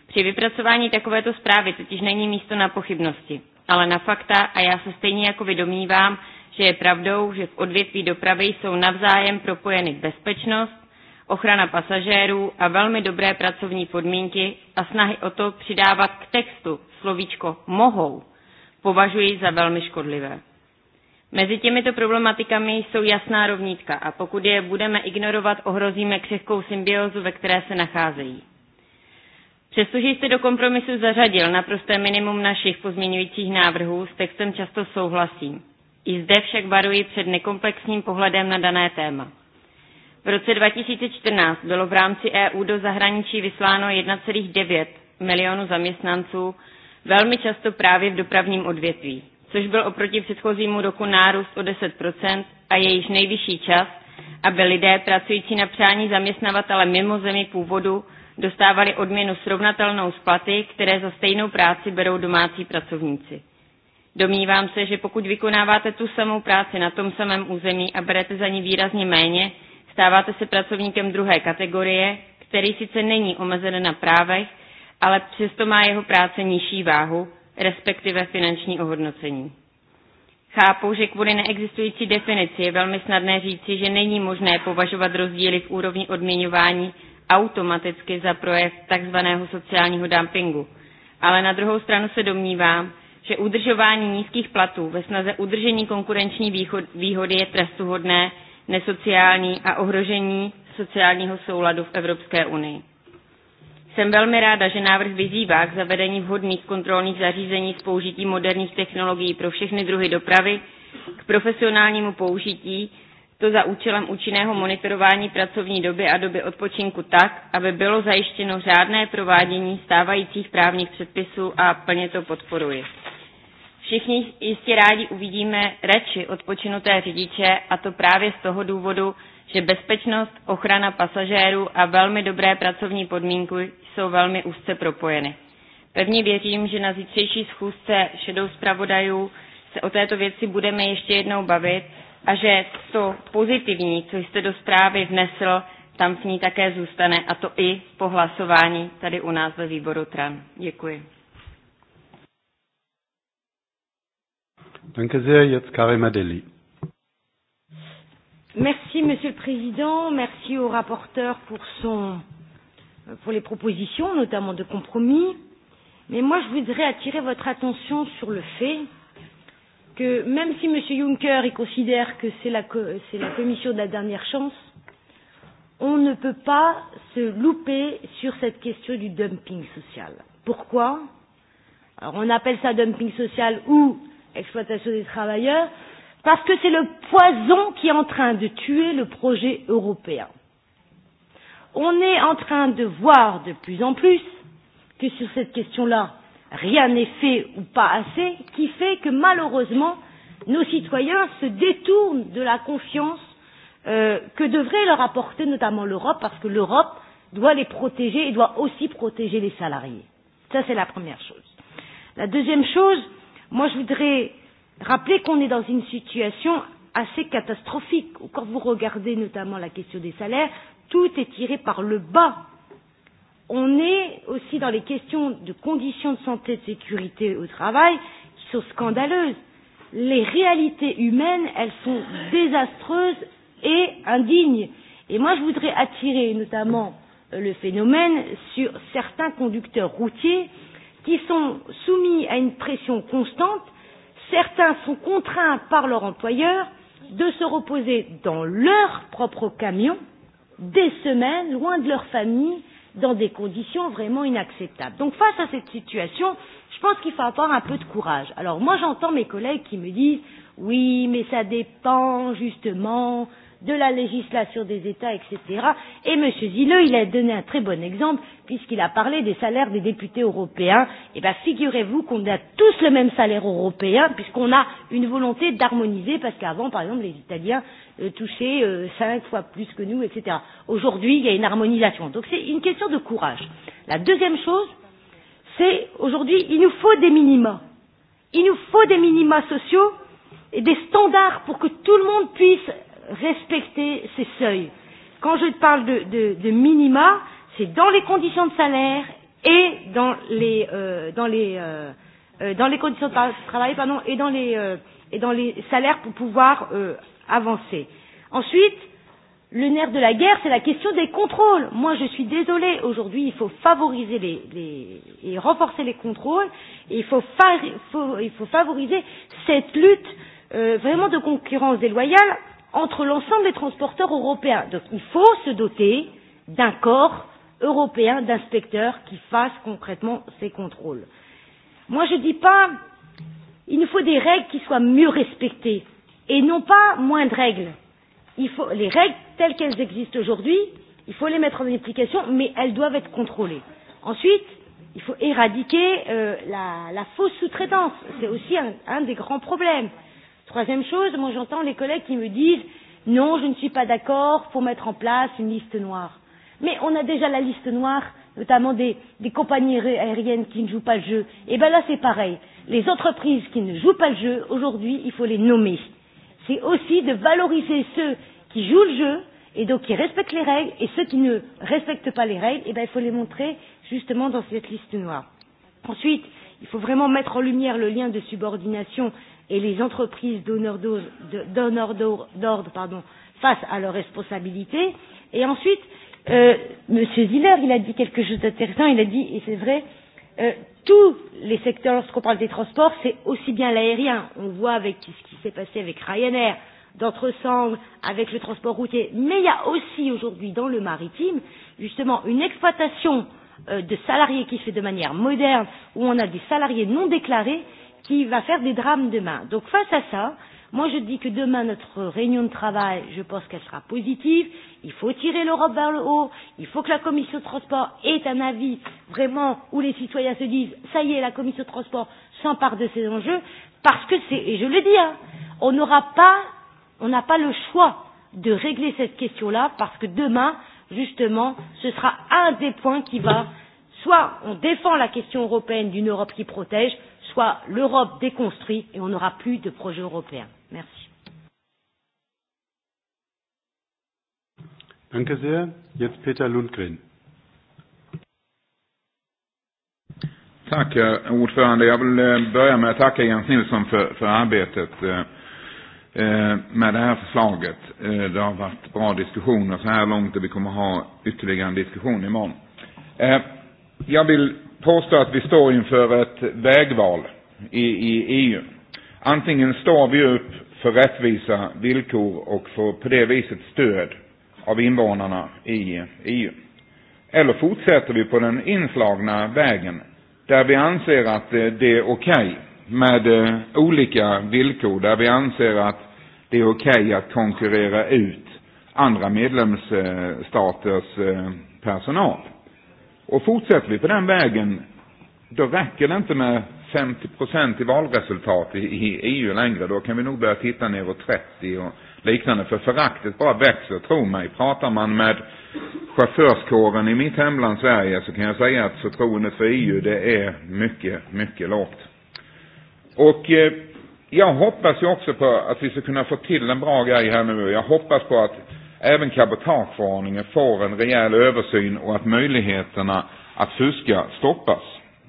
Při vypracování takovéto zprávy totiž není místo na pochybnosti ale na fakta a já se stejně jako vy domnívám, že je pravdou, že v odvětví dopravy jsou navzájem propojeny bezpečnost, ochrana pasažérů a velmi dobré pracovní podmínky a snahy o to přidávat k textu slovíčko mohou považuji za velmi škodlivé. Mezi těmito problematikami jsou jasná rovnítka a pokud je budeme ignorovat, ohrozíme křehkou symbiozu, ve které se nacházejí. Přestože jste do kompromisu zařadil naprosté minimum našich pozměňujících návrhů, s textem často souhlasím. I zde však varuji před nekomplexním pohledem na dané téma. V roce 2014 bylo v rámci EU do zahraničí vysláno 1,9 milionu zaměstnanců, velmi často právě v dopravním odvětví, což byl oproti předchozímu roku nárůst o 10 a je již nejvyšší čas, aby lidé pracující na přání zaměstnavatele mimo zemi původu dostávali odměnu srovnatelnou s platy, které za stejnou práci berou domácí pracovníci. Domnívám se, že pokud vykonáváte tu samou práci na tom samém území a berete za ní výrazně méně, stáváte se pracovníkem druhé kategorie, který sice není omezen na právech, ale přesto má jeho práce nižší váhu, respektive finanční ohodnocení. Chápu, že kvůli neexistující definici je velmi snadné říci, že není možné považovat rozdíly v úrovni odměňování automaticky za projev tzv. sociálního dumpingu. Ale na druhou stranu se domnívám, že udržování nízkých platů ve snaze udržení konkurenční výhody je trestuhodné, nesociální a ohrožení sociálního souladu v Evropské unii. Jsem velmi ráda, že návrh vyzývá k zavedení vhodných kontrolních zařízení s použitím moderních technologií pro všechny druhy dopravy, k profesionálnímu použití to za účelem účinného monitorování pracovní doby a doby odpočinku tak, aby bylo zajištěno řádné provádění stávajících právních předpisů a plně to podporuji. Všichni jistě rádi uvidíme reči odpočinuté řidiče a to právě z toho důvodu, že bezpečnost, ochrana pasažérů a velmi dobré pracovní podmínky jsou velmi úzce propojeny. Pevně věřím, že na zítřejší schůzce šedou zpravodajů se o této věci budeme ještě jednou bavit a že to pozitivní, co jste do zprávy vnesl, tam s ní také zůstane, a to i po hlasování tady u nás ve výboru TRAN. Děkuji. Danke sehr, jetzt Karim Adeli. Merci, Monsieur le Président. Merci au rapporteur pour, son, pour les propositions, notamment de compromis. Mais moi, je voudrais attirer votre attention sur le fait que même si M. Juncker il considère que c'est la, c'est la commission de la dernière chance, on ne peut pas se louper sur cette question du dumping social. Pourquoi Alors on appelle ça dumping social ou exploitation des travailleurs, parce que c'est le poison qui est en train de tuer le projet européen. On est en train de voir de plus en plus que sur cette question-là, rien n'est fait ou pas assez, qui fait que malheureusement nos citoyens se détournent de la confiance euh, que devrait leur apporter notamment l'Europe, parce que l'Europe doit les protéger et doit aussi protéger les salariés. Ça, c'est la première chose. La deuxième chose, moi, je voudrais rappeler qu'on est dans une situation assez catastrophique. Quand vous regardez notamment la question des salaires, tout est tiré par le bas on est aussi dans les questions de conditions de santé et de sécurité au travail qui sont scandaleuses. Les réalités humaines, elles sont désastreuses et indignes. Et moi, je voudrais attirer notamment le phénomène sur certains conducteurs routiers qui sont soumis à une pression constante. Certains sont contraints par leur employeur de se reposer dans leur propre camion des semaines, loin de leur famille, dans des conditions vraiment inacceptables. Donc face à cette situation, je pense qu'il faut avoir un peu de courage. Alors moi j'entends mes collègues qui me disent oui mais ça dépend justement de la législation des États, etc. Et M. Zilleux, il a donné un très bon exemple, puisqu'il a parlé des salaires des députés européens. Eh bien, figurez-vous qu'on a tous le même salaire européen, puisqu'on a une volonté d'harmoniser, parce qu'avant, par exemple, les Italiens euh, touchaient euh, cinq fois plus que nous, etc. Aujourd'hui, il y a une harmonisation. Donc, c'est une question de courage. La deuxième chose, c'est aujourd'hui, il nous faut des minima. Il nous faut des minima sociaux et des standards pour que tout le monde puisse respecter ces seuils. Quand je parle de, de, de minima, c'est dans les conditions de salaire et dans les, euh, dans les, euh, dans les conditions de travail pardon, et, dans les, euh, et dans les salaires pour pouvoir euh, avancer. Ensuite, le nerf de la guerre, c'est la question des contrôles. Moi, je suis désolée, aujourd'hui, il faut favoriser les, les, et renforcer les contrôles, et il faut, fa faut, il faut favoriser cette lutte euh, vraiment de concurrence déloyale entre l'ensemble des transporteurs européens. Donc il faut se doter d'un corps européen d'inspecteurs qui fasse concrètement ces contrôles. Moi je ne dis pas il nous faut des règles qui soient mieux respectées et non pas moins de règles. Il faut, les règles telles qu'elles existent aujourd'hui, il faut les mettre en application, mais elles doivent être contrôlées. Ensuite, il faut éradiquer euh, la, la fausse sous-traitance. C'est aussi un, un des grands problèmes. Troisième chose, moi j'entends les collègues qui me disent non, je ne suis pas d'accord, faut mettre en place une liste noire. Mais on a déjà la liste noire, notamment des, des compagnies aériennes qui ne jouent pas le jeu. Et bien là, c'est pareil. Les entreprises qui ne jouent pas le jeu, aujourd'hui, il faut les nommer. C'est aussi de valoriser ceux qui jouent le jeu et donc qui respectent les règles et ceux qui ne respectent pas les règles, et bien il faut les montrer justement dans cette liste noire. Ensuite, il faut vraiment mettre en lumière le lien de subordination et les entreprises donneurs d'ordre face à leurs responsabilités. Et ensuite, euh, M. Ziller, il a dit quelque chose d'intéressant, il a dit, et c'est vrai, euh, tous les secteurs, lorsqu'on parle des transports, c'est aussi bien l'aérien. On voit avec ce qui s'est passé avec Ryanair, sangles, avec le transport routier. Mais il y a aussi aujourd'hui dans le maritime, justement, une exploitation euh, de salariés qui se fait de manière moderne, où on a des salariés non déclarés qui va faire des drames demain. Donc face à ça, moi je dis que demain notre réunion de travail, je pense qu'elle sera positive. Il faut tirer l'Europe vers le haut. Il faut que la commission de transport ait un avis vraiment où les citoyens se disent ça y est, la commission de transport s'empare de ces enjeux parce que c'est et je le dis, hein, on n'aura pas, on n'a pas le choix de régler cette question-là parce que demain, justement, ce sera un des points qui va soit on défend la question européenne d'une Europe qui protège, soit l'Europe déconstruite et on n'aura plus de projet européen. Merci. Danke sehr. Jetzt Peter Lundgren. Tack, ordförande. Jag vill börja med att tacka Jens Nilsson för, för arbetet med det här förslaget. Det har varit bra diskussioner så här långt och vi kommer ha ytterligare en diskussion imorgon. Jag vill påstå att vi står inför ett vägval i, i EU. Antingen står vi upp för rättvisa villkor och får på det viset stöd av invånarna i EU. Eller fortsätter vi på den inslagna vägen där vi anser att det är okej okay med olika villkor, där vi anser att det är okej okay att konkurrera ut andra medlemsstaters personal. Och fortsätter vi på den vägen, då räcker det inte med 50 i valresultat i, EU längre. Då kan vi nog börja titta neråt 30 och liknande. För föraktet bara växer, tro mig. Pratar man med chaufförskåren i mitt hemland Sverige så kan jag säga att förtroendet för EU det är mycket, mycket lågt. Och eh, jag hoppas ju också på att vi ska kunna få till en bra grej här nu. Jag hoppas på att Även cabotageförordningen får en rejäl översyn och att möjligheterna att fuska stoppas.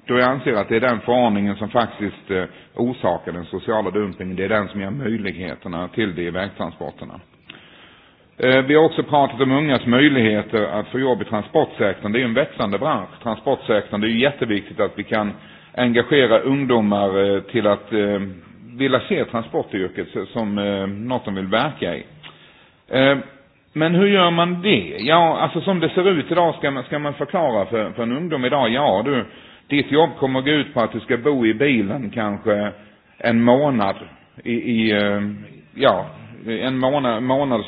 Då jag anser att det är den förordningen som faktiskt orsakar den sociala dumpningen. Det är den som ger möjligheterna till det i vägtransporterna. Vi har också pratat om ungas möjligheter att få jobb i transportsektorn. Det är en växande bransch, transportsektorn. Det är jätteviktigt att vi kan engagera ungdomar till att vilja se transportyrket som något de vill verka i. Men hur gör man det? Ja, alltså som det ser ut idag ska man, ska man förklara för, för en ungdom idag, ja du, ditt jobb kommer att gå ut på att du ska bo i bilen kanske en månad i, i ja, en månad, månad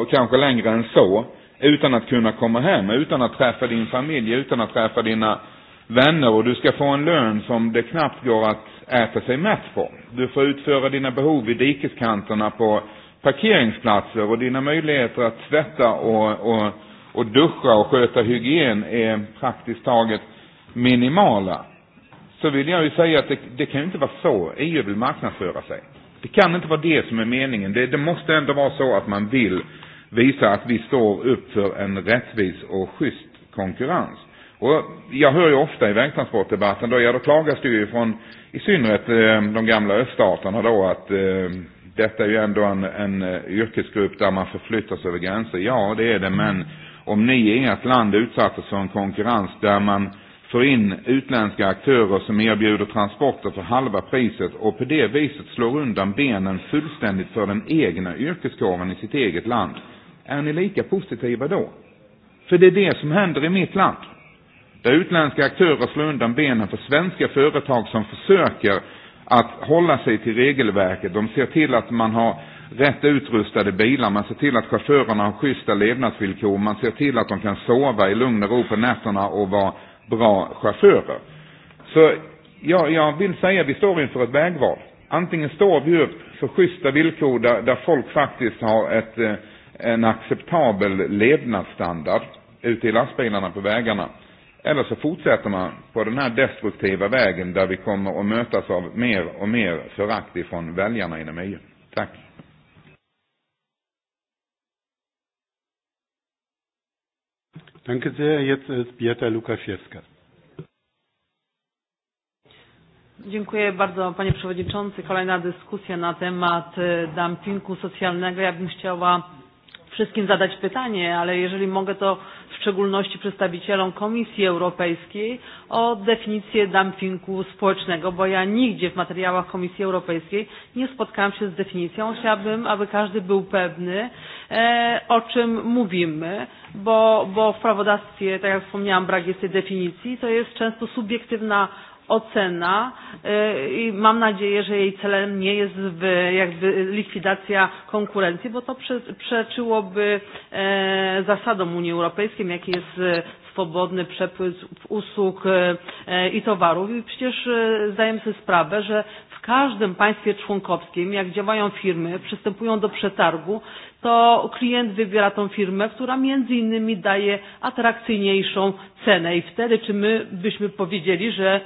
och kanske längre än så, utan att kunna komma hem, utan att träffa din familj, utan att träffa dina vänner och du ska få en lön som det knappt går att äta sig mätt på. Du får utföra dina behov i dikeskanterna på parkeringsplatser och dina möjligheter att tvätta och, och, och duscha och sköta hygien är praktiskt taget minimala. Så vill jag ju säga att det, det kan ju inte vara så EU vill marknadsföra sig. Det kan inte vara det som är meningen. Det, det måste ändå vara så att man vill visa att vi står upp för en rättvis och schysst konkurrens. Och jag hör ju ofta i vägtransportdebatten då, ja då klagas det ju från i synnerhet de gamla öststaterna då att Detta är ju ändå en, en yrkesgrupp där man förflyttas över gränser. Ja, det är det, men om ni i ert land utsattes för en konkurrens där man får in utländska aktörer som erbjuder transporter för halva priset och på det viset slår undan benen fullständigt för den egna yrkeskåren i sitt eget land. Är ni lika positiva då? För det är det som händer i mitt land. Där utländska aktörer slår undan benen för svenska företag som försöker att hålla sig till regelverket. De ser till att man har rätt utrustade bilar, man ser till att chaufförerna har schyssta levnadsvillkor, man ser till att de kan sova i lugn och ro på nätterna och vara bra chaufförer. Så ja, jag vill säga att vi står inför ett vägval. Antingen står vi upp för schyssta villkor där, där folk faktiskt har ett, en acceptabel levnadsstandard ute i lastbilarna på vägarna. Eller så fortsätter man på den här destruktiva vägen där vi kommer att mötas av mer och mer förakt ifrån väljarna inom EU. Tack. Danke sehr. Jetzt ist Bieta Lukasiewska. Dziękuję bardzo panie przewodniczący. Kolejna dyskusja na temat dumpingu socjalnego. Ja bym chciała wszystkim zadać pytanie, ale jeżeli mogę, to w szczególności przedstawicielom Komisji Europejskiej o definicję dumpingu społecznego, bo ja nigdzie w materiałach Komisji Europejskiej nie spotkałam się z definicją. Chciałabym, aby każdy był pewny, e, o czym mówimy, bo, bo w prawodawstwie, tak jak wspomniałam, brak jest tej definicji. To jest często subiektywna ocena i mam nadzieję, że jej celem nie jest jakby likwidacja konkurencji, bo to przeczyłoby zasadom Unii Europejskiej, jaki jest swobodny przepływ usług i towarów. I przecież zdajemy sobie sprawę, że w każdym państwie członkowskim, jak działają firmy, przystępują do przetargu, to klient wybiera tą firmę, która między innymi daje atrakcyjniejszą cenę. I wtedy, czy my byśmy powiedzieli, że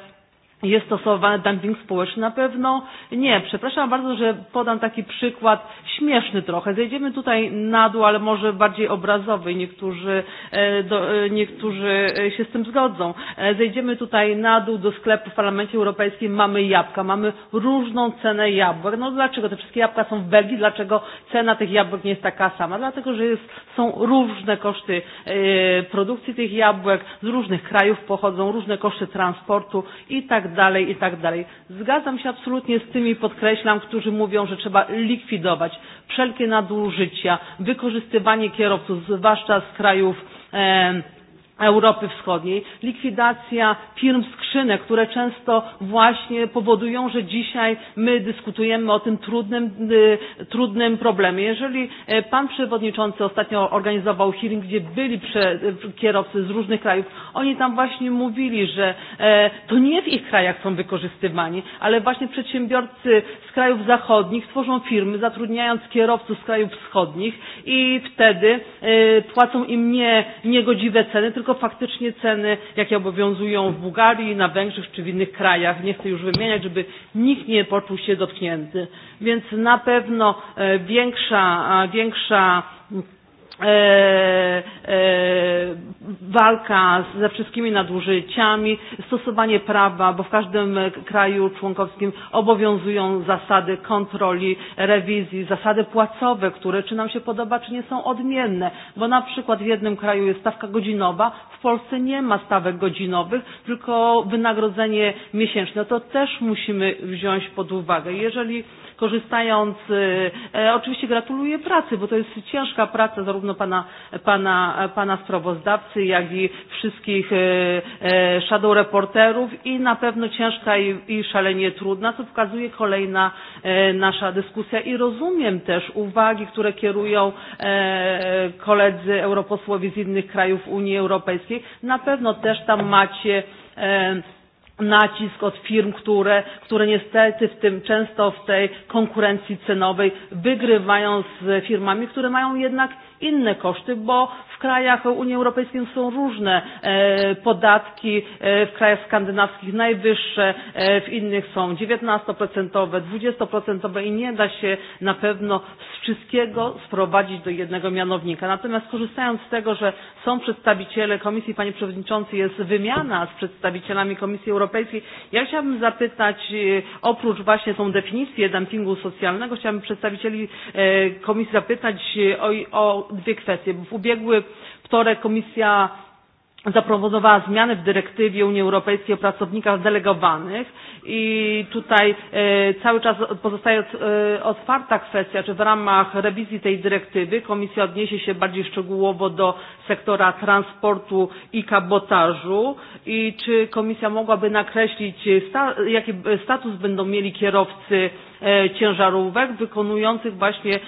Jest stosowany dumping społeczny? Na pewno nie. Przepraszam bardzo, że podam taki przykład śmieszny trochę. Zejdziemy tutaj na dół, ale może bardziej obrazowy. Niektórzy, do, niektórzy się z tym zgodzą. Zejdziemy tutaj na dół do sklepu w Parlamencie Europejskim. Mamy jabłka. Mamy różną cenę jabłek. No dlaczego? Te wszystkie jabłka są w Belgii. Dlaczego cena tych jabłek nie jest taka sama? Dlatego, że jest, są różne koszty produkcji tych jabłek. Z różnych krajów pochodzą różne koszty transportu i tak dalej, i tak dalej. Zgadzam się absolutnie z tymi, podkreślam, którzy mówią, że trzeba likwidować wszelkie nadużycia, wykorzystywanie kierowców, zwłaszcza z krajów e, Europy Wschodniej, likwidacja firm skrzynek, które często właśnie powodują, że dzisiaj my dyskutujemy o tym trudnym, trudnym problemie. Jeżeli pan przewodniczący ostatnio organizował hearing, gdzie byli prze, kierowcy z różnych krajów, oni tam właśnie mówili, że to nie w ich krajach są wykorzystywani, ale właśnie przedsiębiorcy z krajów zachodnich tworzą firmy, zatrudniając kierowców z krajów wschodnich i wtedy płacą im nie, niegodziwe ceny, tylko tylko faktycznie ceny, jakie obowiązują w Bułgarii, na Węgrzech czy w innych krajach. Nie chcę już wymieniać, żeby nikt nie poczuł się dotknięty. Więc na pewno większa, większa walka ze wszystkimi nadużyciami, stosowanie prawa, bo w każdym kraju członkowskim obowiązują zasady kontroli, rewizji, zasady płacowe, które czy nam się podoba, czy nie są odmienne, bo na przykład w jednym kraju jest stawka godzinowa, w Polsce nie ma stawek godzinowych, tylko wynagrodzenie miesięczne. To też musimy wziąć pod uwagę. Jeżeli korzystając, oczywiście gratuluję pracy, bo to jest ciężka praca zarówno pana, pana, pana sprawozdawcy, jak i wszystkich shadow reporterów i na pewno ciężka i, i szalenie trudna, co pokazuje kolejna nasza dyskusja i rozumiem też uwagi, które kierują koledzy europosłowie z innych krajów Unii Europejskiej. Na pewno też tam macie nacisk od firm, które, które niestety w tym często w tej konkurencji cenowej wygrywają z firmami, które mają jednak inne koszty, bo w krajach Unii Europejskiej są różne podatki, w krajach skandynawskich najwyższe, w innych są 19%, 20% i nie da się na pewno z wszystkiego sprowadzić do jednego mianownika. Natomiast korzystając z tego, że są przedstawiciele Komisji, Panie Przewodniczący, jest wymiana z przedstawicielami Komisji Europejskiej, ja chciałabym zapytać, oprócz właśnie tą definicję dumpingu socjalnego, chciałabym przedstawicieli Komisji zapytać o, o dwie kwestie. W ubiegły wtorek Komisja zaproponowała zmiany w dyrektywie Unii Europejskiej o pracownikach delegowanych i tutaj cały czas pozostaje otwarta kwestia, czy w ramach rewizji tej dyrektywy Komisja odniesie się bardziej szczegółowo do sektora transportu i kabotażu i czy Komisja mogłaby nakreślić, jaki status będą mieli kierowcy ciężarówek wykonujących właśnie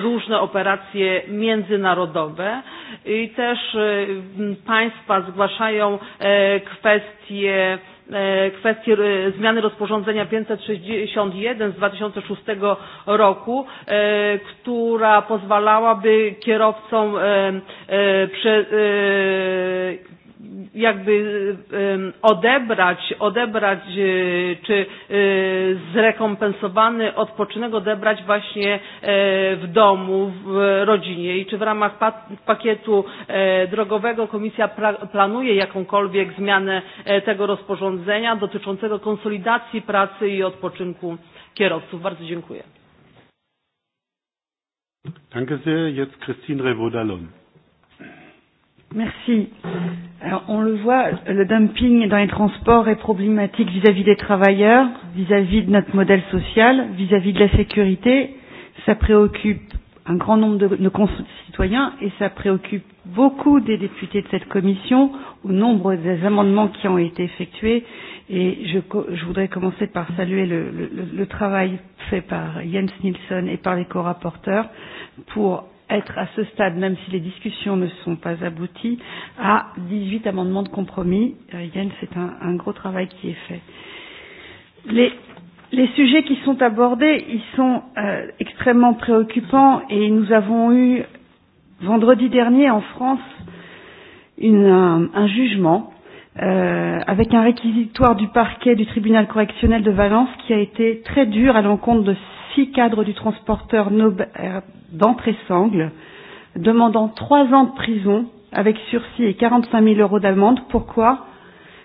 różne operacje międzynarodowe i też państwa zgłaszają kwestie kwestię zmiany rozporządzenia 561 z 2006 roku, która pozwalałaby kierowcom jakby odebrać, odebrać czy zrekompensowany odpoczynek odebrać właśnie w domu, w rodzinie i czy w ramach pakietu drogowego Komisja planuje jakąkolwiek zmianę tego rozporządzenia dotyczącego konsolidacji pracy i odpoczynku kierowców. Bardzo dziękuję. Danke sehr. Jetzt Christine revaud Merci. Alors, on le voit, le dumping dans les transports est problématique vis-à-vis -vis des travailleurs, vis-à-vis -vis de notre modèle social, vis-à-vis -vis de la sécurité. Ça préoccupe un grand nombre de nos concitoyens et ça préoccupe beaucoup des députés de cette commission au nombre des amendements qui ont été effectués. Et je, je voudrais commencer par saluer le, le, le travail fait par Jens Nilsson et par les co-rapporteurs pour être à ce stade, même si les discussions ne sont pas abouties, à 18 amendements de compromis. Euh, Yann, c'est un, un gros travail qui est fait. Les, les sujets qui sont abordés, ils sont euh, extrêmement préoccupants et nous avons eu vendredi dernier en France une, un, un jugement euh, avec un réquisitoire du parquet du tribunal correctionnel de Valence qui a été très dur à l'encontre de six cadres du transporteur Nobert sangle, demandant trois ans de prison avec sursis et 45 000 euros d'amende. Pourquoi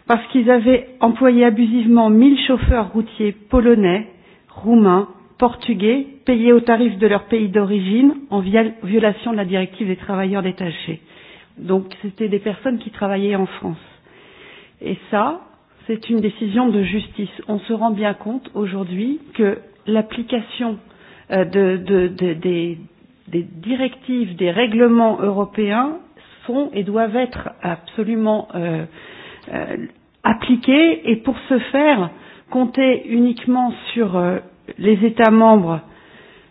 Parce qu'ils avaient employé abusivement 1000 chauffeurs routiers polonais, roumains, portugais, payés au tarif de leur pays d'origine en violation de la directive des travailleurs détachés. Donc c'était des personnes qui travaillaient en France. Et ça, c'est une décision de justice. On se rend bien compte aujourd'hui que l'application de, de, de, des, des directives, des règlements européens sont et doivent être absolument euh, euh, appliquées et pour ce faire, compter uniquement sur euh, les États membres,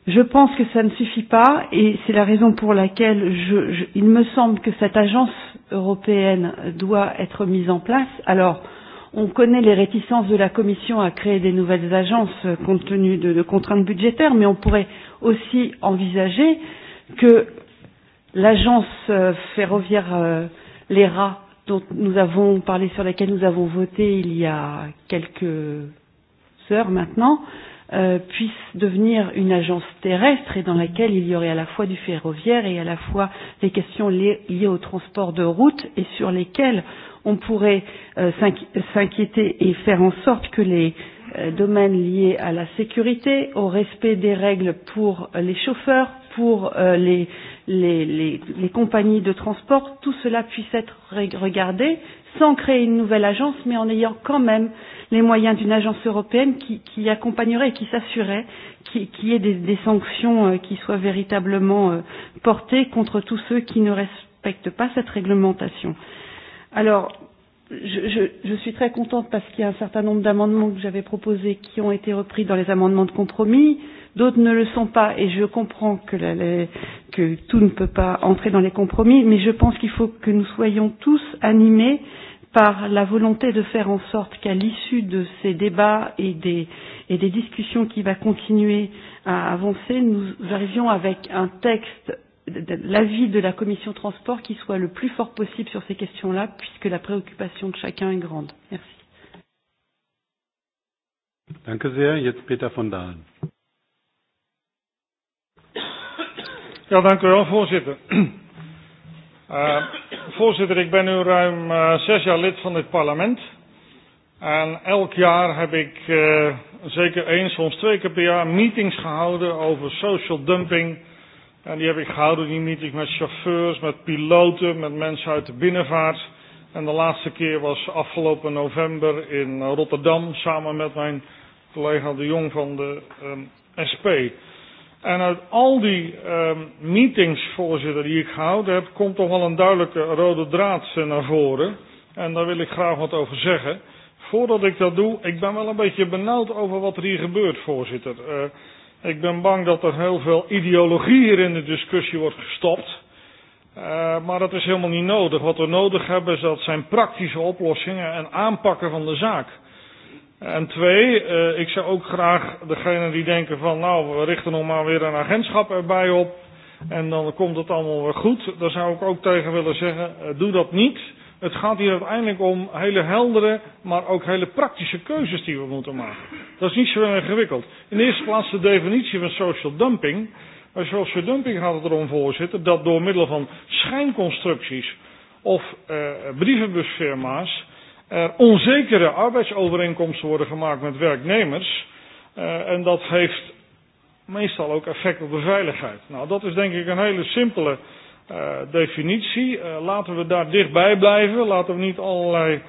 je pense que ça ne suffit pas et c'est la raison pour laquelle je, je, il me semble que cette agence européenne doit être mise en place. Alors, euh, On connaît les réticences de la Commission à créer des nouvelles agences compte tenu de, de contraintes budgétaires, mais on pourrait aussi envisager que l'agence ferroviaire euh, l'ERA, dont nous avons parlé, sur laquelle nous avons voté il y a quelques heures maintenant, euh, puisse devenir une agence terrestre et dans laquelle il y aurait à la fois du ferroviaire et à la fois des questions liées, liées au transport de route et sur lesquelles on pourrait euh, s'inquiéter et faire en sorte que les euh, domaines liés à la sécurité, au respect des règles pour les chauffeurs, pour euh, les, les, les, les compagnies de transport, tout cela puisse être regardé sans créer une nouvelle agence, mais en ayant quand même les moyens d'une agence européenne qui, qui accompagnerait et qui s'assurait qu'il y ait des, des sanctions qui soient véritablement portées contre tous ceux qui ne respectent pas cette réglementation. Euh, Alors, je, je, je suis très contente parce qu'il y a un certain nombre d'amendements que j'avais proposés qui ont été repris dans les amendements de compromis. D'autres ne le sont pas et je comprends que, la, la, que tout ne peut pas entrer dans les compromis, mais je pense qu'il faut que nous soyons tous animés par la volonté de faire en sorte qu'à l'issue de ces débats et des, et des discussions qui va continuer à avancer, nous arrivions avec un texte l'avis de la commission transport qui soit le plus fort possible sur ces questions-là, puisque la préoccupation de chacun est grande. Merci. Danke sehr. Jetzt Peter von Dahlen. Ja, dank u wel, voorzitter. Uh, voorzitter, ik ben nu ruim uh, zes jaar lid van dit parlement. En elk jaar heb ik uh, zeker één, soms twee keer per jaar meetings gehouden over social dumping En die heb ik gehouden, die meeting, met chauffeurs, met piloten, met mensen uit de binnenvaart. En de laatste keer was afgelopen november in Rotterdam samen met mijn collega De Jong van de um, SP. En uit al die um, meetings, voorzitter, die ik gehouden heb, komt toch wel een duidelijke rode draad naar voren. En daar wil ik graag wat over zeggen. Voordat ik dat doe, ik ben wel een beetje benauwd over wat er hier gebeurt, voorzitter. Uh, Ik ben bang dat er heel veel ideologie hier in de discussie wordt gestopt. Uh, maar dat is helemaal niet nodig. Wat we nodig hebben, is dat zijn praktische oplossingen en aanpakken van de zaak. En twee, uh, ik zou ook graag degenen die denken van nou, we richten nog maar weer een agentschap erbij op en dan komt het allemaal weer goed. Daar zou ik ook tegen willen zeggen, uh, doe dat niet. Het gaat hier uiteindelijk om hele heldere, maar ook hele praktische keuzes die we moeten maken. Dat is niet zo ingewikkeld. In de eerste plaats de definitie van social dumping. Bij social dumping gaat het erom, voorzitter, dat door middel van schijnconstructies of eh, brievenbusfirma's er onzekere arbeidsovereenkomsten worden gemaakt met werknemers. Eh, en dat heeft meestal ook effect op de veiligheid. Nou, dat is denk ik een hele simpele uh, definitie. Uh, laten we daar dichtbij blijven. Laten we niet allerlei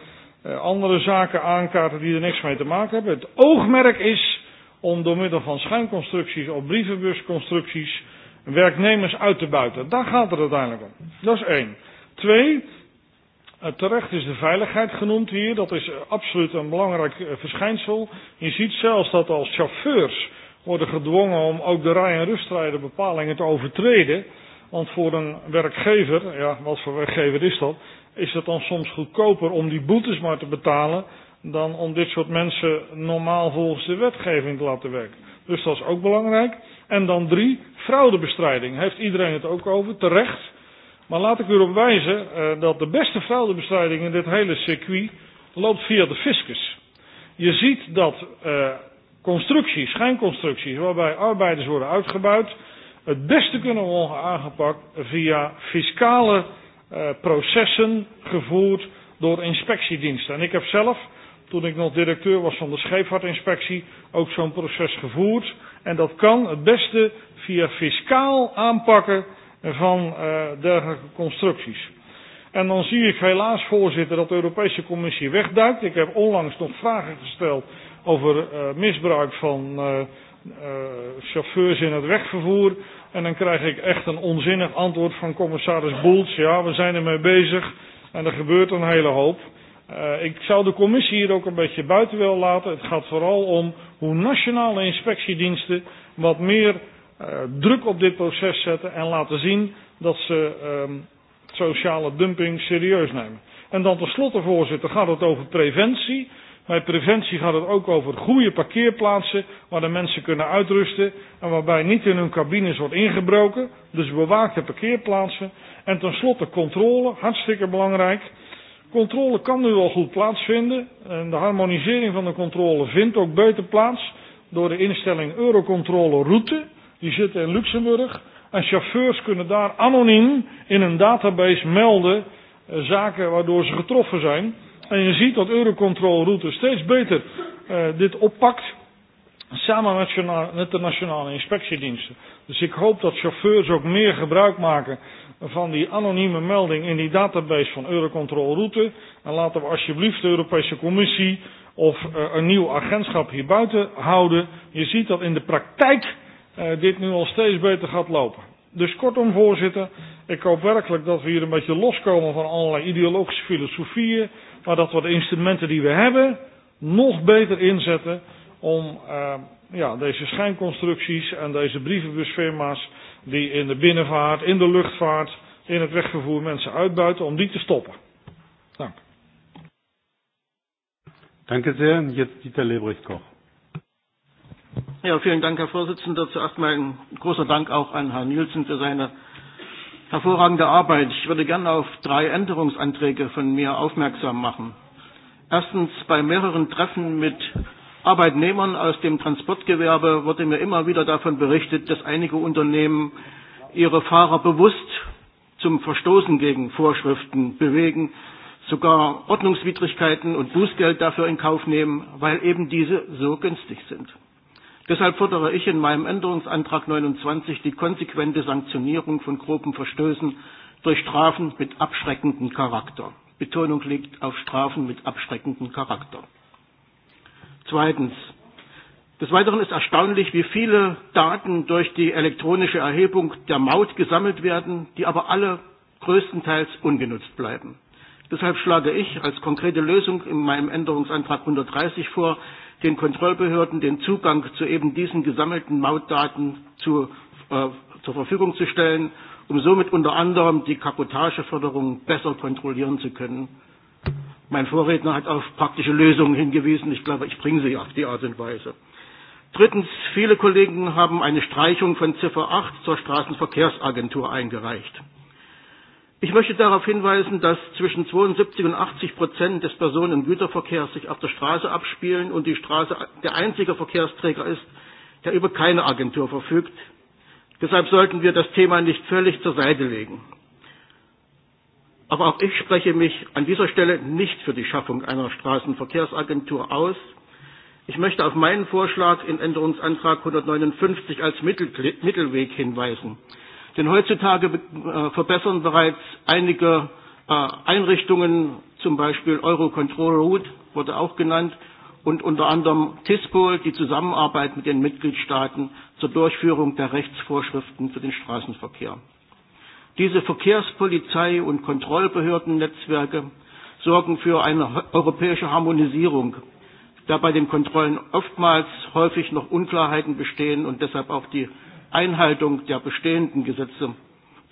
uh, andere zaken aankaarten die er niks mee te maken hebben. Het oogmerk is om door middel van schuinconstructies of brievenbusconstructies werknemers uit te buiten. Daar gaat het uiteindelijk om. Dat is één. Twee, terecht is de veiligheid genoemd hier. Dat is absoluut een belangrijk verschijnsel. Je ziet zelfs dat als chauffeurs worden gedwongen om ook de rij- en rustrijdenbepalingen te overtreden. Want voor een werkgever, ja, wat voor werkgever is dat, is het dan soms goedkoper om die boetes maar te betalen dan om dit soort mensen normaal volgens de wetgeving te laten werken. Dus dat is ook belangrijk. En dan drie, fraudebestrijding. Heeft iedereen het ook over, terecht. Maar laat ik u erop wijzen eh, dat de beste fraudebestrijding in dit hele circuit loopt via de fiscus. Je ziet dat eh, constructies, schijnconstructies, waarbij arbeiders worden uitgebuit, Het beste kunnen worden aangepakt via fiscale uh, processen gevoerd door inspectiediensten. En ik heb zelf, toen ik nog directeur was van de scheepvaartinspectie, ook zo'n proces gevoerd. En dat kan het beste via fiscaal aanpakken van uh, dergelijke constructies. En dan zie ik helaas, voorzitter, dat de Europese Commissie wegduikt. Ik heb onlangs nog vragen gesteld over uh, misbruik van. Uh, chauffeurs in het wegvervoer. En dan krijg ik echt een onzinnig antwoord van commissaris Boels. Ja, we zijn ermee bezig en er gebeurt een hele hoop. Uh, ik zou de commissie hier ook een beetje buiten willen laten. Het gaat vooral om hoe nationale inspectiediensten wat meer uh, druk op dit proces zetten en laten zien dat ze um, sociale dumping serieus nemen. En dan tenslotte, voorzitter, gaat het over preventie. Bij preventie gaat het ook over goede parkeerplaatsen waar de mensen kunnen uitrusten en waarbij niet in hun cabines wordt ingebroken, dus bewaakte parkeerplaatsen. En tenslotte controle, hartstikke belangrijk. Controle kan nu al goed plaatsvinden en de harmonisering van de controle vindt ook beter plaats door de instelling Eurocontrole Route, die zit in Luxemburg. En chauffeurs kunnen daar anoniem in een database melden zaken waardoor ze getroffen zijn. En je ziet dat Eurocontrol route steeds beter uh, dit oppakt. Samen met, met de nationale inspectiediensten. Dus ik hoop dat chauffeurs ook meer gebruik maken van die anonieme melding in die database van Eurocontrol route. En laten we alsjeblieft de Europese Commissie of uh, een nieuw agentschap hier buiten houden. Je ziet dat in de praktijk uh, dit nu al steeds beter gaat lopen. Dus kortom, voorzitter, ik hoop werkelijk dat we hier een beetje loskomen van allerlei ideologische filosofieën maar dat we de instrumenten die we hebben nog beter inzetten om uh, ja, deze schijnconstructies en deze brievenbusfirma's die in de binnenvaart, in de luchtvaart, in het wegvervoer mensen uitbuiten, om die te stoppen. Dank. u sehr. Jetzt Dieter Lebrecht-Koch. Ja, vielen Dank, Herr Vorsitzender. Zuerst mal ein großer Dank auch an Herrn Nielsen für seine Hervorragende Arbeit. Ich würde gerne auf drei Änderungsanträge von mir aufmerksam machen. Erstens, bei mehreren Treffen mit Arbeitnehmern aus dem Transportgewerbe wurde mir immer wieder davon berichtet, dass einige Unternehmen ihre Fahrer bewusst zum Verstoßen gegen Vorschriften bewegen, sogar Ordnungswidrigkeiten und Bußgeld dafür in Kauf nehmen, weil eben diese so günstig sind. Deshalb fordere ich in meinem Änderungsantrag 29 die konsequente Sanktionierung von groben Verstößen durch Strafen mit abschreckendem Charakter. Betonung liegt auf Strafen mit abschreckendem Charakter. Zweitens. Des Weiteren ist erstaunlich, wie viele Daten durch die elektronische Erhebung der Maut gesammelt werden, die aber alle größtenteils ungenutzt bleiben. Deshalb schlage ich als konkrete Lösung in meinem Änderungsantrag 130 vor, den Kontrollbehörden den Zugang zu eben diesen gesammelten Mautdaten zu, äh, zur Verfügung zu stellen, um somit unter anderem die Kaputageförderung besser kontrollieren zu können. Mein Vorredner hat auf praktische Lösungen hingewiesen. Ich glaube, ich bringe sie auf die Art und Weise. Drittens, viele Kollegen haben eine Streichung von Ziffer 8 zur Straßenverkehrsagentur eingereicht. Ich möchte darauf hinweisen, dass zwischen 72 und 80 Prozent des Personen- und Güterverkehrs sich auf der Straße abspielen und die Straße der einzige Verkehrsträger ist, der über keine Agentur verfügt. Deshalb sollten wir das Thema nicht völlig zur Seite legen. Aber auch ich spreche mich an dieser Stelle nicht für die Schaffung einer Straßenverkehrsagentur aus. Ich möchte auf meinen Vorschlag in Änderungsantrag 159 als Mittelweg hinweisen. Denn heutzutage verbessern bereits einige Einrichtungen, zum Beispiel Eurocontrol Route wurde auch genannt, und unter anderem TISPOL die Zusammenarbeit mit den Mitgliedstaaten zur Durchführung der Rechtsvorschriften für den Straßenverkehr. Diese Verkehrspolizei und Kontrollbehördennetzwerke sorgen für eine europäische Harmonisierung, da bei den Kontrollen oftmals häufig noch Unklarheiten bestehen und deshalb auch die Einhaltung der bestehenden Gesetze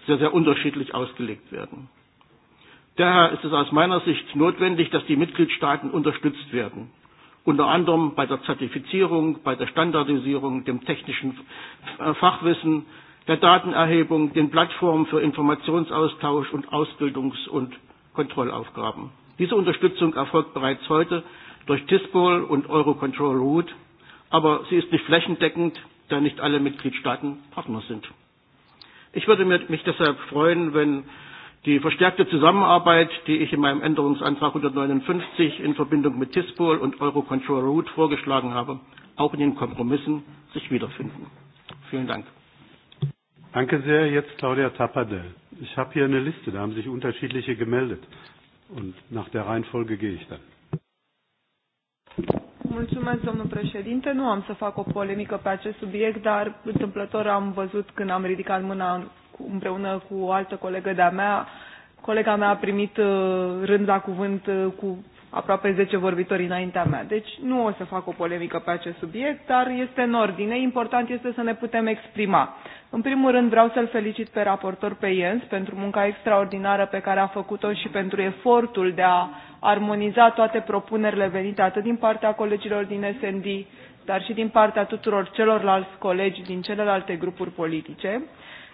sehr, sehr unterschiedlich ausgelegt werden. Daher ist es aus meiner Sicht notwendig, dass die Mitgliedstaaten unterstützt werden, unter anderem bei der Zertifizierung, bei der Standardisierung, dem technischen Fachwissen, der Datenerhebung, den Plattformen für Informationsaustausch und Ausbildungs- und Kontrollaufgaben. Diese Unterstützung erfolgt bereits heute durch TISPOL und Eurocontrol Root, aber sie ist nicht flächendeckend da nicht alle Mitgliedstaaten Partner sind. Ich würde mich deshalb freuen, wenn die verstärkte Zusammenarbeit, die ich in meinem Änderungsantrag 159 in Verbindung mit TISPOL und Eurocontrol Route vorgeschlagen habe, auch in den Kompromissen sich wiederfinden. Vielen Dank. Danke sehr. Jetzt Claudia Tappadell. Ich habe hier eine Liste, da haben sich unterschiedliche gemeldet. Und nach der Reihenfolge gehe ich dann. Mulțumesc, domnul președinte. Nu am să fac o polemică pe acest subiect, dar întâmplător am văzut când am ridicat mâna împreună cu o altă colegă de-a mea, colega mea a primit rând la cuvânt cu aproape 10 vorbitori înaintea mea. Deci nu o să fac o polemică pe acest subiect, dar este în ordine. Important este să ne putem exprima. În primul rând vreau să-l felicit pe raportor pe Jens pentru munca extraordinară pe care a făcut-o și pentru efortul de a armoniza toate propunerile venite atât din partea colegilor din SND, dar și din partea tuturor celorlalți colegi din celelalte grupuri politice.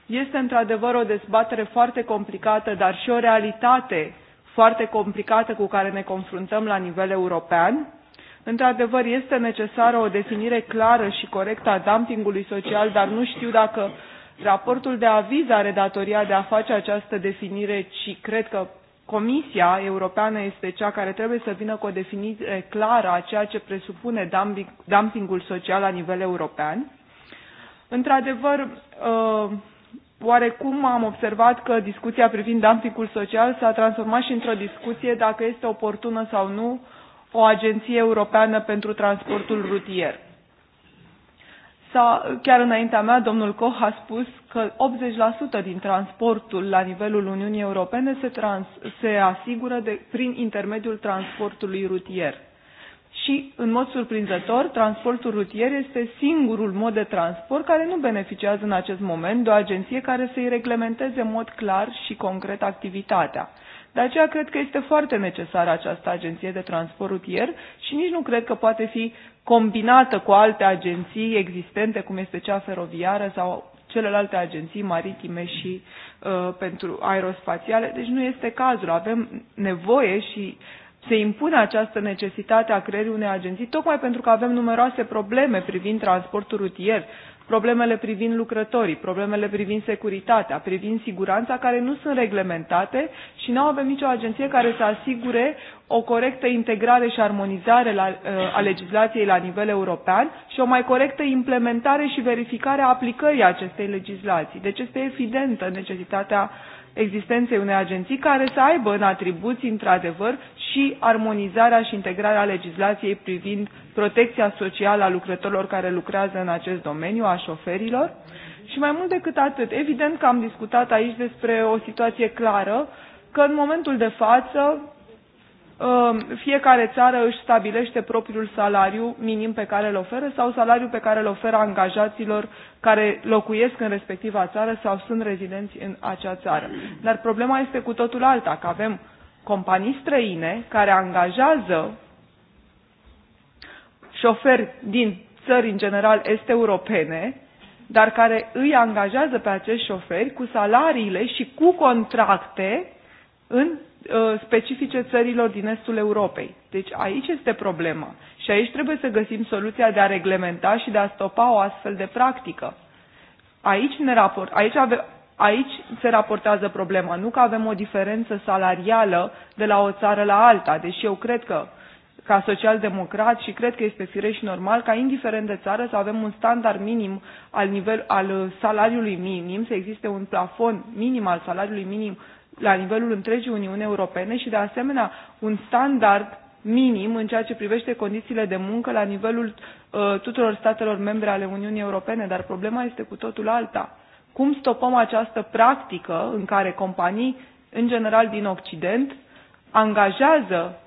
Este într-adevăr o dezbatere foarte complicată, dar și o realitate foarte complicată cu care ne confruntăm la nivel european. Într-adevăr, este necesară o definire clară și corectă a dumpingului social, dar nu știu dacă raportul de aviz are datoria de a face această definire, ci cred că Comisia Europeană este cea care trebuie să vină cu o definiție clară a ceea ce presupune dumpingul social la nivel european. Într-adevăr, oarecum am observat că discuția privind dumpingul social s-a transformat și într-o discuție dacă este oportună sau nu o agenție europeană pentru transportul rutier sa chiar înaintea mea, domnul Koch a spus că 80% din transportul la nivelul Uniunii Europene se, trans, se asigură de, prin intermediul transportului rutier. Și, în mod surprinzător, transportul rutier este singurul mod de transport care nu beneficiază în acest moment de o agenție care să-i reglementeze în mod clar și concret activitatea. De aceea cred că este foarte necesară această agenție de transport rutier și nici nu cred că poate fi combinată cu alte agenții existente, cum este cea feroviară sau celelalte agenții maritime și uh, pentru aerospațiale. Deci nu este cazul. Avem nevoie și se impune această necesitate a creării unei agenții, tocmai pentru că avem numeroase probleme privind transportul rutier, problemele privind lucrătorii, problemele privind securitatea, privind siguranța, care nu sunt reglementate și nu avem nicio agenție care să asigure o corectă integrare și armonizare la, a legislației la nivel european și o mai corectă implementare și verificare a aplicării acestei legislații. Deci este evidentă necesitatea uh, existenței unei agenții care să aibă în atribuții, într-adevăr, și armonizarea și integrarea legislației privind protecția socială a lucrătorilor care lucrează în acest domeniu, a șoferilor. Și mai mult decât atât, evident că am discutat aici despre o situație clară, că în momentul de față fiecare țară își stabilește propriul salariu minim pe care îl oferă sau salariul pe care îl oferă angajaților care locuiesc în respectiva țară sau sunt rezidenți în acea țară. Dar problema este cu totul alta, că avem companii străine care angajează șoferi din țări în general este europene, dar care îi angajează pe acești șoferi cu salariile și cu contracte în specifice țărilor din estul Europei. Deci aici este problema și aici trebuie să găsim soluția de a reglementa și de a stopa o astfel de practică. Aici, ne raport, aici, ave, aici se raportează problema, nu că avem o diferență salarială de la o țară la alta, deși eu cred că ca social-democrat și cred că este fireș și normal ca, indiferent de țară, să avem un standard minim al, nivel, al salariului minim, să existe un plafon minim al salariului minim la nivelul întregii Uniuni Europene și, de asemenea, un standard minim în ceea ce privește condițiile de muncă la nivelul uh, tuturor statelor membre ale Uniunii Europene, dar problema este cu totul alta. Cum stopăm această practică în care companii, în general din Occident, angajează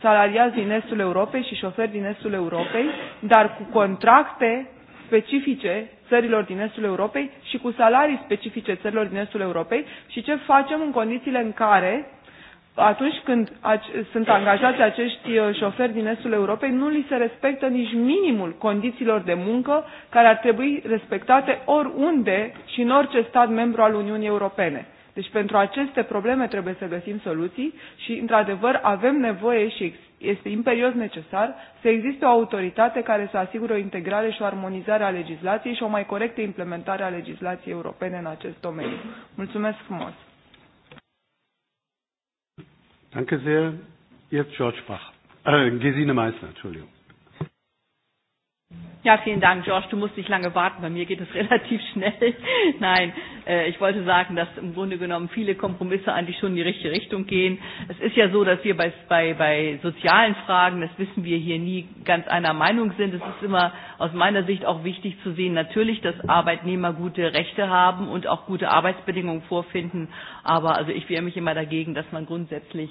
salariați din estul Europei și șoferi din estul Europei, dar cu contracte specifice țărilor din estul Europei și cu salarii specifice țărilor din estul Europei și ce facem în condițiile în care atunci când sunt angajați acești șoferi din estul Europei, nu li se respectă nici minimul condițiilor de muncă care ar trebui respectate oriunde și în orice stat membru al Uniunii Europene. Deci pentru aceste probleme trebuie să găsim soluții și, într-adevăr, avem nevoie și este imperios necesar să existe o autoritate care să asigure o integrare și o armonizare a legislației și o mai corectă implementare a legislației europene în acest domeniu. Mulțumesc frumos! Danke sehr. Jetzt George Bach. Äh, Gesine Meissner, Entschuldigung. Ja, vielen Dank, George. Du musst nicht lange warten. Bei mir geht es relativ schnell. Nein, äh, ich wollte sagen, dass im Grunde genommen viele Kompromisse eigentlich schon in die richtige Richtung gehen. Es ist ja so, dass wir bei, bei, bei sozialen Fragen, das wissen wir hier nie ganz einer Meinung sind. Es ist immer aus meiner Sicht auch wichtig zu sehen, natürlich, dass Arbeitnehmer gute Rechte haben und auch gute Arbeitsbedingungen vorfinden. Aber also ich wehre mich immer dagegen, dass man grundsätzlich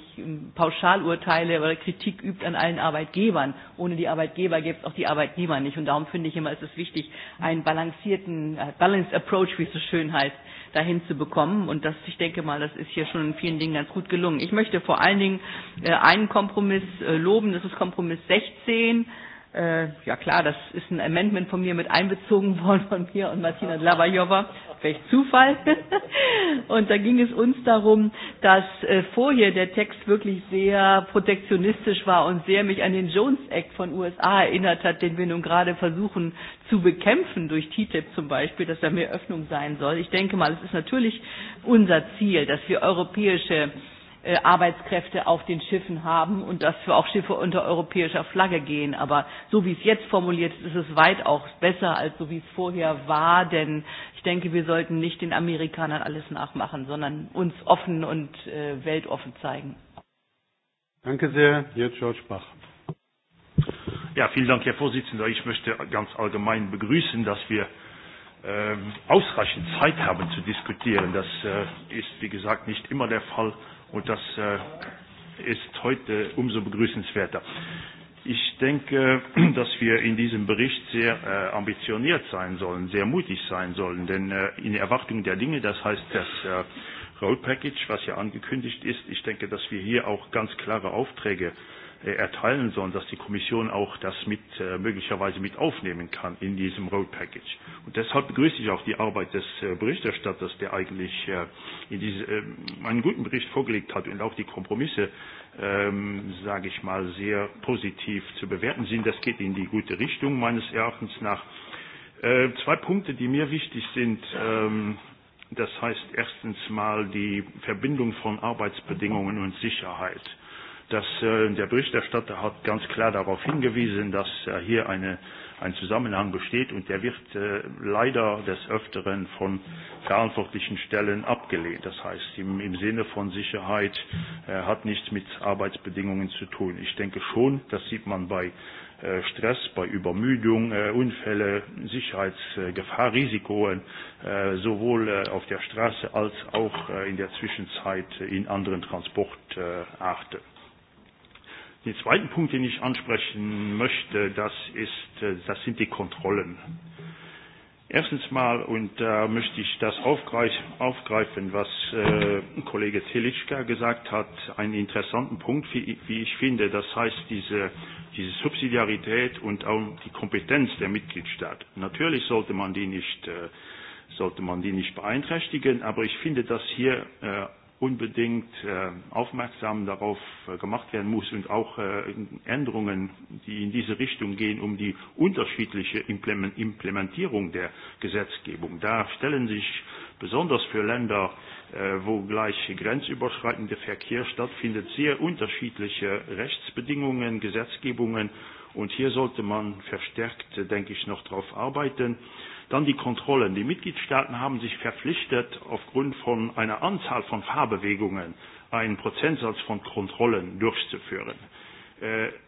Pauschalurteile oder Kritik übt an allen Arbeitgebern. Ohne die Arbeitgeber gäbe es auch die Arbeitnehmer nicht nicht. Und darum finde ich immer, ist es wichtig, einen balancierten, äh, balanced approach, wie es so schön heißt, dahin zu bekommen. Und das, ich denke mal, das ist hier schon in vielen Dingen ganz gut gelungen. Ich möchte vor allen Dingen äh, einen Kompromiss äh, loben. Das ist Kompromiss 16 äh, ja klar, das ist ein Amendment von mir mit einbezogen worden von mir und Martina Dlabajowa, vielleicht Zufall. und da ging es uns darum, dass äh, vorher der Text wirklich sehr protektionistisch war und sehr mich an den Jones Act von USA erinnert hat, den wir nun gerade versuchen zu bekämpfen durch TTIP zum Beispiel, dass da mehr Öffnung sein soll. Ich denke mal, es ist natürlich unser Ziel, dass wir europäische äh, Arbeitskräfte auf den Schiffen haben und dass wir auch Schiffe unter europäischer Flagge gehen. Aber so wie es jetzt formuliert ist, ist es weit auch besser, als so wie es vorher war. Denn ich denke, wir sollten nicht den Amerikanern alles nachmachen, sondern uns offen und äh, weltoffen zeigen. Danke sehr. Jetzt George Bach. Ja, vielen Dank, Herr Vorsitzender. Ich möchte ganz allgemein begrüßen, dass wir ähm, ausreichend Zeit haben zu diskutieren. Das äh, ist, wie gesagt, nicht immer der Fall. Und das ist heute umso begrüßenswerter. Ich denke, dass wir in diesem Bericht sehr äh, ambitioniert sein sollen, sehr mutig sein sollen, denn äh, in Erwartung der Dinge, das heißt das äh, Roll Package, was ja angekündigt ist, ich denke, dass wir hier auch ganz klare Aufträge erteilen, sondern dass die Kommission auch das mit, möglicherweise mit aufnehmen kann in diesem Road Package. Und deshalb begrüße ich auch die Arbeit des Berichterstatters, der eigentlich in diese, einen guten Bericht vorgelegt hat und auch die Kompromisse, ähm, sage ich mal, sehr positiv zu bewerten sind. Das geht in die gute Richtung meines Erachtens nach. Äh, zwei Punkte, die mir wichtig sind. Ähm, das heißt erstens mal die Verbindung von Arbeitsbedingungen und Sicherheit. Äh, dass äh, der Berichterstatter hat ganz klar darauf hingewiesen, dass äh, hier eine, ein Zusammenhang besteht und der wird äh, leider des Öfteren von verantwortlichen Stellen abgelehnt. Das heißt, im, im Sinne von Sicherheit äh, hat nichts mit Arbeitsbedingungen zu tun. Ich denke schon, das sieht man bei Stress, bei Übermüdung, Unfälle, Sicherheitsgefahr, Risikoen, sowohl auf der Straße als auch in der Zwischenzeit in anderen Transportarten. Den zweiten Punkt, den ich ansprechen möchte, das, ist, das sind die Kontrollen. Erstens mal, und da möchte ich das aufgreifen, was äh, Kollege Zelitschka gesagt hat, einen interessanten Punkt, wie, wie ich finde. Das heißt, diese, diese Subsidiarität und auch die Kompetenz der Mitgliedstaaten. Natürlich sollte man die nicht, äh, sollte man die nicht beeinträchtigen, aber ich finde, dass hier äh, unbedingt aufmerksam darauf gemacht werden muss und auch Änderungen, die in diese Richtung gehen, um die unterschiedliche Implementierung der Gesetzgebung. Da stellen sich besonders für Länder, wo gleich grenzüberschreitender Verkehr stattfindet, sehr unterschiedliche Rechtsbedingungen, Gesetzgebungen. Und hier sollte man verstärkt, denke ich, noch darauf arbeiten Dann die Kontrollen. Die Mitgliedstaaten haben sich verpflichtet, aufgrund von einer Anzahl von Fahrbewegungen einen Prozentsatz von Kontrollen durchzuführen.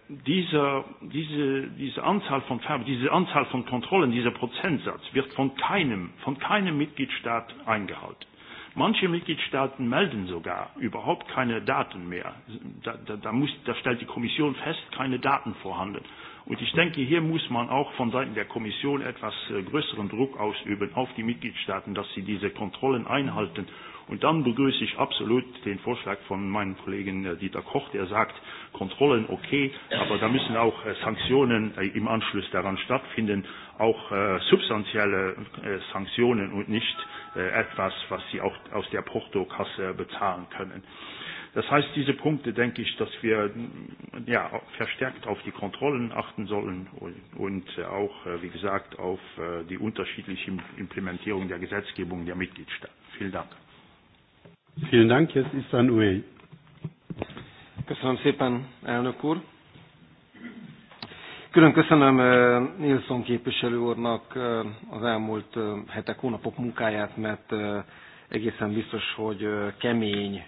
diese, diese, diese Anzahl von Farben, diese Anzahl von Kontrollen, dieser Prozentsatz wird von keinem, von keinem Mitgliedstaat eingehalten. Manche Mitgliedstaaten melden sogar überhaupt keine Daten mehr. Da, da, da, muss, da stellt die Kommission fest, keine Daten vorhanden. Und ich denke, hier muss man auch von Seiten der Kommission etwas größeren Druck ausüben auf die Mitgliedstaaten, dass sie diese Kontrollen einhalten. Und dann begrüße ich absolut den Vorschlag von meinem Kollegen Dieter Koch, der sagt, Kontrollen okay, aber da müssen auch Sanktionen im Anschluss daran stattfinden, auch substanzielle Sanktionen und nicht etwas, was sie auch aus der Portokasse bezahlen können. Das heißt, diese Punkte denke ich, dass wir ja, verstärkt auf die Kontrollen achten sollen und auch, wie gesagt, auf die unterschiedliche Implementierung der Gesetzgebung der Mitgliedstaaten. Vielen Dank. Vielen Dank. Jetzt ist dann Uwe. Köszönöm szépen, elnök úr. Külön köszönöm Nilsson képviselő úrnak az elmúlt hetek, hónapok munkáját, mert egészen biztos, hogy kemény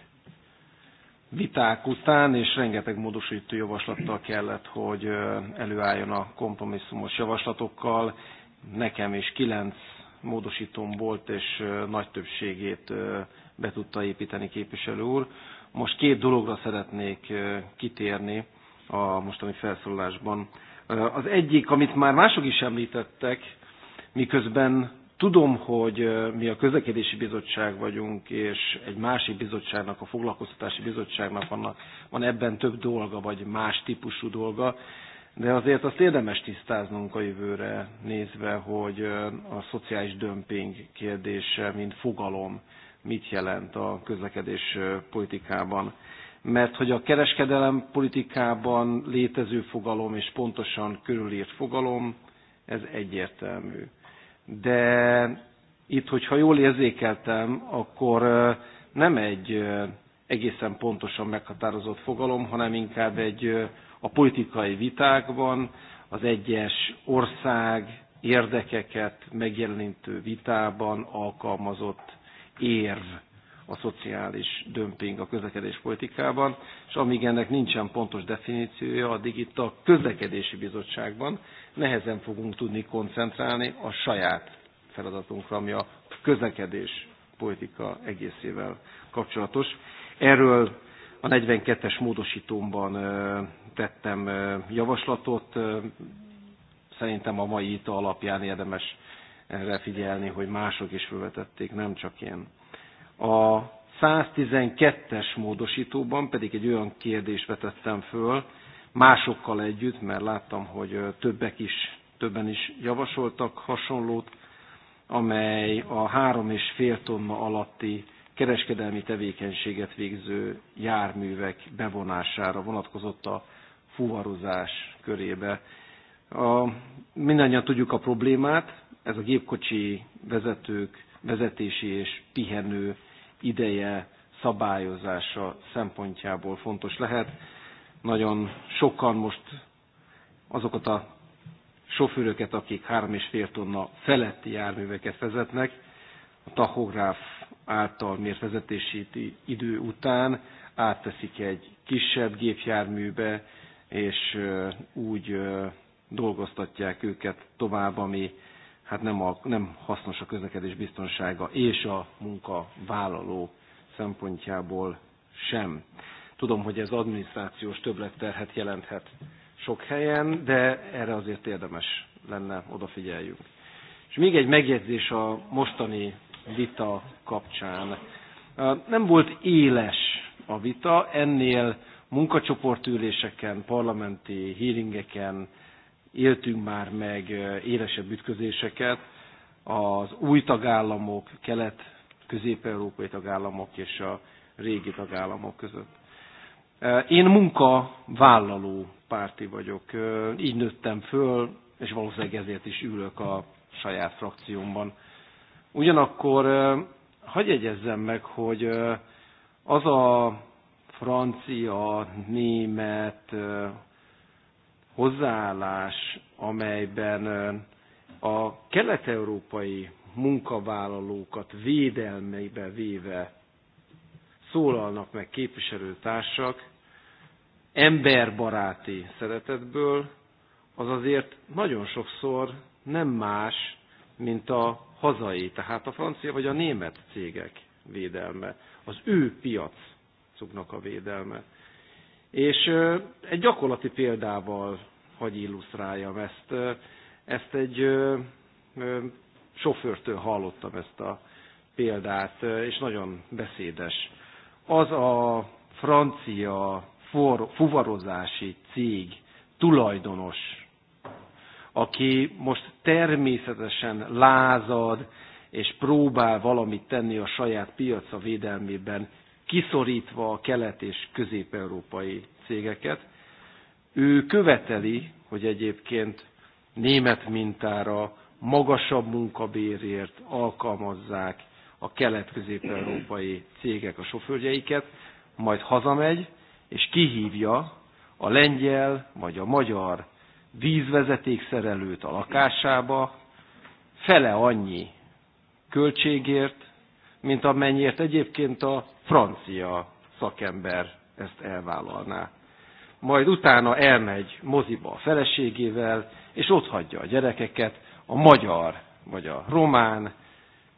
viták után, és rengeteg módosító javaslattal kellett, hogy előálljon a kompromisszumos javaslatokkal. Nekem is kilenc módosítom volt, és nagy többségét be tudta építeni képviselő úr. Most két dologra szeretnék kitérni a mostani felszólásban. Az egyik, amit már mások is említettek, miközben Tudom, hogy mi a közlekedési bizottság vagyunk, és egy másik bizottságnak, a foglalkoztatási bizottságnak vannak, van ebben több dolga, vagy más típusú dolga, de azért azt érdemes tisztáznunk a jövőre nézve, hogy a szociális dömping kérdése, mint fogalom, mit jelent a közlekedés politikában. Mert hogy a kereskedelem politikában létező fogalom és pontosan körülírt fogalom, ez egyértelmű de itt, hogyha jól érzékeltem, akkor nem egy egészen pontosan meghatározott fogalom, hanem inkább egy a politikai vitákban az egyes ország érdekeket megjelenítő vitában alkalmazott érv a szociális dömping a közlekedés politikában, és amíg ennek nincsen pontos definíciója, addig itt a közlekedési bizottságban, nehezen fogunk tudni koncentrálni a saját feladatunkra, ami a közlekedés politika egészével kapcsolatos. Erről a 42-es módosítómban tettem javaslatot. Szerintem a mai ita alapján érdemes erre figyelni, hogy mások is felvetették, nem csak én. A 112-es módosítóban pedig egy olyan kérdést vetettem föl, másokkal együtt, mert láttam, hogy többek is, többen is javasoltak hasonlót, amely a három és fél tonna alatti kereskedelmi tevékenységet végző járművek bevonására vonatkozott a fuvarozás körébe. A, mindannyian tudjuk a problémát, ez a gépkocsi vezetők vezetési és pihenő ideje szabályozása szempontjából fontos lehet nagyon sokan most azokat a sofőröket, akik 3,5 tonna feletti járműveket vezetnek, a tachográf által mért vezetési idő után átteszik egy kisebb gépjárműbe, és úgy dolgoztatják őket tovább, ami hát nem, a, nem hasznos a közlekedés biztonsága és a munkavállaló szempontjából sem. Tudom, hogy ez adminisztrációs többletterhet jelenthet sok helyen, de erre azért érdemes lenne odafigyeljünk. És még egy megjegyzés a mostani vita kapcsán. Nem volt éles a vita, ennél munkacsoportüléseken, parlamenti hearingeken éltünk már meg élesebb ütközéseket. Az új tagállamok, kelet-közép-európai tagállamok és a régi tagállamok között. Én munkavállaló párti vagyok, így nőttem föl, és valószínűleg ezért is ülök a saját frakciómban. Ugyanakkor hagyj jegyezzem meg, hogy az a francia, német hozzáállás, amelyben a kelet-európai munkavállalókat védelmeibe véve szólalnak meg képviselőtársak, emberbaráti szeretetből, az azért nagyon sokszor nem más, mint a hazai, tehát a francia vagy a német cégek védelme, az ő piacuknak a védelme. És egy gyakorlati példával hagy illusztráljam ezt. Ezt egy sofőrtől hallottam ezt a példát, és nagyon beszédes. Az a francia for, fuvarozási cég tulajdonos, aki most természetesen lázad, és próbál valamit tenni a saját piaca védelmében, kiszorítva a kelet- és közép-európai cégeket. Ő követeli, hogy egyébként német mintára magasabb munkabérért alkalmazzák a kelet-közép-európai cégek a sofőrjeiket, majd hazamegy, és kihívja a lengyel vagy a magyar vízvezetékszerelőt a lakásába fele annyi költségért, mint amennyiért egyébként a francia szakember ezt elvállalná. Majd utána elmegy moziba a feleségével, és ott hagyja a gyerekeket a magyar vagy a román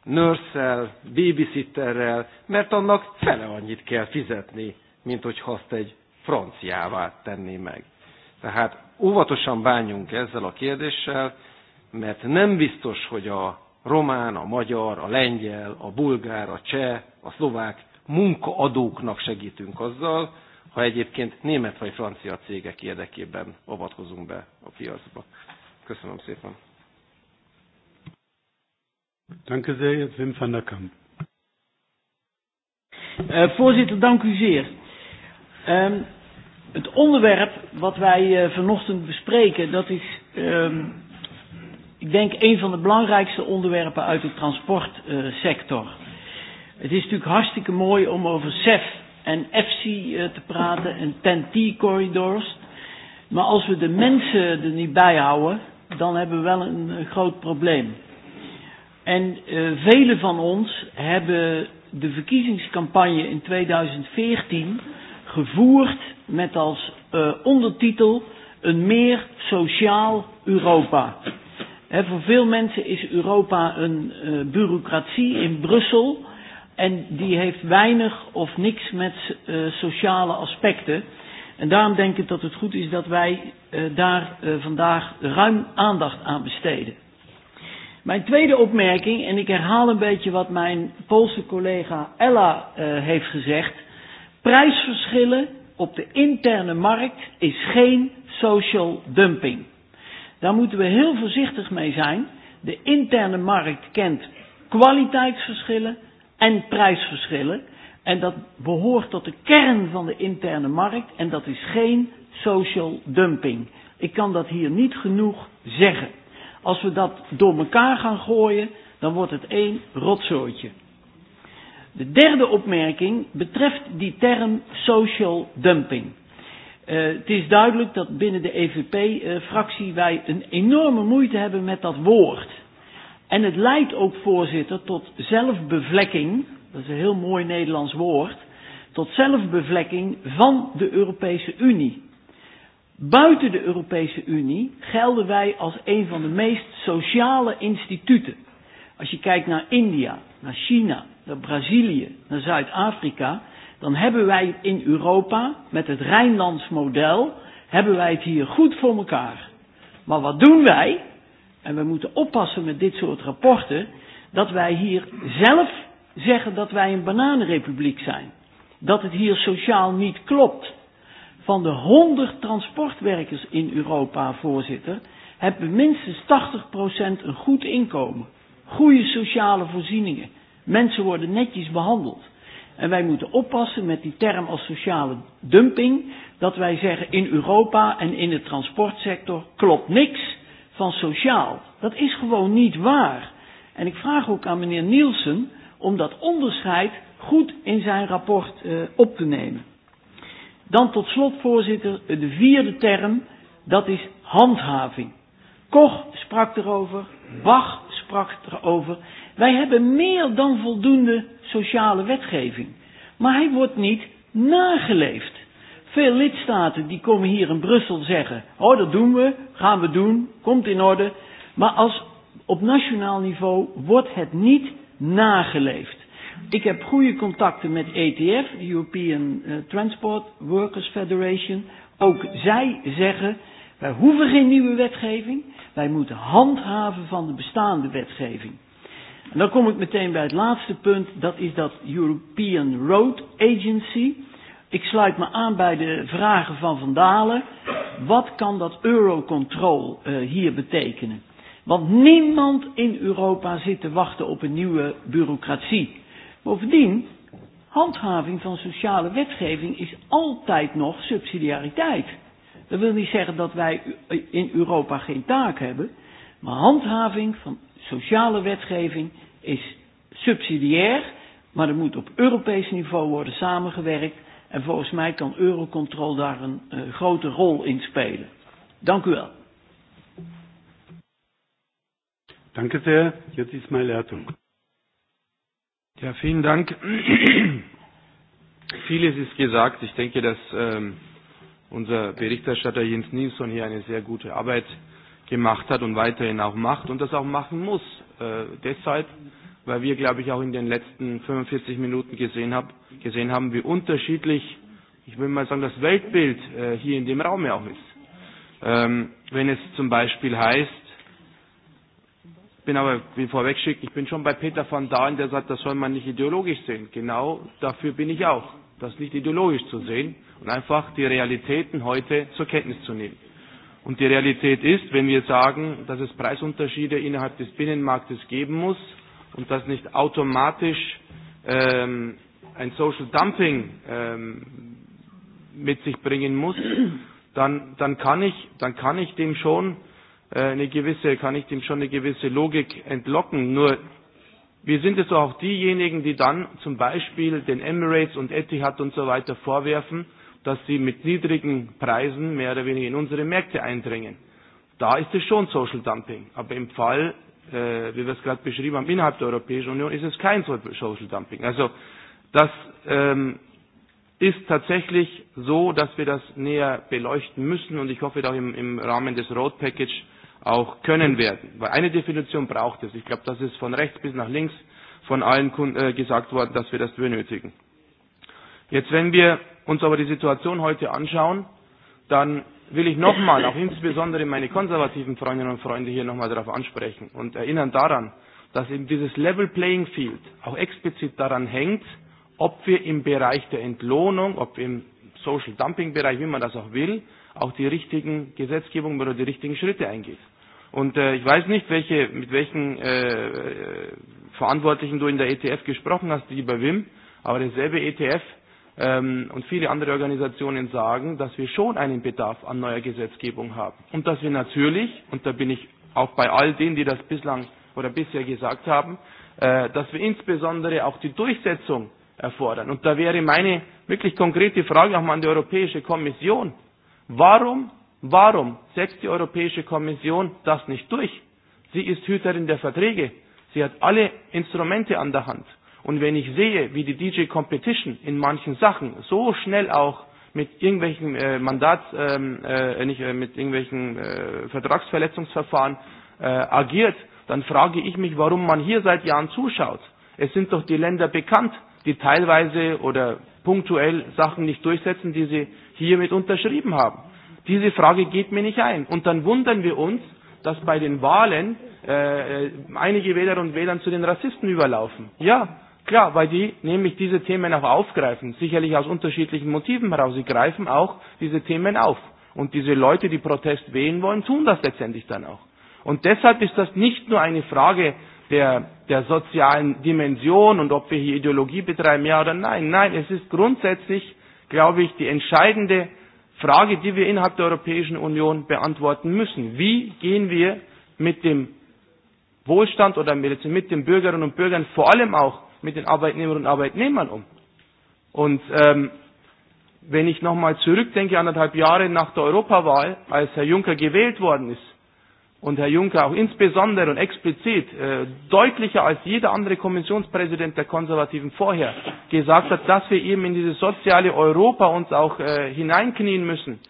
nőrszel, babysitterrel, mert annak fele annyit kell fizetni, mint hogyha azt egy franciává tenné meg. Tehát óvatosan bánjunk ezzel a kérdéssel, mert nem biztos, hogy a román, a magyar, a lengyel, a bulgár, a cseh, a szlovák munkaadóknak segítünk azzal, ha egyébként német vagy francia cégek érdekében avatkozunk be a piacba. Köszönöm szépen. Danke sehr, Wim voorzitter, dank u zeer. Um, het onderwerp wat wij uh, vanochtend bespreken, dat is, um, ik denk, een van de belangrijkste onderwerpen uit de transportsector. Uh, het is natuurlijk hartstikke mooi om over CEF en FC uh, te praten en TEN-T-corridors. Maar als we de mensen er niet bij houden, dan hebben we wel een, een groot probleem. En uh, velen van ons hebben de verkiezingscampagne in 2014 gevoerd met als uh, ondertitel een meer sociaal Europa. He, voor veel mensen is Europa een uh, bureaucratie in Brussel en die heeft weinig of niks met uh, sociale aspecten. En daarom denk ik dat het goed is dat wij uh, daar uh, vandaag ruim aandacht aan besteden. Mijn tweede opmerking, en ik herhaal een beetje wat mijn Poolse collega Ella uh, heeft gezegd. Prijsverschillen op de interne markt is geen social dumping. Daar moeten we heel voorzichtig mee zijn. De interne markt kent kwaliteitsverschillen en prijsverschillen. En dat behoort tot de kern van de interne markt en dat is geen social dumping. Ik kan dat hier niet genoeg zeggen. Als we dat door elkaar gaan gooien, dan wordt het één rotzooitje. De derde opmerking betreft die term social dumping. Uh, het is duidelijk dat binnen de EVP-fractie wij een enorme moeite hebben met dat woord. En het leidt ook, voorzitter, tot zelfbevlekking, dat is een heel mooi Nederlands woord, tot zelfbevlekking van de Europese Unie. Buiten de Europese Unie gelden wij als een van de meest sociale instituten. Als je kijkt naar India, naar China, naar Brazilië, naar Zuid-Afrika, dan hebben wij in Europa met het Rijnlands model, hebben wij het hier goed voor elkaar. Maar wat doen wij? En we moeten oppassen met dit soort rapporten, dat wij hier zelf zeggen dat wij een bananenrepubliek zijn. Dat het hier sociaal niet klopt. Van de 100 transportwerkers in Europa, voorzitter, hebben minstens 80% een goed inkomen. Goede sociale voorzieningen Mensen worden netjes behandeld. En wij moeten oppassen met die term als sociale dumping, dat wij zeggen in Europa en in de transportsector klopt niks van sociaal. Dat is gewoon niet waar. En ik vraag ook aan meneer Nielsen om dat onderscheid goed in zijn rapport uh, op te nemen. Dan tot slot, voorzitter, de vierde term, dat is handhaving. Koch sprak erover, Bach sprak erover Wij hebben meer dan voldoende sociale wetgeving. Maar hij wordt niet nageleefd. Veel lidstaten die komen hier in Brussel zeggen: Oh, dat doen we, gaan we doen, komt in orde. Maar als op nationaal niveau wordt het niet nageleefd. Ik heb goede contacten met ETF, de European Transport Workers Federation. Ook zij zeggen: wij hoeven geen nieuwe wetgeving, wij moeten handhaven van de bestaande wetgeving. En dan kom ik meteen bij het laatste punt, dat is dat European Road Agency. Ik sluit me aan bij de vragen van Van Dalen. Wat kan dat Eurocontrol uh, hier betekenen? Want niemand in Europa zit te wachten op een nieuwe bureaucratie. Bovendien, handhaving van sociale wetgeving is altijd nog subsidiariteit. Dat wil niet zeggen dat wij in Europa geen taak hebben, maar handhaving van sociale wetgeving is subsidiair, maar er moet op Europees niveau worden samengewerkt. En volgens mij kan Eurocontrol daar een uh, grote rol in spelen. Dank u wel. Dank u zeer. Jetzt is mijn Leitung. Ja, vielen Dank. Vieles ist gesagt. Ich denke, dass ähm, unser Berichterstatter Jens Nilsson hier eine sehr gute Arbeit gemacht hat und weiterhin auch macht und das auch machen muss. Äh, deshalb, weil wir, glaube ich, auch in den letzten 45 Minuten gesehen, hab, gesehen haben, wie unterschiedlich, ich will mal sagen, das Weltbild äh, hier in dem Raum ja auch ist. Ähm, wenn es zum Beispiel heißt, ich bin aber, wie schickt, ich bin schon bei Peter van Dahlen, der sagt, das soll man nicht ideologisch sehen. Genau dafür bin ich auch, das nicht ideologisch zu sehen und einfach die Realitäten heute zur Kenntnis zu nehmen. Und die Realität ist, wenn wir sagen, dass es Preisunterschiede innerhalb des Binnenmarktes geben muss und dass nicht automatisch ähm, ein Social Dumping ähm, mit sich bringen muss, dann, dann, kann, ich, dann kann ich dem schon äh, eine gewisse, kann ich dem schon eine gewisse Logik entlocken. Nur wir sind es auch diejenigen, die dann zum Beispiel den Emirates und Etihad und so weiter vorwerfen, dass sie mit niedrigen Preisen mehr oder weniger in unsere Märkte eindringen. Da ist es schon Social Dumping. Aber im Fall, äh, wie wir es gerade beschrieben haben, innerhalb der Europäischen Union ist es kein Social Dumping. Also das ähm, ist tatsächlich so, dass wir das näher beleuchten müssen und ich hoffe, dass im, im Rahmen des Road Package auch können werden. Weil eine Definition braucht es. Ich glaube, das ist von rechts bis nach links von allen gesagt worden, dass wir das benötigen. Jetzt, wenn wir uns aber die Situation heute anschauen, dann will ich nochmal, auch insbesondere meine konservativen Freundinnen und Freunde hier nochmal darauf ansprechen und erinnern daran, dass eben dieses Level Playing Field auch explizit daran hängt, ob wir im Bereich der Entlohnung, ob im Social Dumping Bereich, wie man das auch will, auch die richtigen Gesetzgebungen oder die richtigen Schritte eingeht. Und äh, ich weiß nicht, welche, mit welchen äh, Verantwortlichen du in der ETF gesprochen hast, die bei WIM, aber derselbe ETF ähm, und viele andere Organisationen sagen, dass wir schon einen Bedarf an neuer Gesetzgebung haben. Und dass wir natürlich, und da bin ich auch bei all denen, die das bislang oder bisher gesagt haben, äh, dass wir insbesondere auch die Durchsetzung erfordern. Und da wäre meine wirklich konkrete Frage auch mal an die Europäische Kommission. Warum, warum setzt die Europäische Kommission das nicht durch? Sie ist Hüterin der Verträge. Sie hat alle Instrumente an der Hand. Und wenn ich sehe, wie die DJ Competition in manchen Sachen so schnell auch mit irgendwelchen äh, Mandats, äh, äh, nicht, äh, mit irgendwelchen äh, Vertragsverletzungsverfahren äh, agiert, dann frage ich mich, warum man hier seit Jahren zuschaut. Es sind doch die Länder bekannt, die teilweise oder punktuell Sachen nicht durchsetzen, die sie hiermit unterschrieben haben. Diese Frage geht mir nicht ein. Und dann wundern wir uns, dass bei den Wahlen äh, einige Wähler und Wähler zu den Rassisten überlaufen. Ja, Klar, weil die nämlich diese Themen auch aufgreifen, sicherlich aus unterschiedlichen Motiven heraus. Sie greifen auch diese Themen auf. Und diese Leute, die Protest wählen wollen, tun das letztendlich dann auch. Und deshalb ist das nicht nur eine Frage der, der sozialen Dimension und ob wir hier Ideologie betreiben, ja oder nein. Nein, es ist grundsätzlich, glaube ich, die entscheidende Frage, die wir innerhalb der Europäischen Union beantworten müssen. Wie gehen wir mit dem Wohlstand oder mit den Bürgerinnen und Bürgern vor allem auch mit den Arbeitnehmerinnen und Arbeitnehmern um? Und ähm, wenn ich nochmal zurückdenke, anderthalb Jahre nach der Europawahl, als Herr Juncker gewählt worden ist, und Herr Juncker auch insbesondere und explizit äh, deutlicher als jeder andere Kommissionspräsident der Konservativen vorher gesagt hat, dass wir eben in dieses soziale Europa uns auch äh, hineinknien müssen.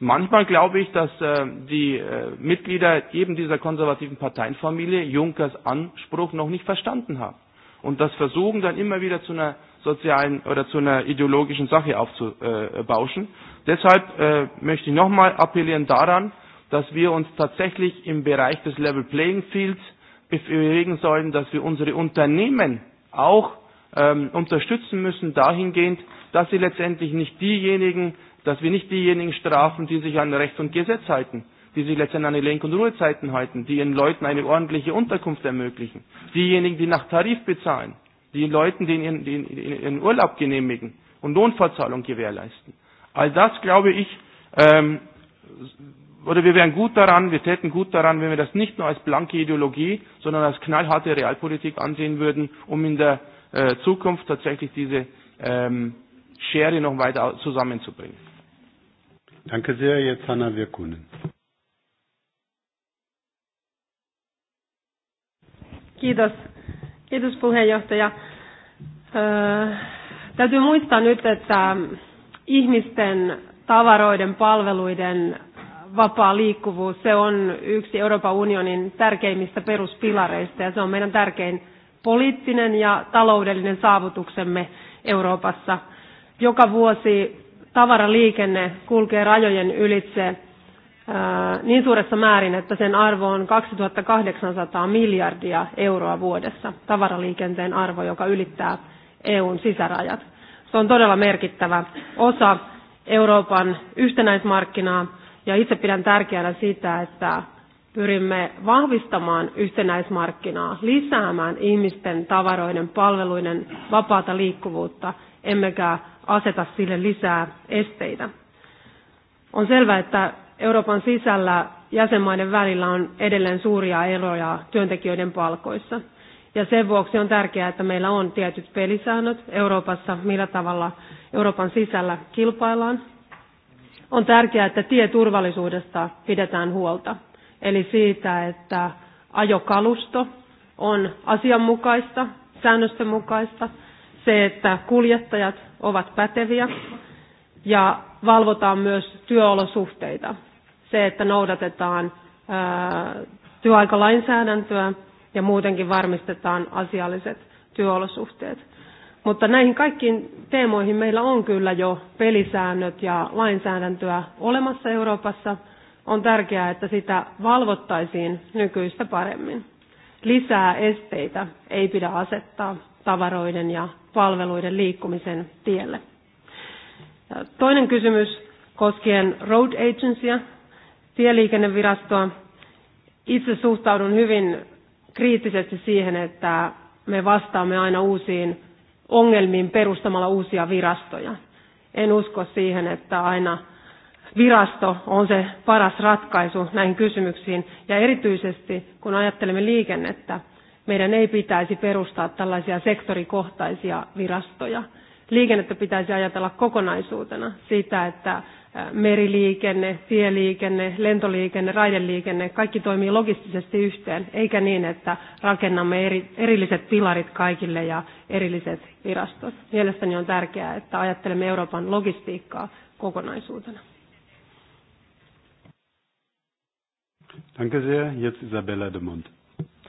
Manchmal glaube ich, dass äh, die äh, Mitglieder eben dieser konservativen Parteienfamilie Junkers Anspruch noch nicht verstanden haben und das versuchen dann immer wieder zu einer sozialen oder zu einer ideologischen Sache aufzubauschen. Deshalb äh, möchte ich nochmal appellieren daran, dass wir uns tatsächlich im Bereich des Level Playing Fields bewegen sollten, dass wir unsere Unternehmen auch ähm, unterstützen müssen dahingehend, dass sie letztendlich nicht diejenigen, dass wir nicht diejenigen strafen, die sich an Recht und Gesetz halten die sich letztendlich an die Lenk- und Ruhezeiten halten, die ihren Leuten eine ordentliche Unterkunft ermöglichen, diejenigen, die nach Tarif bezahlen, die Leuten, die ihren, die ihren Urlaub genehmigen und Lohnfortzahlung gewährleisten. All das, glaube ich, ähm, oder wir wären gut daran, wir täten gut daran, wenn wir das nicht nur als blanke Ideologie, sondern als knallharte Realpolitik ansehen würden, um in der äh, Zukunft tatsächlich diese ähm, Schere noch weiter zusammenzubringen. Danke sehr. Jetzt Hanna Wirkunen. Kiitos. Kiitos puheenjohtaja. Öö, täytyy muistaa nyt, että ihmisten tavaroiden, palveluiden vapaa liikkuvuus, se on yksi Euroopan unionin tärkeimmistä peruspilareista ja se on meidän tärkein poliittinen ja taloudellinen saavutuksemme Euroopassa. Joka vuosi tavaraliikenne kulkee rajojen ylitse niin suuressa määrin, että sen arvo on 2800 miljardia euroa vuodessa, tavaraliikenteen arvo, joka ylittää EUn sisärajat. Se on todella merkittävä osa Euroopan yhtenäismarkkinaa, ja itse pidän tärkeänä sitä, että pyrimme vahvistamaan yhtenäismarkkinaa, lisäämään ihmisten, tavaroiden, palveluiden vapaata liikkuvuutta, emmekä aseta sille lisää esteitä. On selvää, että Euroopan sisällä jäsenmaiden välillä on edelleen suuria eroja työntekijöiden palkoissa. Ja sen vuoksi on tärkeää, että meillä on tietyt pelisäännöt Euroopassa, millä tavalla Euroopan sisällä kilpaillaan. On tärkeää, että tieturvallisuudesta pidetään huolta, eli siitä, että ajokalusto on asianmukaista, säännösten mukaista, se, että kuljettajat ovat päteviä ja valvotaan myös työolosuhteita se, että noudatetaan työaikalainsäädäntöä ja muutenkin varmistetaan asialliset työolosuhteet. Mutta näihin kaikkiin teemoihin meillä on kyllä jo pelisäännöt ja lainsäädäntöä olemassa Euroopassa. On tärkeää, että sitä valvottaisiin nykyistä paremmin. Lisää esteitä ei pidä asettaa tavaroiden ja palveluiden liikkumisen tielle. Toinen kysymys koskien road agencyä, tieliikennevirastoa. Itse suhtaudun hyvin kriittisesti siihen, että me vastaamme aina uusiin ongelmiin perustamalla uusia virastoja. En usko siihen, että aina virasto on se paras ratkaisu näihin kysymyksiin. Ja erityisesti kun ajattelemme liikennettä, meidän ei pitäisi perustaa tällaisia sektorikohtaisia virastoja. Liikennettä pitäisi ajatella kokonaisuutena sitä, että meriliikenne, tieliikenne, lentoliikenne, raideliikenne, kaikki toimii logistisesti yhteen, eikä niin, että rakennamme eri, erilliset pilarit kaikille ja erilliset virastot. Mielestäni on tärkeää, että ajattelemme Euroopan logistiikkaa kokonaisuutena. Danke sehr. Jetzt Isabella de Mont.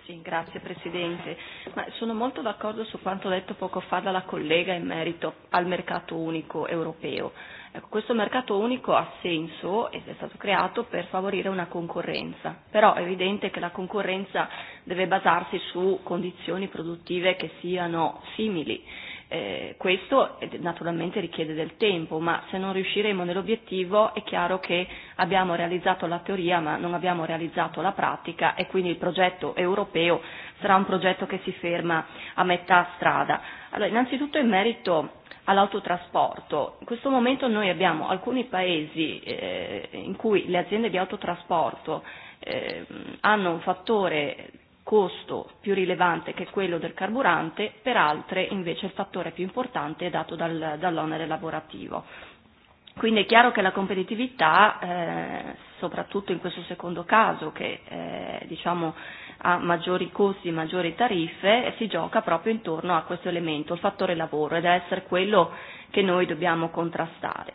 Sì, grazie Presidente. Ma sono molto d'accordo su quanto detto poco fa dalla collega in merito al mercato unico europeo Ecco, questo mercato unico ha senso ed è stato creato per favorire una concorrenza, però è evidente che la concorrenza deve basarsi su condizioni produttive che siano simili. Eh, questo naturalmente richiede del tempo, ma se non riusciremo nell'obiettivo è chiaro che abbiamo realizzato la teoria ma non abbiamo realizzato la pratica e quindi il progetto europeo sarà un progetto che si ferma a metà strada. Allora, innanzitutto in merito all'autotrasporto. In questo momento noi abbiamo alcuni paesi eh, in cui le aziende di autotrasporto eh, hanno un fattore costo più rilevante che quello del carburante, per altre invece il fattore più importante è dato dal, dall'onere lavorativo. Quindi è chiaro che la competitività, eh, soprattutto in questo secondo caso, che eh, diciamo, eh, a maggiori costi, maggiori tariffe, si gioca proprio intorno a questo elemento, il fattore lavoro, ed è essere quello che noi dobbiamo contrastare.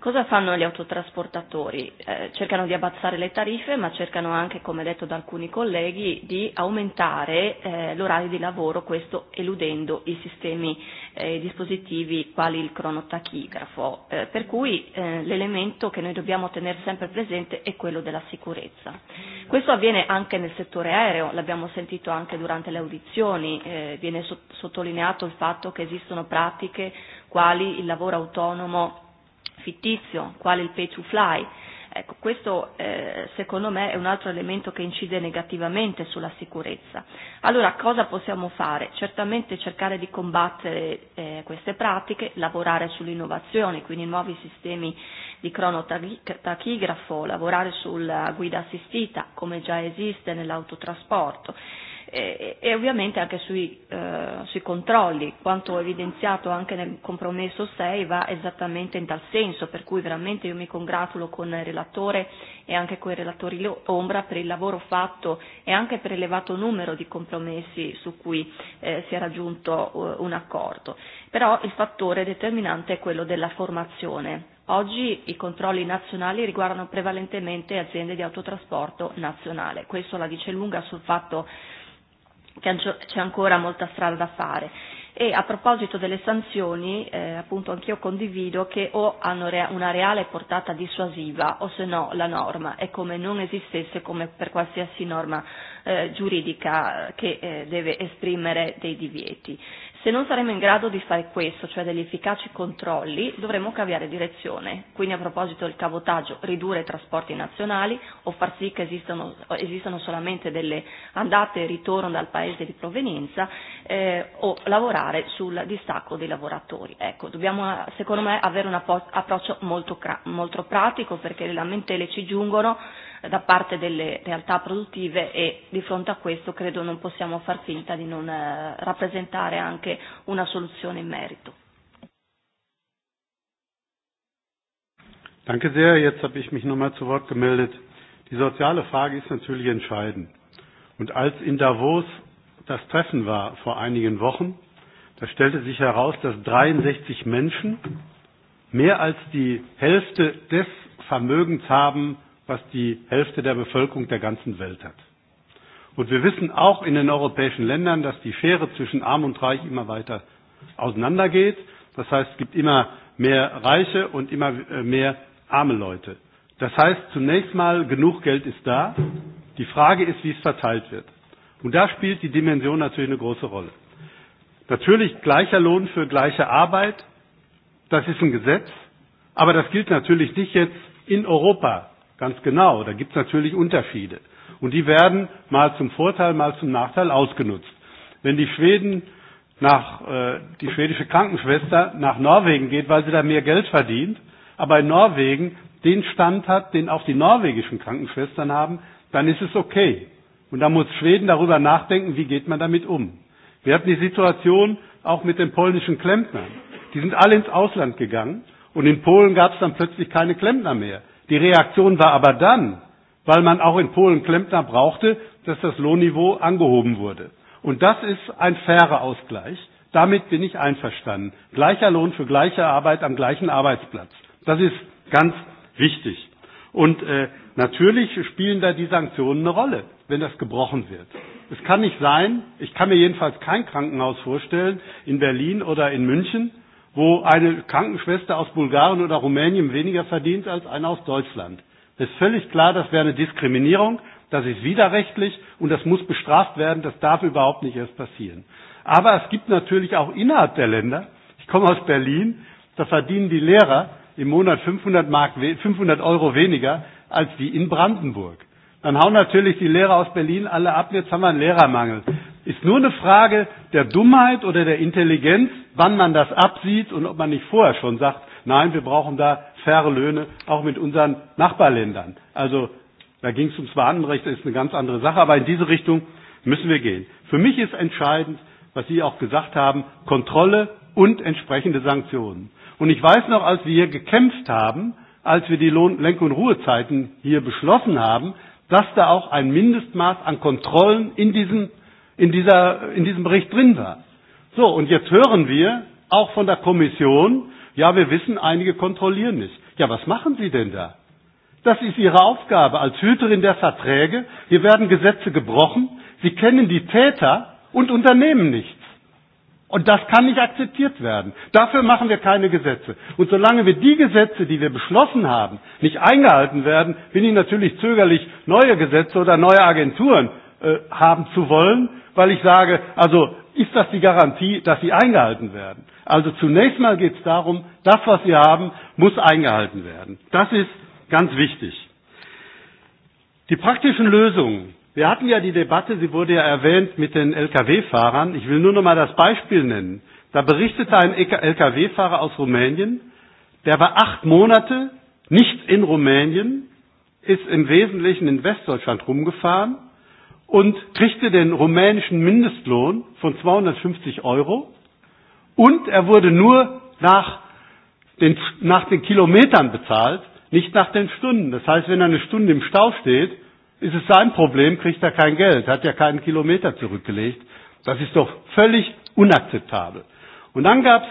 Cosa fanno gli autotrasportatori? Eh, cercano di abbassare le tariffe, ma cercano anche, come detto da alcuni colleghi, di aumentare eh, l'orario di lavoro, questo eludendo i sistemi eh, dispositivi quali il cronotachigrafo. Eh, per cui eh, l'elemento che noi dobbiamo tenere sempre presente è quello della sicurezza. Questo avviene anche nel settore aereo, l'abbiamo sentito anche durante le audizioni, eh, viene sottolineato il fatto che esistono pratiche quali il lavoro autonomo fittizio, quale il pay to fly. Ecco, questo eh, secondo me è un altro elemento che incide negativamente sulla sicurezza. Allora, cosa possiamo fare? Certamente cercare di combattere eh, queste pratiche, lavorare sull'innovazione, quindi nuovi sistemi di cronotachigrafo, lavorare sulla guida assistita, come già esiste nell'autotrasporto, e, e ovviamente anche sui, eh, sui controlli, quanto evidenziato anche nel compromesso 6 va esattamente in tal senso, per cui veramente io mi congratulo con il relatore e anche con i relatori ombra per il lavoro fatto e anche per l'elevato numero di compromessi su cui eh, si è raggiunto uh, un accordo. Però il fattore determinante è quello della formazione. Oggi i controlli nazionali riguardano prevalentemente aziende di autotrasporto nazionale. Questo la dice lunga sul fatto che c'è ancora molta strada da fare. E a proposito delle sanzioni, eh, appunto anch'io condivido che o hanno rea- una reale portata dissuasiva o se no la norma è come non esistesse come per qualsiasi norma eh, giuridica che eh, deve esprimere dei divieti. Se non saremo in grado di fare questo, cioè degli efficaci controlli, dovremo cambiare direzione. Quindi a proposito del cavotaggio, ridurre i trasporti nazionali o far sì che esistano, esistano solamente delle andate e ritorno dal paese di provenienza eh, o lavorare sul distacco dei lavoratori. Ecco, dobbiamo secondo me avere un approccio molto, molto pratico perché le lamentele ci giungono da parte delle realtà produttive e di fronte a questo credo non possiamo far finta di non rappresentare anche una soluzione in merito. Danke sehr. Jetzt habe ich mich nochmal zu Wort gemeldet. Die soziale Frage ist natürlich entscheidend. Und als in Davos das Treffen war vor einigen Wochen, da stellte sich heraus, dass 63 Menschen mehr als die Hälfte des Vermögens haben, was die Hälfte der Bevölkerung der ganzen Welt hat. Und wir wissen auch in den europäischen Ländern, dass die Schere zwischen Arm und Reich immer weiter auseinandergeht. Das heißt, es gibt immer mehr Reiche und immer mehr arme Leute. Das heißt, zunächst mal, genug Geld ist da. Die Frage ist, wie es verteilt wird. Und da spielt die Dimension natürlich eine große Rolle. Natürlich gleicher Lohn für gleiche Arbeit, das ist ein Gesetz, aber das gilt natürlich nicht jetzt in Europa Ganz genau, da gibt es natürlich Unterschiede. Und die werden mal zum Vorteil, mal zum Nachteil ausgenutzt. Wenn die Schweden nach, äh, die schwedische Krankenschwester nach Norwegen geht, weil sie da mehr Geld verdient, aber in Norwegen den Stand hat, den auch die norwegischen Krankenschwestern haben, dann ist es okay. Und da muss Schweden darüber nachdenken, wie geht man damit um. Wir hatten die Situation auch mit den polnischen Klempnern. Die sind alle ins Ausland gegangen und in Polen gab es dann plötzlich keine Klempner mehr. Die Reaktion war aber dann, weil man auch in Polen Klempner brauchte, dass das Lohnniveau angehoben wurde. Und das ist ein fairer Ausgleich. Damit bin ich einverstanden. Gleicher Lohn für gleiche Arbeit am gleichen Arbeitsplatz. Das ist ganz wichtig. Und äh, natürlich spielen da die Sanktionen eine Rolle, wenn das gebrochen wird. Es kann nicht sein, ich kann mir jedenfalls kein Krankenhaus vorstellen, in Berlin oder in München, wo eine Krankenschwester aus Bulgarien oder Rumänien weniger verdient als eine aus Deutschland. Es ist völlig klar, das wäre eine Diskriminierung, das ist widerrechtlich und das muss bestraft werden, das darf überhaupt nicht erst passieren. Aber es gibt natürlich auch innerhalb der Länder, ich komme aus Berlin, da verdienen die Lehrer im Monat 500, Mark, 500 Euro weniger als die in Brandenburg. Dann hauen natürlich die Lehrer aus Berlin alle ab, jetzt haben wir einen Lehrermangel. Ist nur eine Frage der Dummheit oder der Intelligenz, wann man das absieht und ob man nicht vorher schon sagt, nein, wir brauchen da faire Löhne, auch mit unseren Nachbarländern. Also da ging es ums Warenrecht, das ist eine ganz andere Sache, aber in diese Richtung müssen wir gehen. Für mich ist entscheidend, was Sie auch gesagt haben, Kontrolle und entsprechende Sanktionen. Und ich weiß noch, als wir hier gekämpft haben, als wir die Lohn Lenk- und Ruhezeiten hier beschlossen haben, dass da auch ein Mindestmaß an Kontrollen in diesem in, dieser, in diesem Bericht drin war. So, und jetzt hören wir auch von der Kommission, ja, wir wissen, einige kontrollieren nicht. Ja, was machen Sie denn da? Das ist Ihre Aufgabe als Hüterin der Verträge. Hier werden Gesetze gebrochen. Sie kennen die Täter und unternehmen nichts. Und das kann nicht akzeptiert werden. Dafür machen wir keine Gesetze. Und solange wir die Gesetze, die wir beschlossen haben, nicht eingehalten werden, bin ich natürlich zögerlich, neue Gesetze oder neue Agenturen äh, haben zu wollen weil ich sage, also ist das die Garantie, dass sie eingehalten werden. Also zunächst mal geht es darum, das, was wir haben, muss eingehalten werden. Das ist ganz wichtig. Die praktischen Lösungen. Wir hatten ja die Debatte, sie wurde ja erwähnt, mit den Lkw-Fahrern. Ich will nur noch mal das Beispiel nennen. Da berichtete ein Lkw-Fahrer aus Rumänien, der war acht Monate nicht in Rumänien, ist im Wesentlichen in Westdeutschland rumgefahren und kriegte den rumänischen Mindestlohn von 250 Euro und er wurde nur nach den, nach den Kilometern bezahlt, nicht nach den Stunden. Das heißt, wenn er eine Stunde im Stau steht, ist es sein Problem, kriegt er kein Geld, hat ja keinen Kilometer zurückgelegt. Das ist doch völlig unakzeptabel. Und dann gab es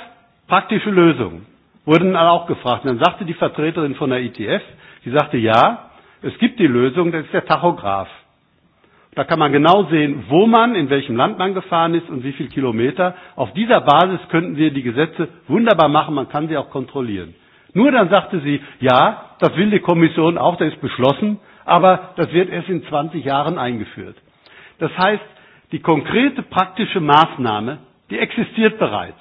praktische Lösungen, wurden alle auch gefragt. Und dann sagte die Vertreterin von der ITF, die sagte, ja, es gibt die Lösung, das ist der Tachograph. Da kann man genau sehen, wo man, in welchem Land man gefahren ist und wie viele Kilometer. Auf dieser Basis könnten wir die Gesetze wunderbar machen, man kann sie auch kontrollieren. Nur dann sagte sie, ja, das will die Kommission auch, das ist beschlossen, aber das wird erst in 20 Jahren eingeführt. Das heißt, die konkrete praktische Maßnahme, die existiert bereits.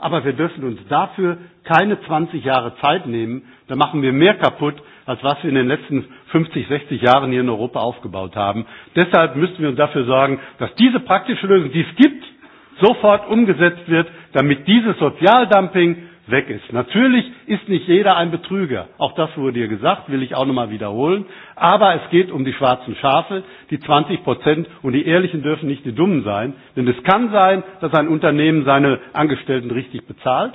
Aber wir dürfen uns dafür keine 20 Jahre Zeit nehmen. Da machen wir mehr kaputt, als was wir in den letzten 50, 60 Jahren hier in Europa aufgebaut haben. Deshalb müssen wir dafür sorgen, dass diese praktische Lösung, die es gibt, sofort umgesetzt wird, damit dieses Sozialdumping weg ist. Natürlich ist nicht jeder ein Betrüger. Auch das wurde hier gesagt, will ich auch nochmal wiederholen. Aber es geht um die schwarzen Schafe, die 20 Prozent und die Ehrlichen dürfen nicht die Dummen sein. Denn es kann sein, dass ein Unternehmen seine Angestellten richtig bezahlt,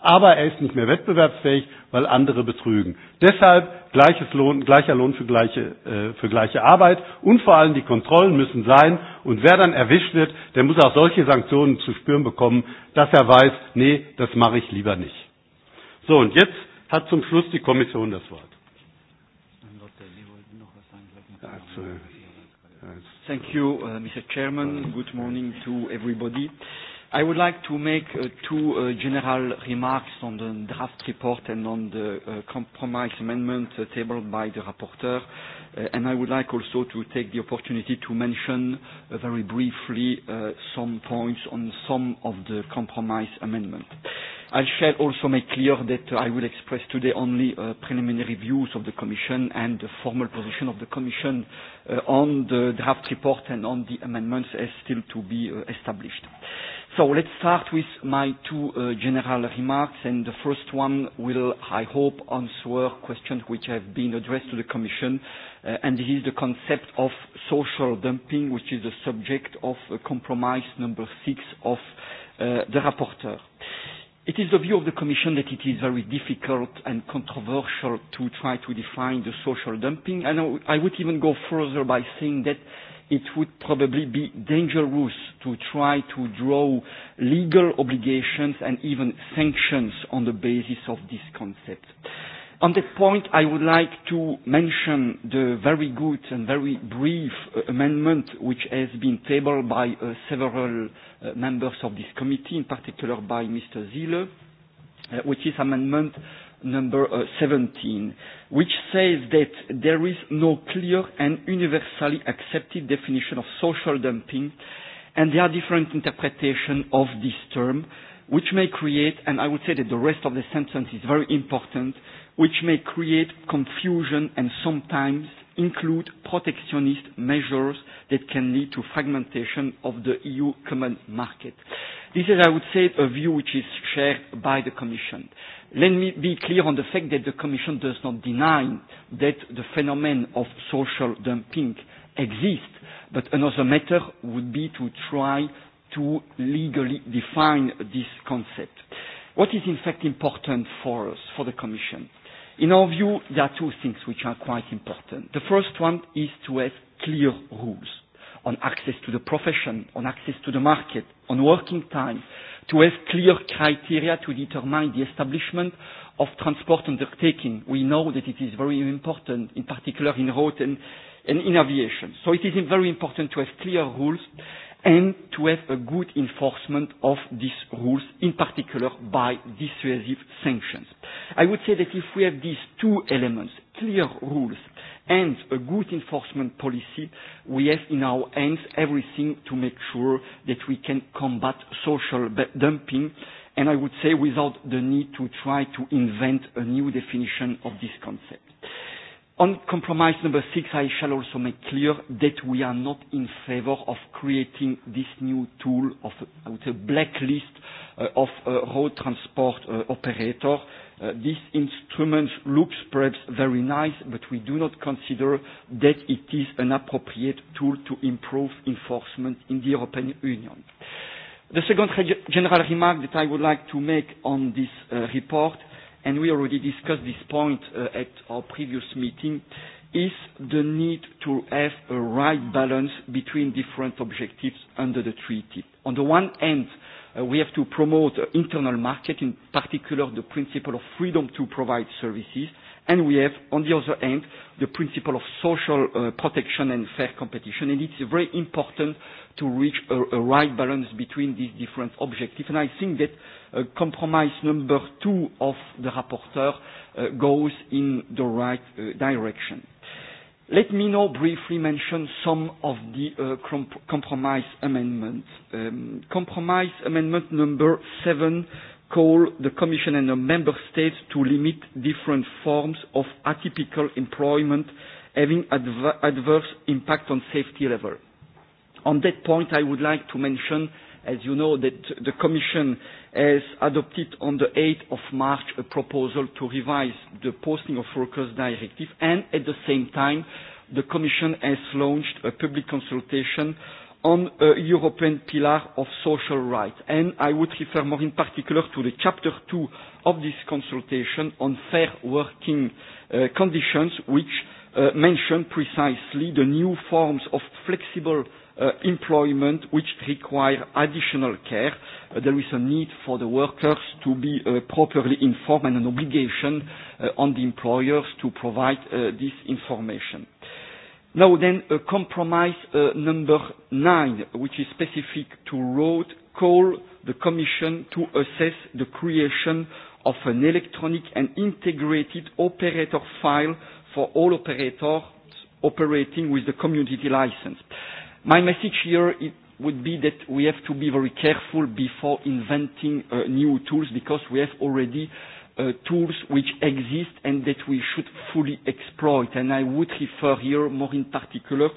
aber er ist nicht mehr wettbewerbsfähig, weil andere betrügen. Deshalb gleiches Lohn, gleicher Lohn für gleiche, äh, für gleiche Arbeit und vor allem die Kontrollen müssen sein und wer dann erwischt wird, der muss auch solche Sanktionen zu spüren bekommen, dass er weiß, nee, das mache ich lieber nicht. So, und jetzt hat zum Schluss die Kommission das Wort. Thank you, uh, Mr. Chairman. Good morning to everybody. Uh, I would like to make uh, two uh, general remarks on the draft report and on the uh, compromise amendment uh, tabled by the rapporteur. Uh, and I would like also to take the opportunity to mention uh, very briefly uh, some points on some of the compromise amendment. I shall also make clear that I will express today only uh, preliminary views of the Commission and the formal position of the Commission uh, on the draft report and on the amendments as still to be uh, established. Uh, So let's start with my two uh, general remarks, and the first one will, I hope, answer questions which have been addressed to the Commission, uh, and this is the concept of social dumping, which is the subject of uh, compromise number six of uh, the rapporteur. It is the view of the Commission that it is very difficult and controversial to try to define the social dumping, and I would even go further by saying that it would probably be dangerous to try to draw legal obligations and even sanctions on the basis of this concept. On that point, I would like to mention the very good and very brief amendment which has been tabled by uh, several uh, members of this committee, in particular by Mr. Ziele, uh, which is amendment number uh, 17, which says that there is no clear and universally accepted definition of social dumping, and there are different interpretations of this term, which may create, and I would say that the rest of the sentence is very important, which may create confusion and sometimes include protectionist measures that can lead to fragmentation of the EU common market. This is, I would say, a view which is shared by the Commission. Let me be clear on the fact that the Commission does not deny that the phenomenon of social dumping exists, but another matter would be to try to legally define this concept. What is in fact important for us, for the Commission? In our view, there are two things which are quite important. The first one is to have clear rules on access to the profession, on access to the market, on working time, to have clear criteria to determine the establishment of transport undertaking. We know that it is very important, in particular in road and, and in aviation. So it is very important to have clear rules and to have a good enforcement of these rules, in particular by dissuasive sanctions. I would say that if we have these two elements, clear rules and a good enforcement policy, we have in our hands everything to make sure that we can combat social dumping, and I would say without the need to try to invent a new definition of this concept. On compromise number six, I shall also make clear that we are not in favor of creating this new tool of, I would say, blacklist uh, of uh, road transport uh, Uh, this instrument looks perhaps very nice, but we do not consider that it is an appropriate tool to improve enforcement in the European Union. The second general remark that I would like to make on this uh, report, and we already discussed this point uh, at our previous meeting, is the need to have a right balance between different objectives under the treaty. On the one hand, uh, we have to promote uh, internal market, in particular the principle of freedom to provide services, and we have, on the other hand, the principle of social uh, protection and fair competition, and it's very important to reach a, a right balance between these different objectives, and I think that uh, compromise number two of the rapporteur uh, goes in the right uh, direction. Let me now briefly mention some of the uh, comp compromise amendments. Um, compromise amendment number seven call the Commission and the Member States to limit different forms of atypical employment having adver adverse impact on safety level. On that point, I would like to mention, as you know, that the Commission has adopted on the 8th of March a proposal to revise the Posting of Workers Directive, and at the same time, the Commission has launched a public consultation on a European pillar of social rights. And I would refer more in particular to the chapter 2 of this consultation on fair working uh, conditions, which uh, mention precisely the new forms of flexible uh, employment which require additional care. Uh, there is a need for the workers to be uh, properly informed and an obligation uh, on the employers to provide uh, this information. Now then, uh, compromise uh, number nine, which is specific to road, call the Commission to assess the creation of an electronic and integrated operator file for all operators operating with the community license. Uh, My message here is, would be that we have to be very careful before inventing uh, new tools because we have already uh, tools which exist and that we should fully exploit. And I would refer here more in particular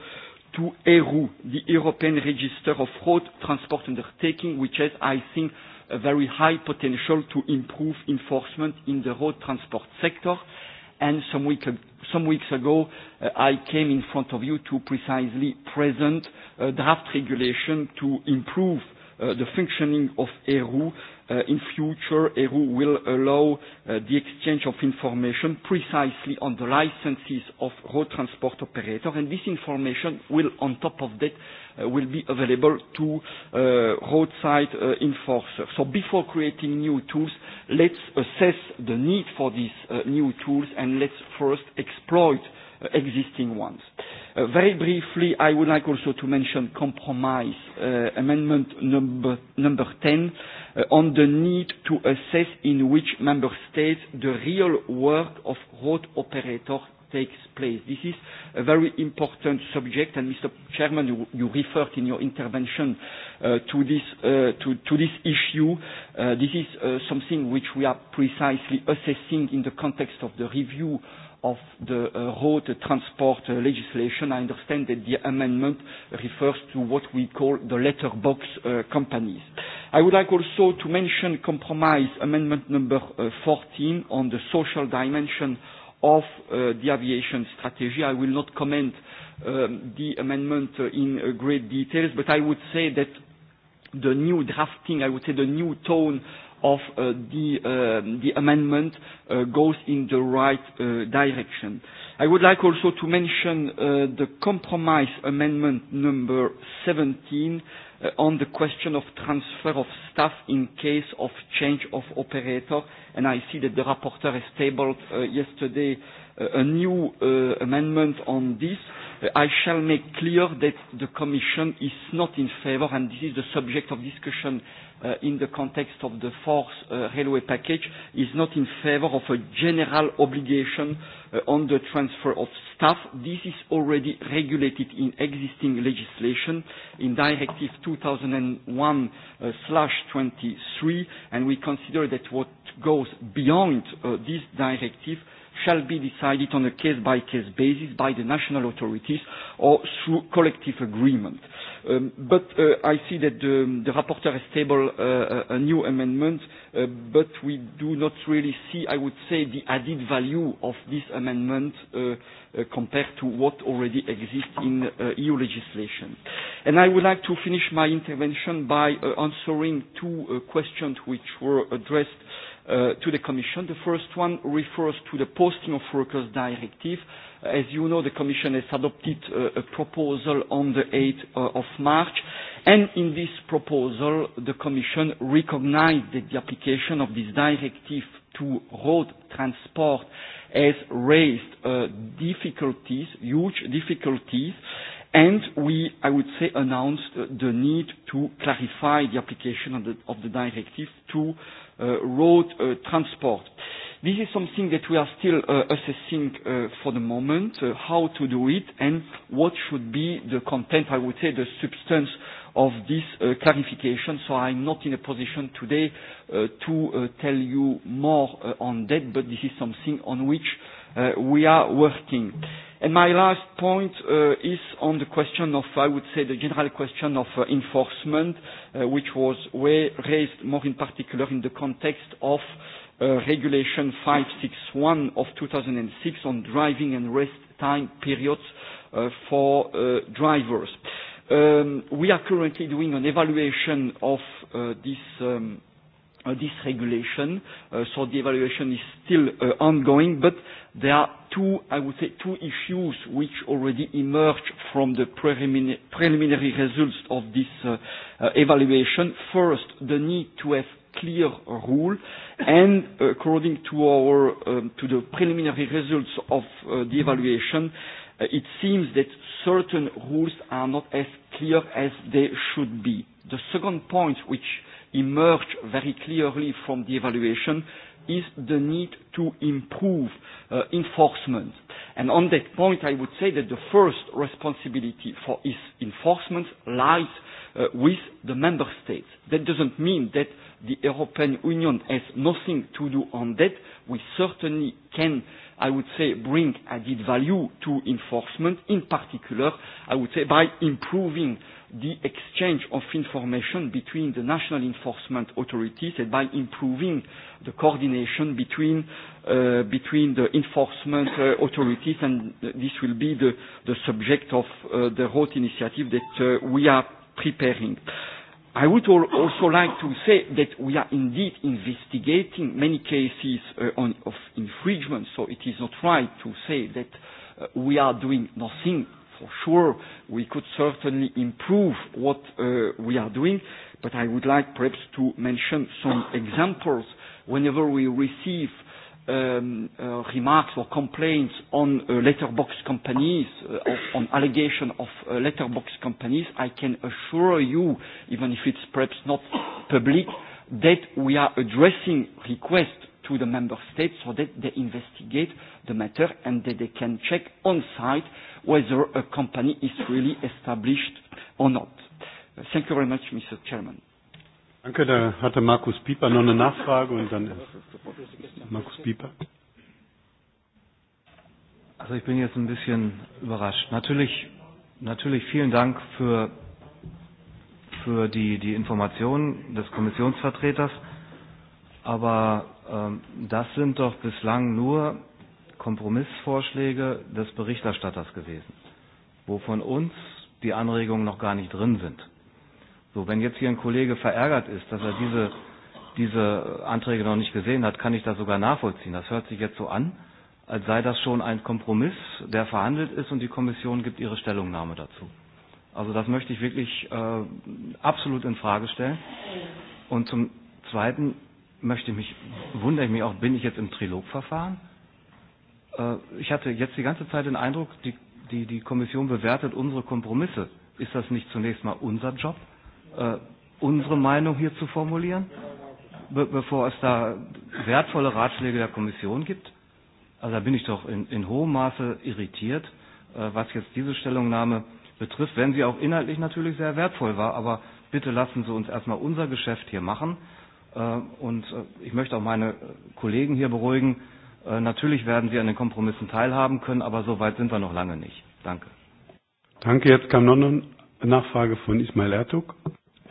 to ERU, the European Register of Road Transport Undertaking, which has, I think, a very high potential to improve enforcement in the road transport sector and some, week, some weeks ago uh, I came in front of you to precisely present a draft regulation to improve uh, the functioning of ERU in future, ERU will allow the exchange of information precisely on the licenses of road transport operator, and this information will, on top of that, will be available to roadside enforcers. So before creating new tools, let's assess the need for these new tools, and let's first exploit uh, existing ones. Uh, very briefly, I would like also to mention compromise uh, amendment number, number 10 uh, on the need to assess in which member states the real work of road operators takes place. This is a very important subject, and Mr. Chairman, you, you referred in your intervention uh, to, this, uh, to, to this issue. Uh, this is uh, something which we are precisely assessing in the context of the review of the uh, road transport uh, legislation. I understand that the amendment refers to what we call the letterbox uh, companies. I would like also to mention compromise amendment number uh, 14 on the social dimension of uh, the aviation strategy. I will not comment um, the amendment uh, in uh, great details, but I would say that the new drafting, I would say the new tone of uh, the, uh, the amendment uh, goes in the right uh, direction. I would like also to mention uh, the compromise amendment number 17 uh, on the question of transfer of staff in case of change of operator, and I see that the rapporteur has tabled uh, yesterday a new uh, amendment on this, I shall make clear that the Commission is not in favour, and this is the subject of discussion uh, in the context of the fourth uh, railway package, is not in favour of a general obligation uh, on the transfer of staff. This is already regulated in existing legislation in Directive 2001-23, and we consider that what goes beyond uh, this directive shall be decided on a case-by-case basis by the national authorities or through collective agreement. Um, but uh, I see that the, the rapporteur has tabled uh, a new amendment, uh, but we do not really see, I would say, the added value of this amendment uh, uh, compared to what already exists in uh, EU legislation. And I would like to finish my intervention by uh, answering two uh, questions which were addressed to the Commission. The first one refers to the Posting of Workers Directive. As you know, the Commission has adopted a proposal on the 8th of March, and in this proposal, the Commission recognized that the application of this directive to road transport has raised uh, difficulties, huge difficulties, and we, I would say, announced the need to clarify the application of the, of the directive to uh, road uh, transport. This is something that we are still uh, assessing uh, for the moment, uh, how to do it and what should be the content, I would say the substance of this uh, clarification. So I'm not in a position today uh, to uh, tell you more uh, on that, but this is something on which uh, we are working. And my last point uh, is on the question of, I would say, the general question of uh, enforcement, uh, which was raised more in particular in the context of uh, Regulation 561 of 2006 on driving and rest time periods uh, for uh, drivers. Um, we are currently doing an evaluation of uh, this um, uh, this regulation, uh, so the evaluation is still uh, ongoing, but There are two, I would say, two issues which already emerged from the preliminary results of this uh, evaluation. First, the need to have clear rule, and according to our um, to the preliminary results of uh, the evaluation, uh, it seems that certain rules are not as clear as they should be. The second point, which emerged very clearly from the evaluation, is the need to improve uh, enforcement. And on that point, I would say that the first responsibility for its enforcement lies uh, with the member states. That doesn't mean that the European Union has nothing to do on that. We certainly can, I would say, bring added value to enforcement, in particular, I would say, by improving uh, the exchange of information between the national enforcement authorities and by improving the coordination between, uh, between the enforcement uh, authorities and this will be the, the subject of uh, the road initiative that uh, we are preparing. I would also like to say that we are indeed investigating many cases uh, on, of infringement, so it is not right to say that uh, we are doing nothing for sure, we could certainly improve what uh, we are doing, but I would like perhaps to mention some examples. Whenever we receive um, uh, remarks or complaints on uh, letterbox companies, uh, of, on allegation of uh, letterbox companies, I can assure you, even if it's perhaps not public, that we are addressing requests to the member states so that they investigate the matter and that they can check on site whether a company is really established or not. Thank you very much, Mr. Chairman. Danke, da hatte Markus Pieper noch eine Nachfrage und dann Markus Pieper. Also ich bin jetzt ein bisschen überrascht. Natürlich, natürlich vielen Dank für, für die, die Informationen des Kommissionsvertreters, aber ähm, das sind doch bislang nur Kompromissvorschläge des Berichterstatters gewesen, wo von uns die Anregungen noch gar nicht drin sind. So, wenn jetzt hier ein Kollege verärgert ist, dass er diese, diese Anträge noch nicht gesehen hat, kann ich das sogar nachvollziehen. Das hört sich jetzt so an, als sei das schon ein Kompromiss, der verhandelt ist und die Kommission gibt ihre Stellungnahme dazu. Also das möchte ich wirklich äh, absolut in Frage stellen. Und zum Zweiten möchte ich mich, wundere ich mich auch, bin ich jetzt im Trilogverfahren? ich hatte jetzt die ganze Zeit den Eindruck, die, die, die Kommission bewertet unsere Kompromisse. Ist das nicht zunächst mal unser Job, äh, unsere Meinung hier zu formulieren, be bevor es da wertvolle Ratschläge der Kommission gibt? Also da bin ich doch in, in hohem Maße irritiert, äh, was jetzt diese Stellungnahme betrifft, wenn sie auch inhaltlich natürlich sehr wertvoll war. Aber bitte lassen Sie uns erstmal unser Geschäft hier machen. Äh, und äh, ich möchte auch meine Kollegen hier beruhigen, Natürlich werden wir an den Kompromissen teilhaben können, aber so weit sind wir noch lange nicht. Danke. Danke. Jetzt kam noch eine Nachfrage von Ismail Ertug.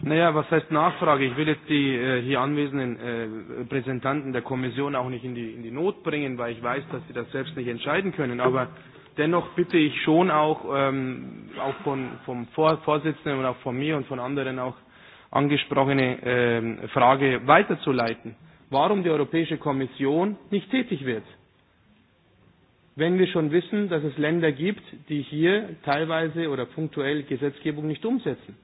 Naja, was heißt Nachfrage? Ich will jetzt die äh, hier anwesenden äh, Präsentanten der Kommission auch nicht in die, in die Not bringen, weil ich weiß, dass sie das selbst nicht entscheiden können. Aber dennoch bitte ich schon auch, ähm, auch von, vom Vor Vorsitzenden und auch von mir und von anderen auch angesprochene äh, Frage weiterzuleiten. Äh, warum die Europäische Kommission nicht tätig wird. Wenn wir schon wissen, dass es Länder gibt, die hier teilweise oder punktuell Gesetzgebung nicht umsetzen.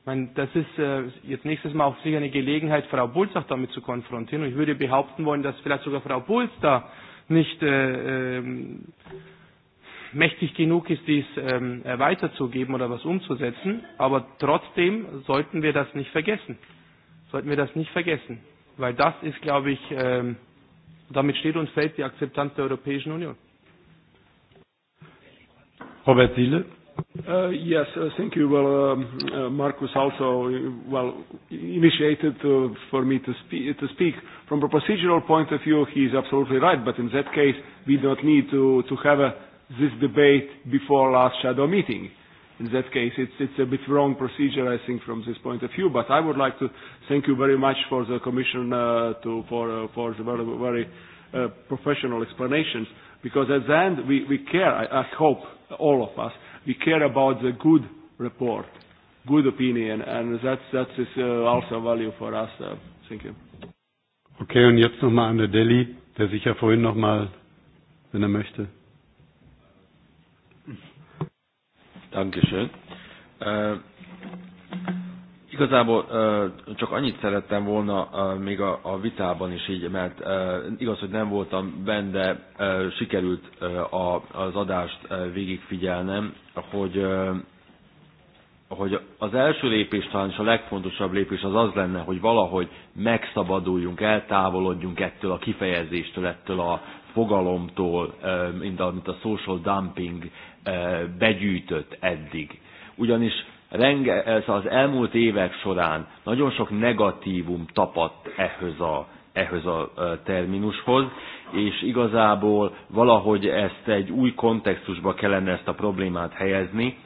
Ich meine, das ist äh, jetzt nächstes Mal auch sicher eine Gelegenheit, Frau Bulz auch damit zu konfrontieren. Und ich würde behaupten wollen, dass vielleicht sogar Frau Bulz da nicht äh, ähm, mächtig genug ist, dies ähm, weiterzugeben oder was umzusetzen. Aber trotzdem sollten wir das nicht vergessen. Sollten wir das nicht vergessen. Weil das ist, glaube ich, damit steht und fällt die Akzeptanz der Europäischen Union. Robert Ziele. Uh, yes, uh, thank you. Well, um, uh, Marcus also uh well initiated uh, for me to, spe- to speak. From a procedural point of view, he is absolutely right. But in that case, we don't need to, to have a, this debate before last shadow meeting. Uh, in that case, it's, it's a bit wrong procedure, I think, from this point of view. But I would like to thank you very much for the Commission uh, to, for, uh, for the very, very uh, professional explanations, because at the end we, we care, I, I hope, all of us, we care about the good report, good opinion, and that's, that is uh, also value for us. Uh, thank you. Okay, und jetzt nochmal an der Delhi, der sich ja vorhin nochmal, wenn er möchte. Dankeschön. Uh, Igazából csak annyit szerettem volna még a, a vitában is így, mert igaz, hogy nem voltam benne, de sikerült a, az adást végigfigyelnem, hogy, hogy az első lépés talán is a legfontosabb lépés az az lenne, hogy valahogy megszabaduljunk, eltávolodjunk ettől a kifejezéstől, ettől a fogalomtól, mint a, mint a social dumping begyűjtött eddig. Ugyanis ez az elmúlt évek során nagyon sok negatívum tapadt ehhez a, ehhez a terminushoz, és igazából valahogy ezt egy új kontextusba kellene ezt a problémát helyezni,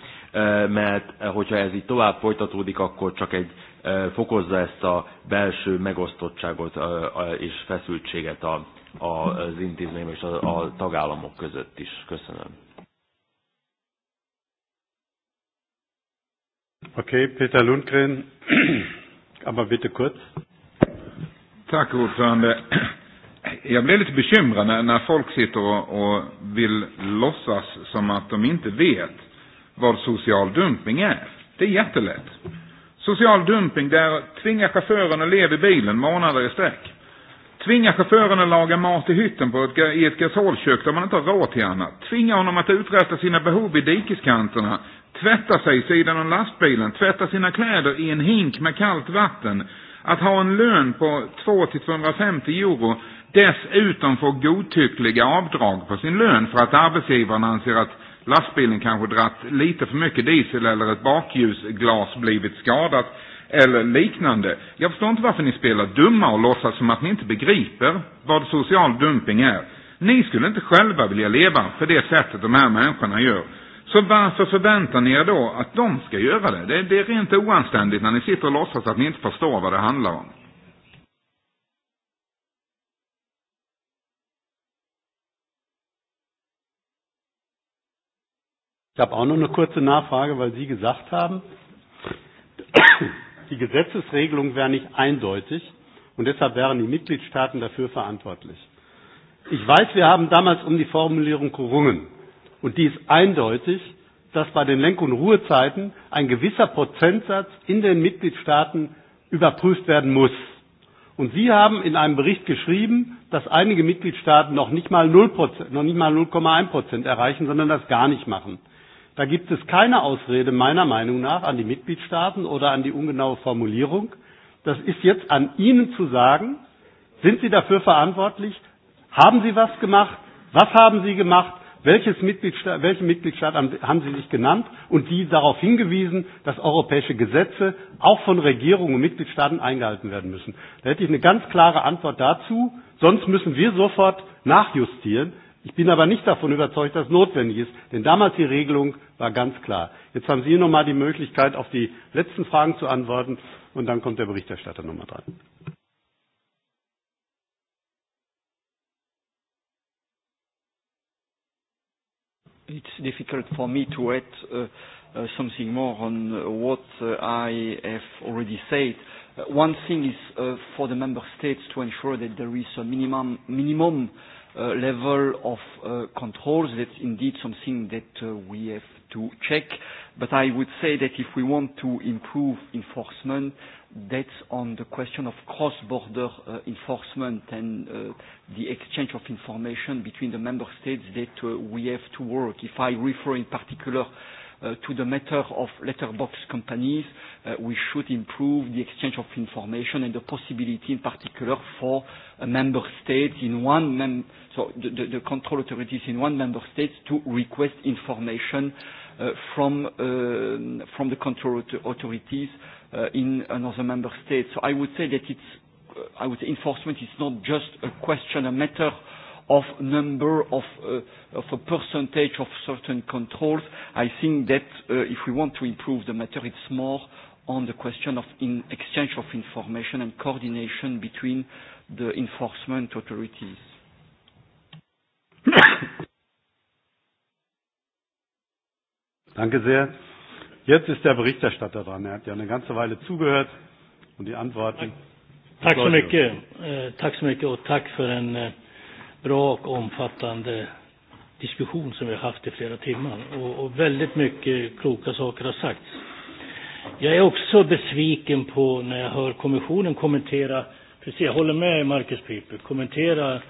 mert hogyha ez így tovább folytatódik, akkor csak egy fokozza ezt a belső megosztottságot és feszültséget az intézmény és a tagállamok között is. Köszönöm. okay, Peter Lundgren. Aber bitte kurz. Tack ordförande. Jag blev lite bekymrad när, när folk sitter och, och vill låtsas som att de inte vet vad social dumping är. Det är jättelätt. Social dumping, där tvingar chauffören att leva i bilen månader i sträck. Tvinga chauffören att laga mat i hytten på ett, i ett gasolkök där man inte har råd till annat. Tvinga honom att uträtta sina behov i dikeskanterna. Tvätta sig i sidan om lastbilen. Tvätta sina kläder i en hink med kallt vatten. Att ha en lön på 2-250 euro dessutom få godtyckliga avdrag på sin lön för att arbetsgivaren anser att lastbilen kanske dratt lite för mycket diesel eller ett bakljusglas blivit skadat eller liknande. Jag förstår inte varför ni spelar dumma och låtsas som att ni inte begriper vad social dumping är. Ni skulle inte själva vilja leva på det sättet de här människorna gör. Så varför förväntar ni er då att de ska göra det? Det, det är rent oanständigt när ni sitter och låtsas att ni inte förstår vad det handlar om. Ich habe auch noch eine kurze Nachfrage, weil Sie gesagt haben, Die Gesetzesregelung wäre nicht eindeutig und deshalb wären die Mitgliedstaaten dafür verantwortlich. Ich weiß, wir haben damals um die Formulierung gerungen und die ist eindeutig, dass bei den Lenk- und Ruhezeiten ein gewisser Prozentsatz in den Mitgliedstaaten überprüft werden muss. Und Sie haben in einem Bericht geschrieben, dass einige Mitgliedstaaten noch nicht mal noch nicht mal 0,1 Prozent erreichen, sondern das gar nicht machen. Da gibt es keine Ausrede meiner Meinung nach an die Mitgliedstaaten oder an die ungenaue Formulierung. Das ist jetzt an Ihnen zu sagen, sind Sie dafür verantwortlich? Haben Sie was gemacht? Was haben Sie gemacht? Welches Mitgliedstaat, welchen Mitgliedstaat haben Sie sich genannt und die darauf hingewiesen, dass europäische Gesetze auch von Regierungen und Mitgliedstaaten eingehalten werden müssen? Da hätte ich eine ganz klare Antwort dazu. Sonst müssen wir sofort nachjustieren. Ich bin aber nicht davon überzeugt, dass es notwendig ist, denn damals die Regelung war ganz klar. Jetzt haben Sie noch mal die Möglichkeit, auf die letzten Fragen zu antworten und dann kommt der Berichterstatter noch mal dran. It's difficult for me to add uh, uh, something more on uh, what uh, I have already said. Uh, one thing is uh, for the member states to ensure that there is a minimum, minimum uh, level of controls. That's indeed something that we have to check. But I would say that if we want to improve enforcement, that's on the question of cross-border enforcement and the exchange of information between the member states that we have to work. If I refer in particular to the matter of letterbox companies, uh, we should improve the exchange of information and the possibility in particular for a member state in one mem so the, the, the control authorities in one member state to request information uh, from, uh, from the control authorities uh, in another member state. So I would say that it's, uh, I would say enforcement is not just a question, a matter of number of, uh, of a percentage of certain controls. I think that uh, if we want to improve the matter, it's more on the question of in exchange of information and coordination between the enforcement authorities. Danke sehr. Jetzt ist der Berichterstatter dran. Er hat ja eine ganze Weile zugehört und die Antworten. Tack så mycket. Tack så mycket och tack för en bra och omfattande diskussion som vi har haft i flera timmar. Och, och väldigt mycket kloka saker har sagts. Jag är också besviken på när jag hör kommissionen kommentera, precis jag håller med Marcus Piper, kommentera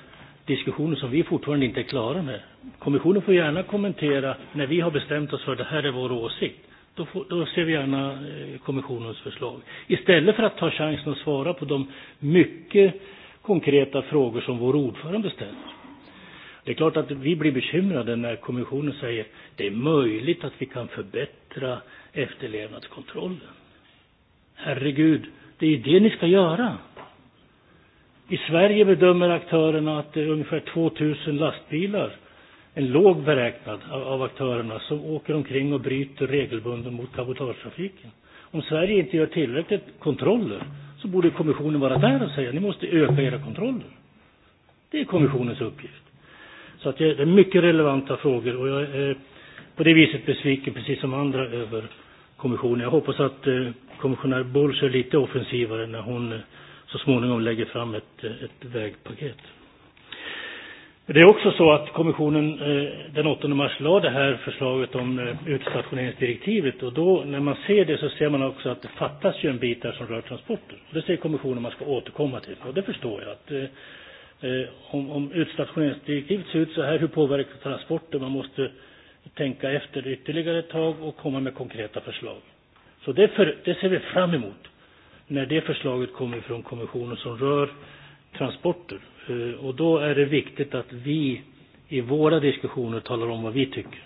diskussioner som vi fortfarande inte är klara med. Kommissionen får gärna kommentera när vi har bestämt oss för att det här är vår åsikt. Då, får, då ser vi gärna kommissionens förslag. Istället för att ta chansen att svara på de mycket konkreta frågor som vår ordförande ställer. Det är klart att vi blir bekymrade när kommissionen säger att det är möjligt att vi kan förbättra efterlevnadskontrollen. Herregud, det är ju det ni ska göra. I Sverige bedömer aktörerna att det är ungefär 2000 lastbilar, en låg beräknad av aktörerna, som åker omkring och bryter regelbunden mot cabotagetrafiken. Om Sverige inte gör tillräckligt kontroller så borde kommissionen vara där och säga ni måste öka era kontroller. Det är kommissionens uppgift. Så att det är mycket relevanta frågor och jag är på det viset besviken precis som andra över kommissionen. Jag hoppas att kommissionär Bulls är lite offensivare när hon så småningom lägger fram ett, ett vägpaket. Det är också så att kommissionen den 8 mars la det här förslaget om utstationeringsdirektivet och då när man ser det så ser man också att det fattas ju en bit där som rör transporter. Och Det säger kommissionen att man ska återkomma till och det förstår jag. Att, om, om utstationeringsdirektivet ser ut så här, hur påverkar det transporter? Man måste tänka efter ytterligare ett tag och komma med konkreta förslag. Så det, för, det ser vi fram emot när det förslaget kommer från kommissionen som rör transporter. Och då är det viktigt att vi i våra diskussioner talar om vad vi tycker.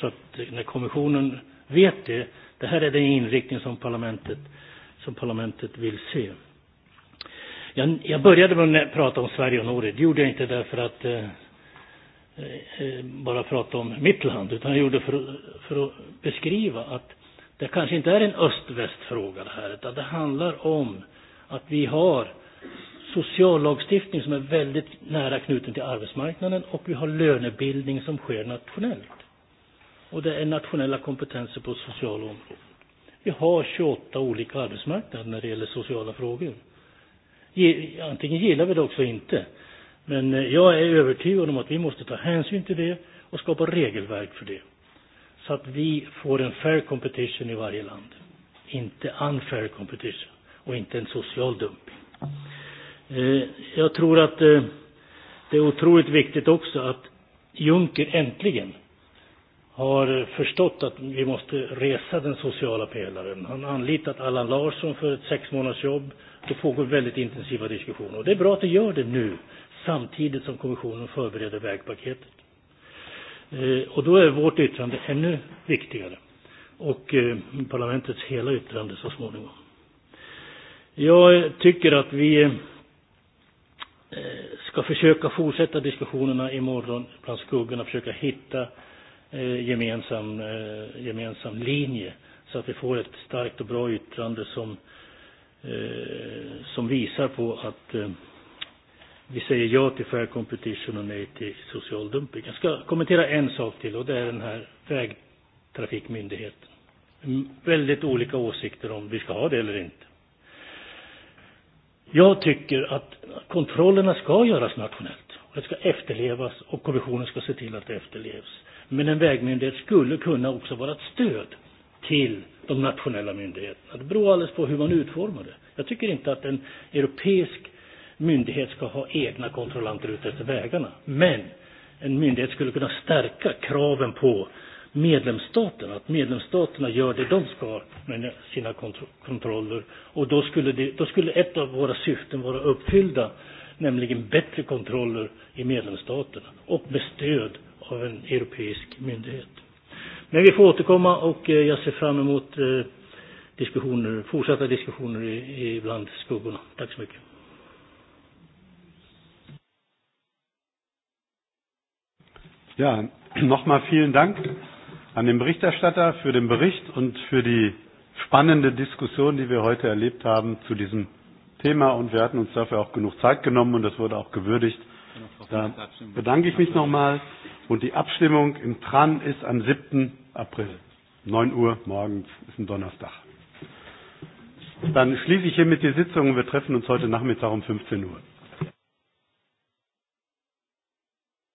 Så att när kommissionen vet det, det här är den inriktning som parlamentet, som parlamentet vill se. Jag, jag började med att prata om Sverige och Norge. Det gjorde jag inte därför att eh, bara prata om mitt land, utan jag gjorde för, för att beskriva att det kanske inte är en öst-väst-fråga det här, utan det handlar om att vi har social lagstiftning som är väldigt nära knuten till arbetsmarknaden och vi har lönebildning som sker nationellt. Och det är nationella kompetenser på sociala områden. Vi har 28 olika arbetsmarknader när det gäller sociala frågor. Antingen gillar vi det också inte. Men jag är övertygad om att vi måste ta hänsyn till det och skapa regelverk för det. Så att vi får en fair competition i varje land. Inte unfair competition och inte en social dumping. Jag tror att det är otroligt viktigt också att Juncker äntligen har förstått att vi måste resa den sociala pelaren. Han har anlitat Allan Larsson för ett sex månaders jobb. Det pågår väldigt intensiva diskussioner. Och det är bra att det gör det nu, samtidigt som kommissionen förbereder vägpaketet. Och då är vårt yttrande ännu viktigare. Och parlamentets hela yttrande så småningom. Jag tycker att vi ska försöka fortsätta diskussionerna imorgon bland skuggorna, försöka hitta gemensam, gemensam linje så att vi får ett starkt och bra yttrande som, som visar på att vi säger ja till fair competition och nej till social dumping. Jag ska kommentera en sak till och det är den här vägtrafikmyndigheten. Väldigt olika åsikter om vi ska ha det eller inte. Jag tycker att kontrollerna ska göras nationellt. Det ska efterlevas och kommissionen ska se till att det efterlevs. Men en vägmyndighet skulle kunna också vara ett stöd till de nationella myndigheterna. Det beror alldeles på hur man utformar det. Jag tycker inte att en europeisk myndighet ska ha egna kontrollanter ute efter vägarna. Men en myndighet skulle kunna stärka kraven på medlemsstaterna, att medlemsstaterna gör det de ska med sina kontroller. Och då skulle, det, då skulle ett av våra syften vara uppfyllda, nämligen bättre kontroller i medlemsstaterna och med stöd av en europeisk myndighet. Men vi får återkomma och jag ser fram emot diskussioner, fortsatta diskussioner i, i bland skuggorna. Tack så mycket. Ja, nochmal vielen Dank an den Berichterstatter für den Bericht und für die spannende Diskussion, die wir heute erlebt haben zu diesem Thema. Und wir hatten uns dafür auch genug Zeit genommen und das wurde auch gewürdigt. Da bedanke ich mich nochmal. Und die Abstimmung im Tran ist am 7. April. 9 Uhr morgens ist ein Donnerstag. Dann schließe ich hiermit die Sitzung. Wir treffen uns heute Nachmittag um 15 Uhr.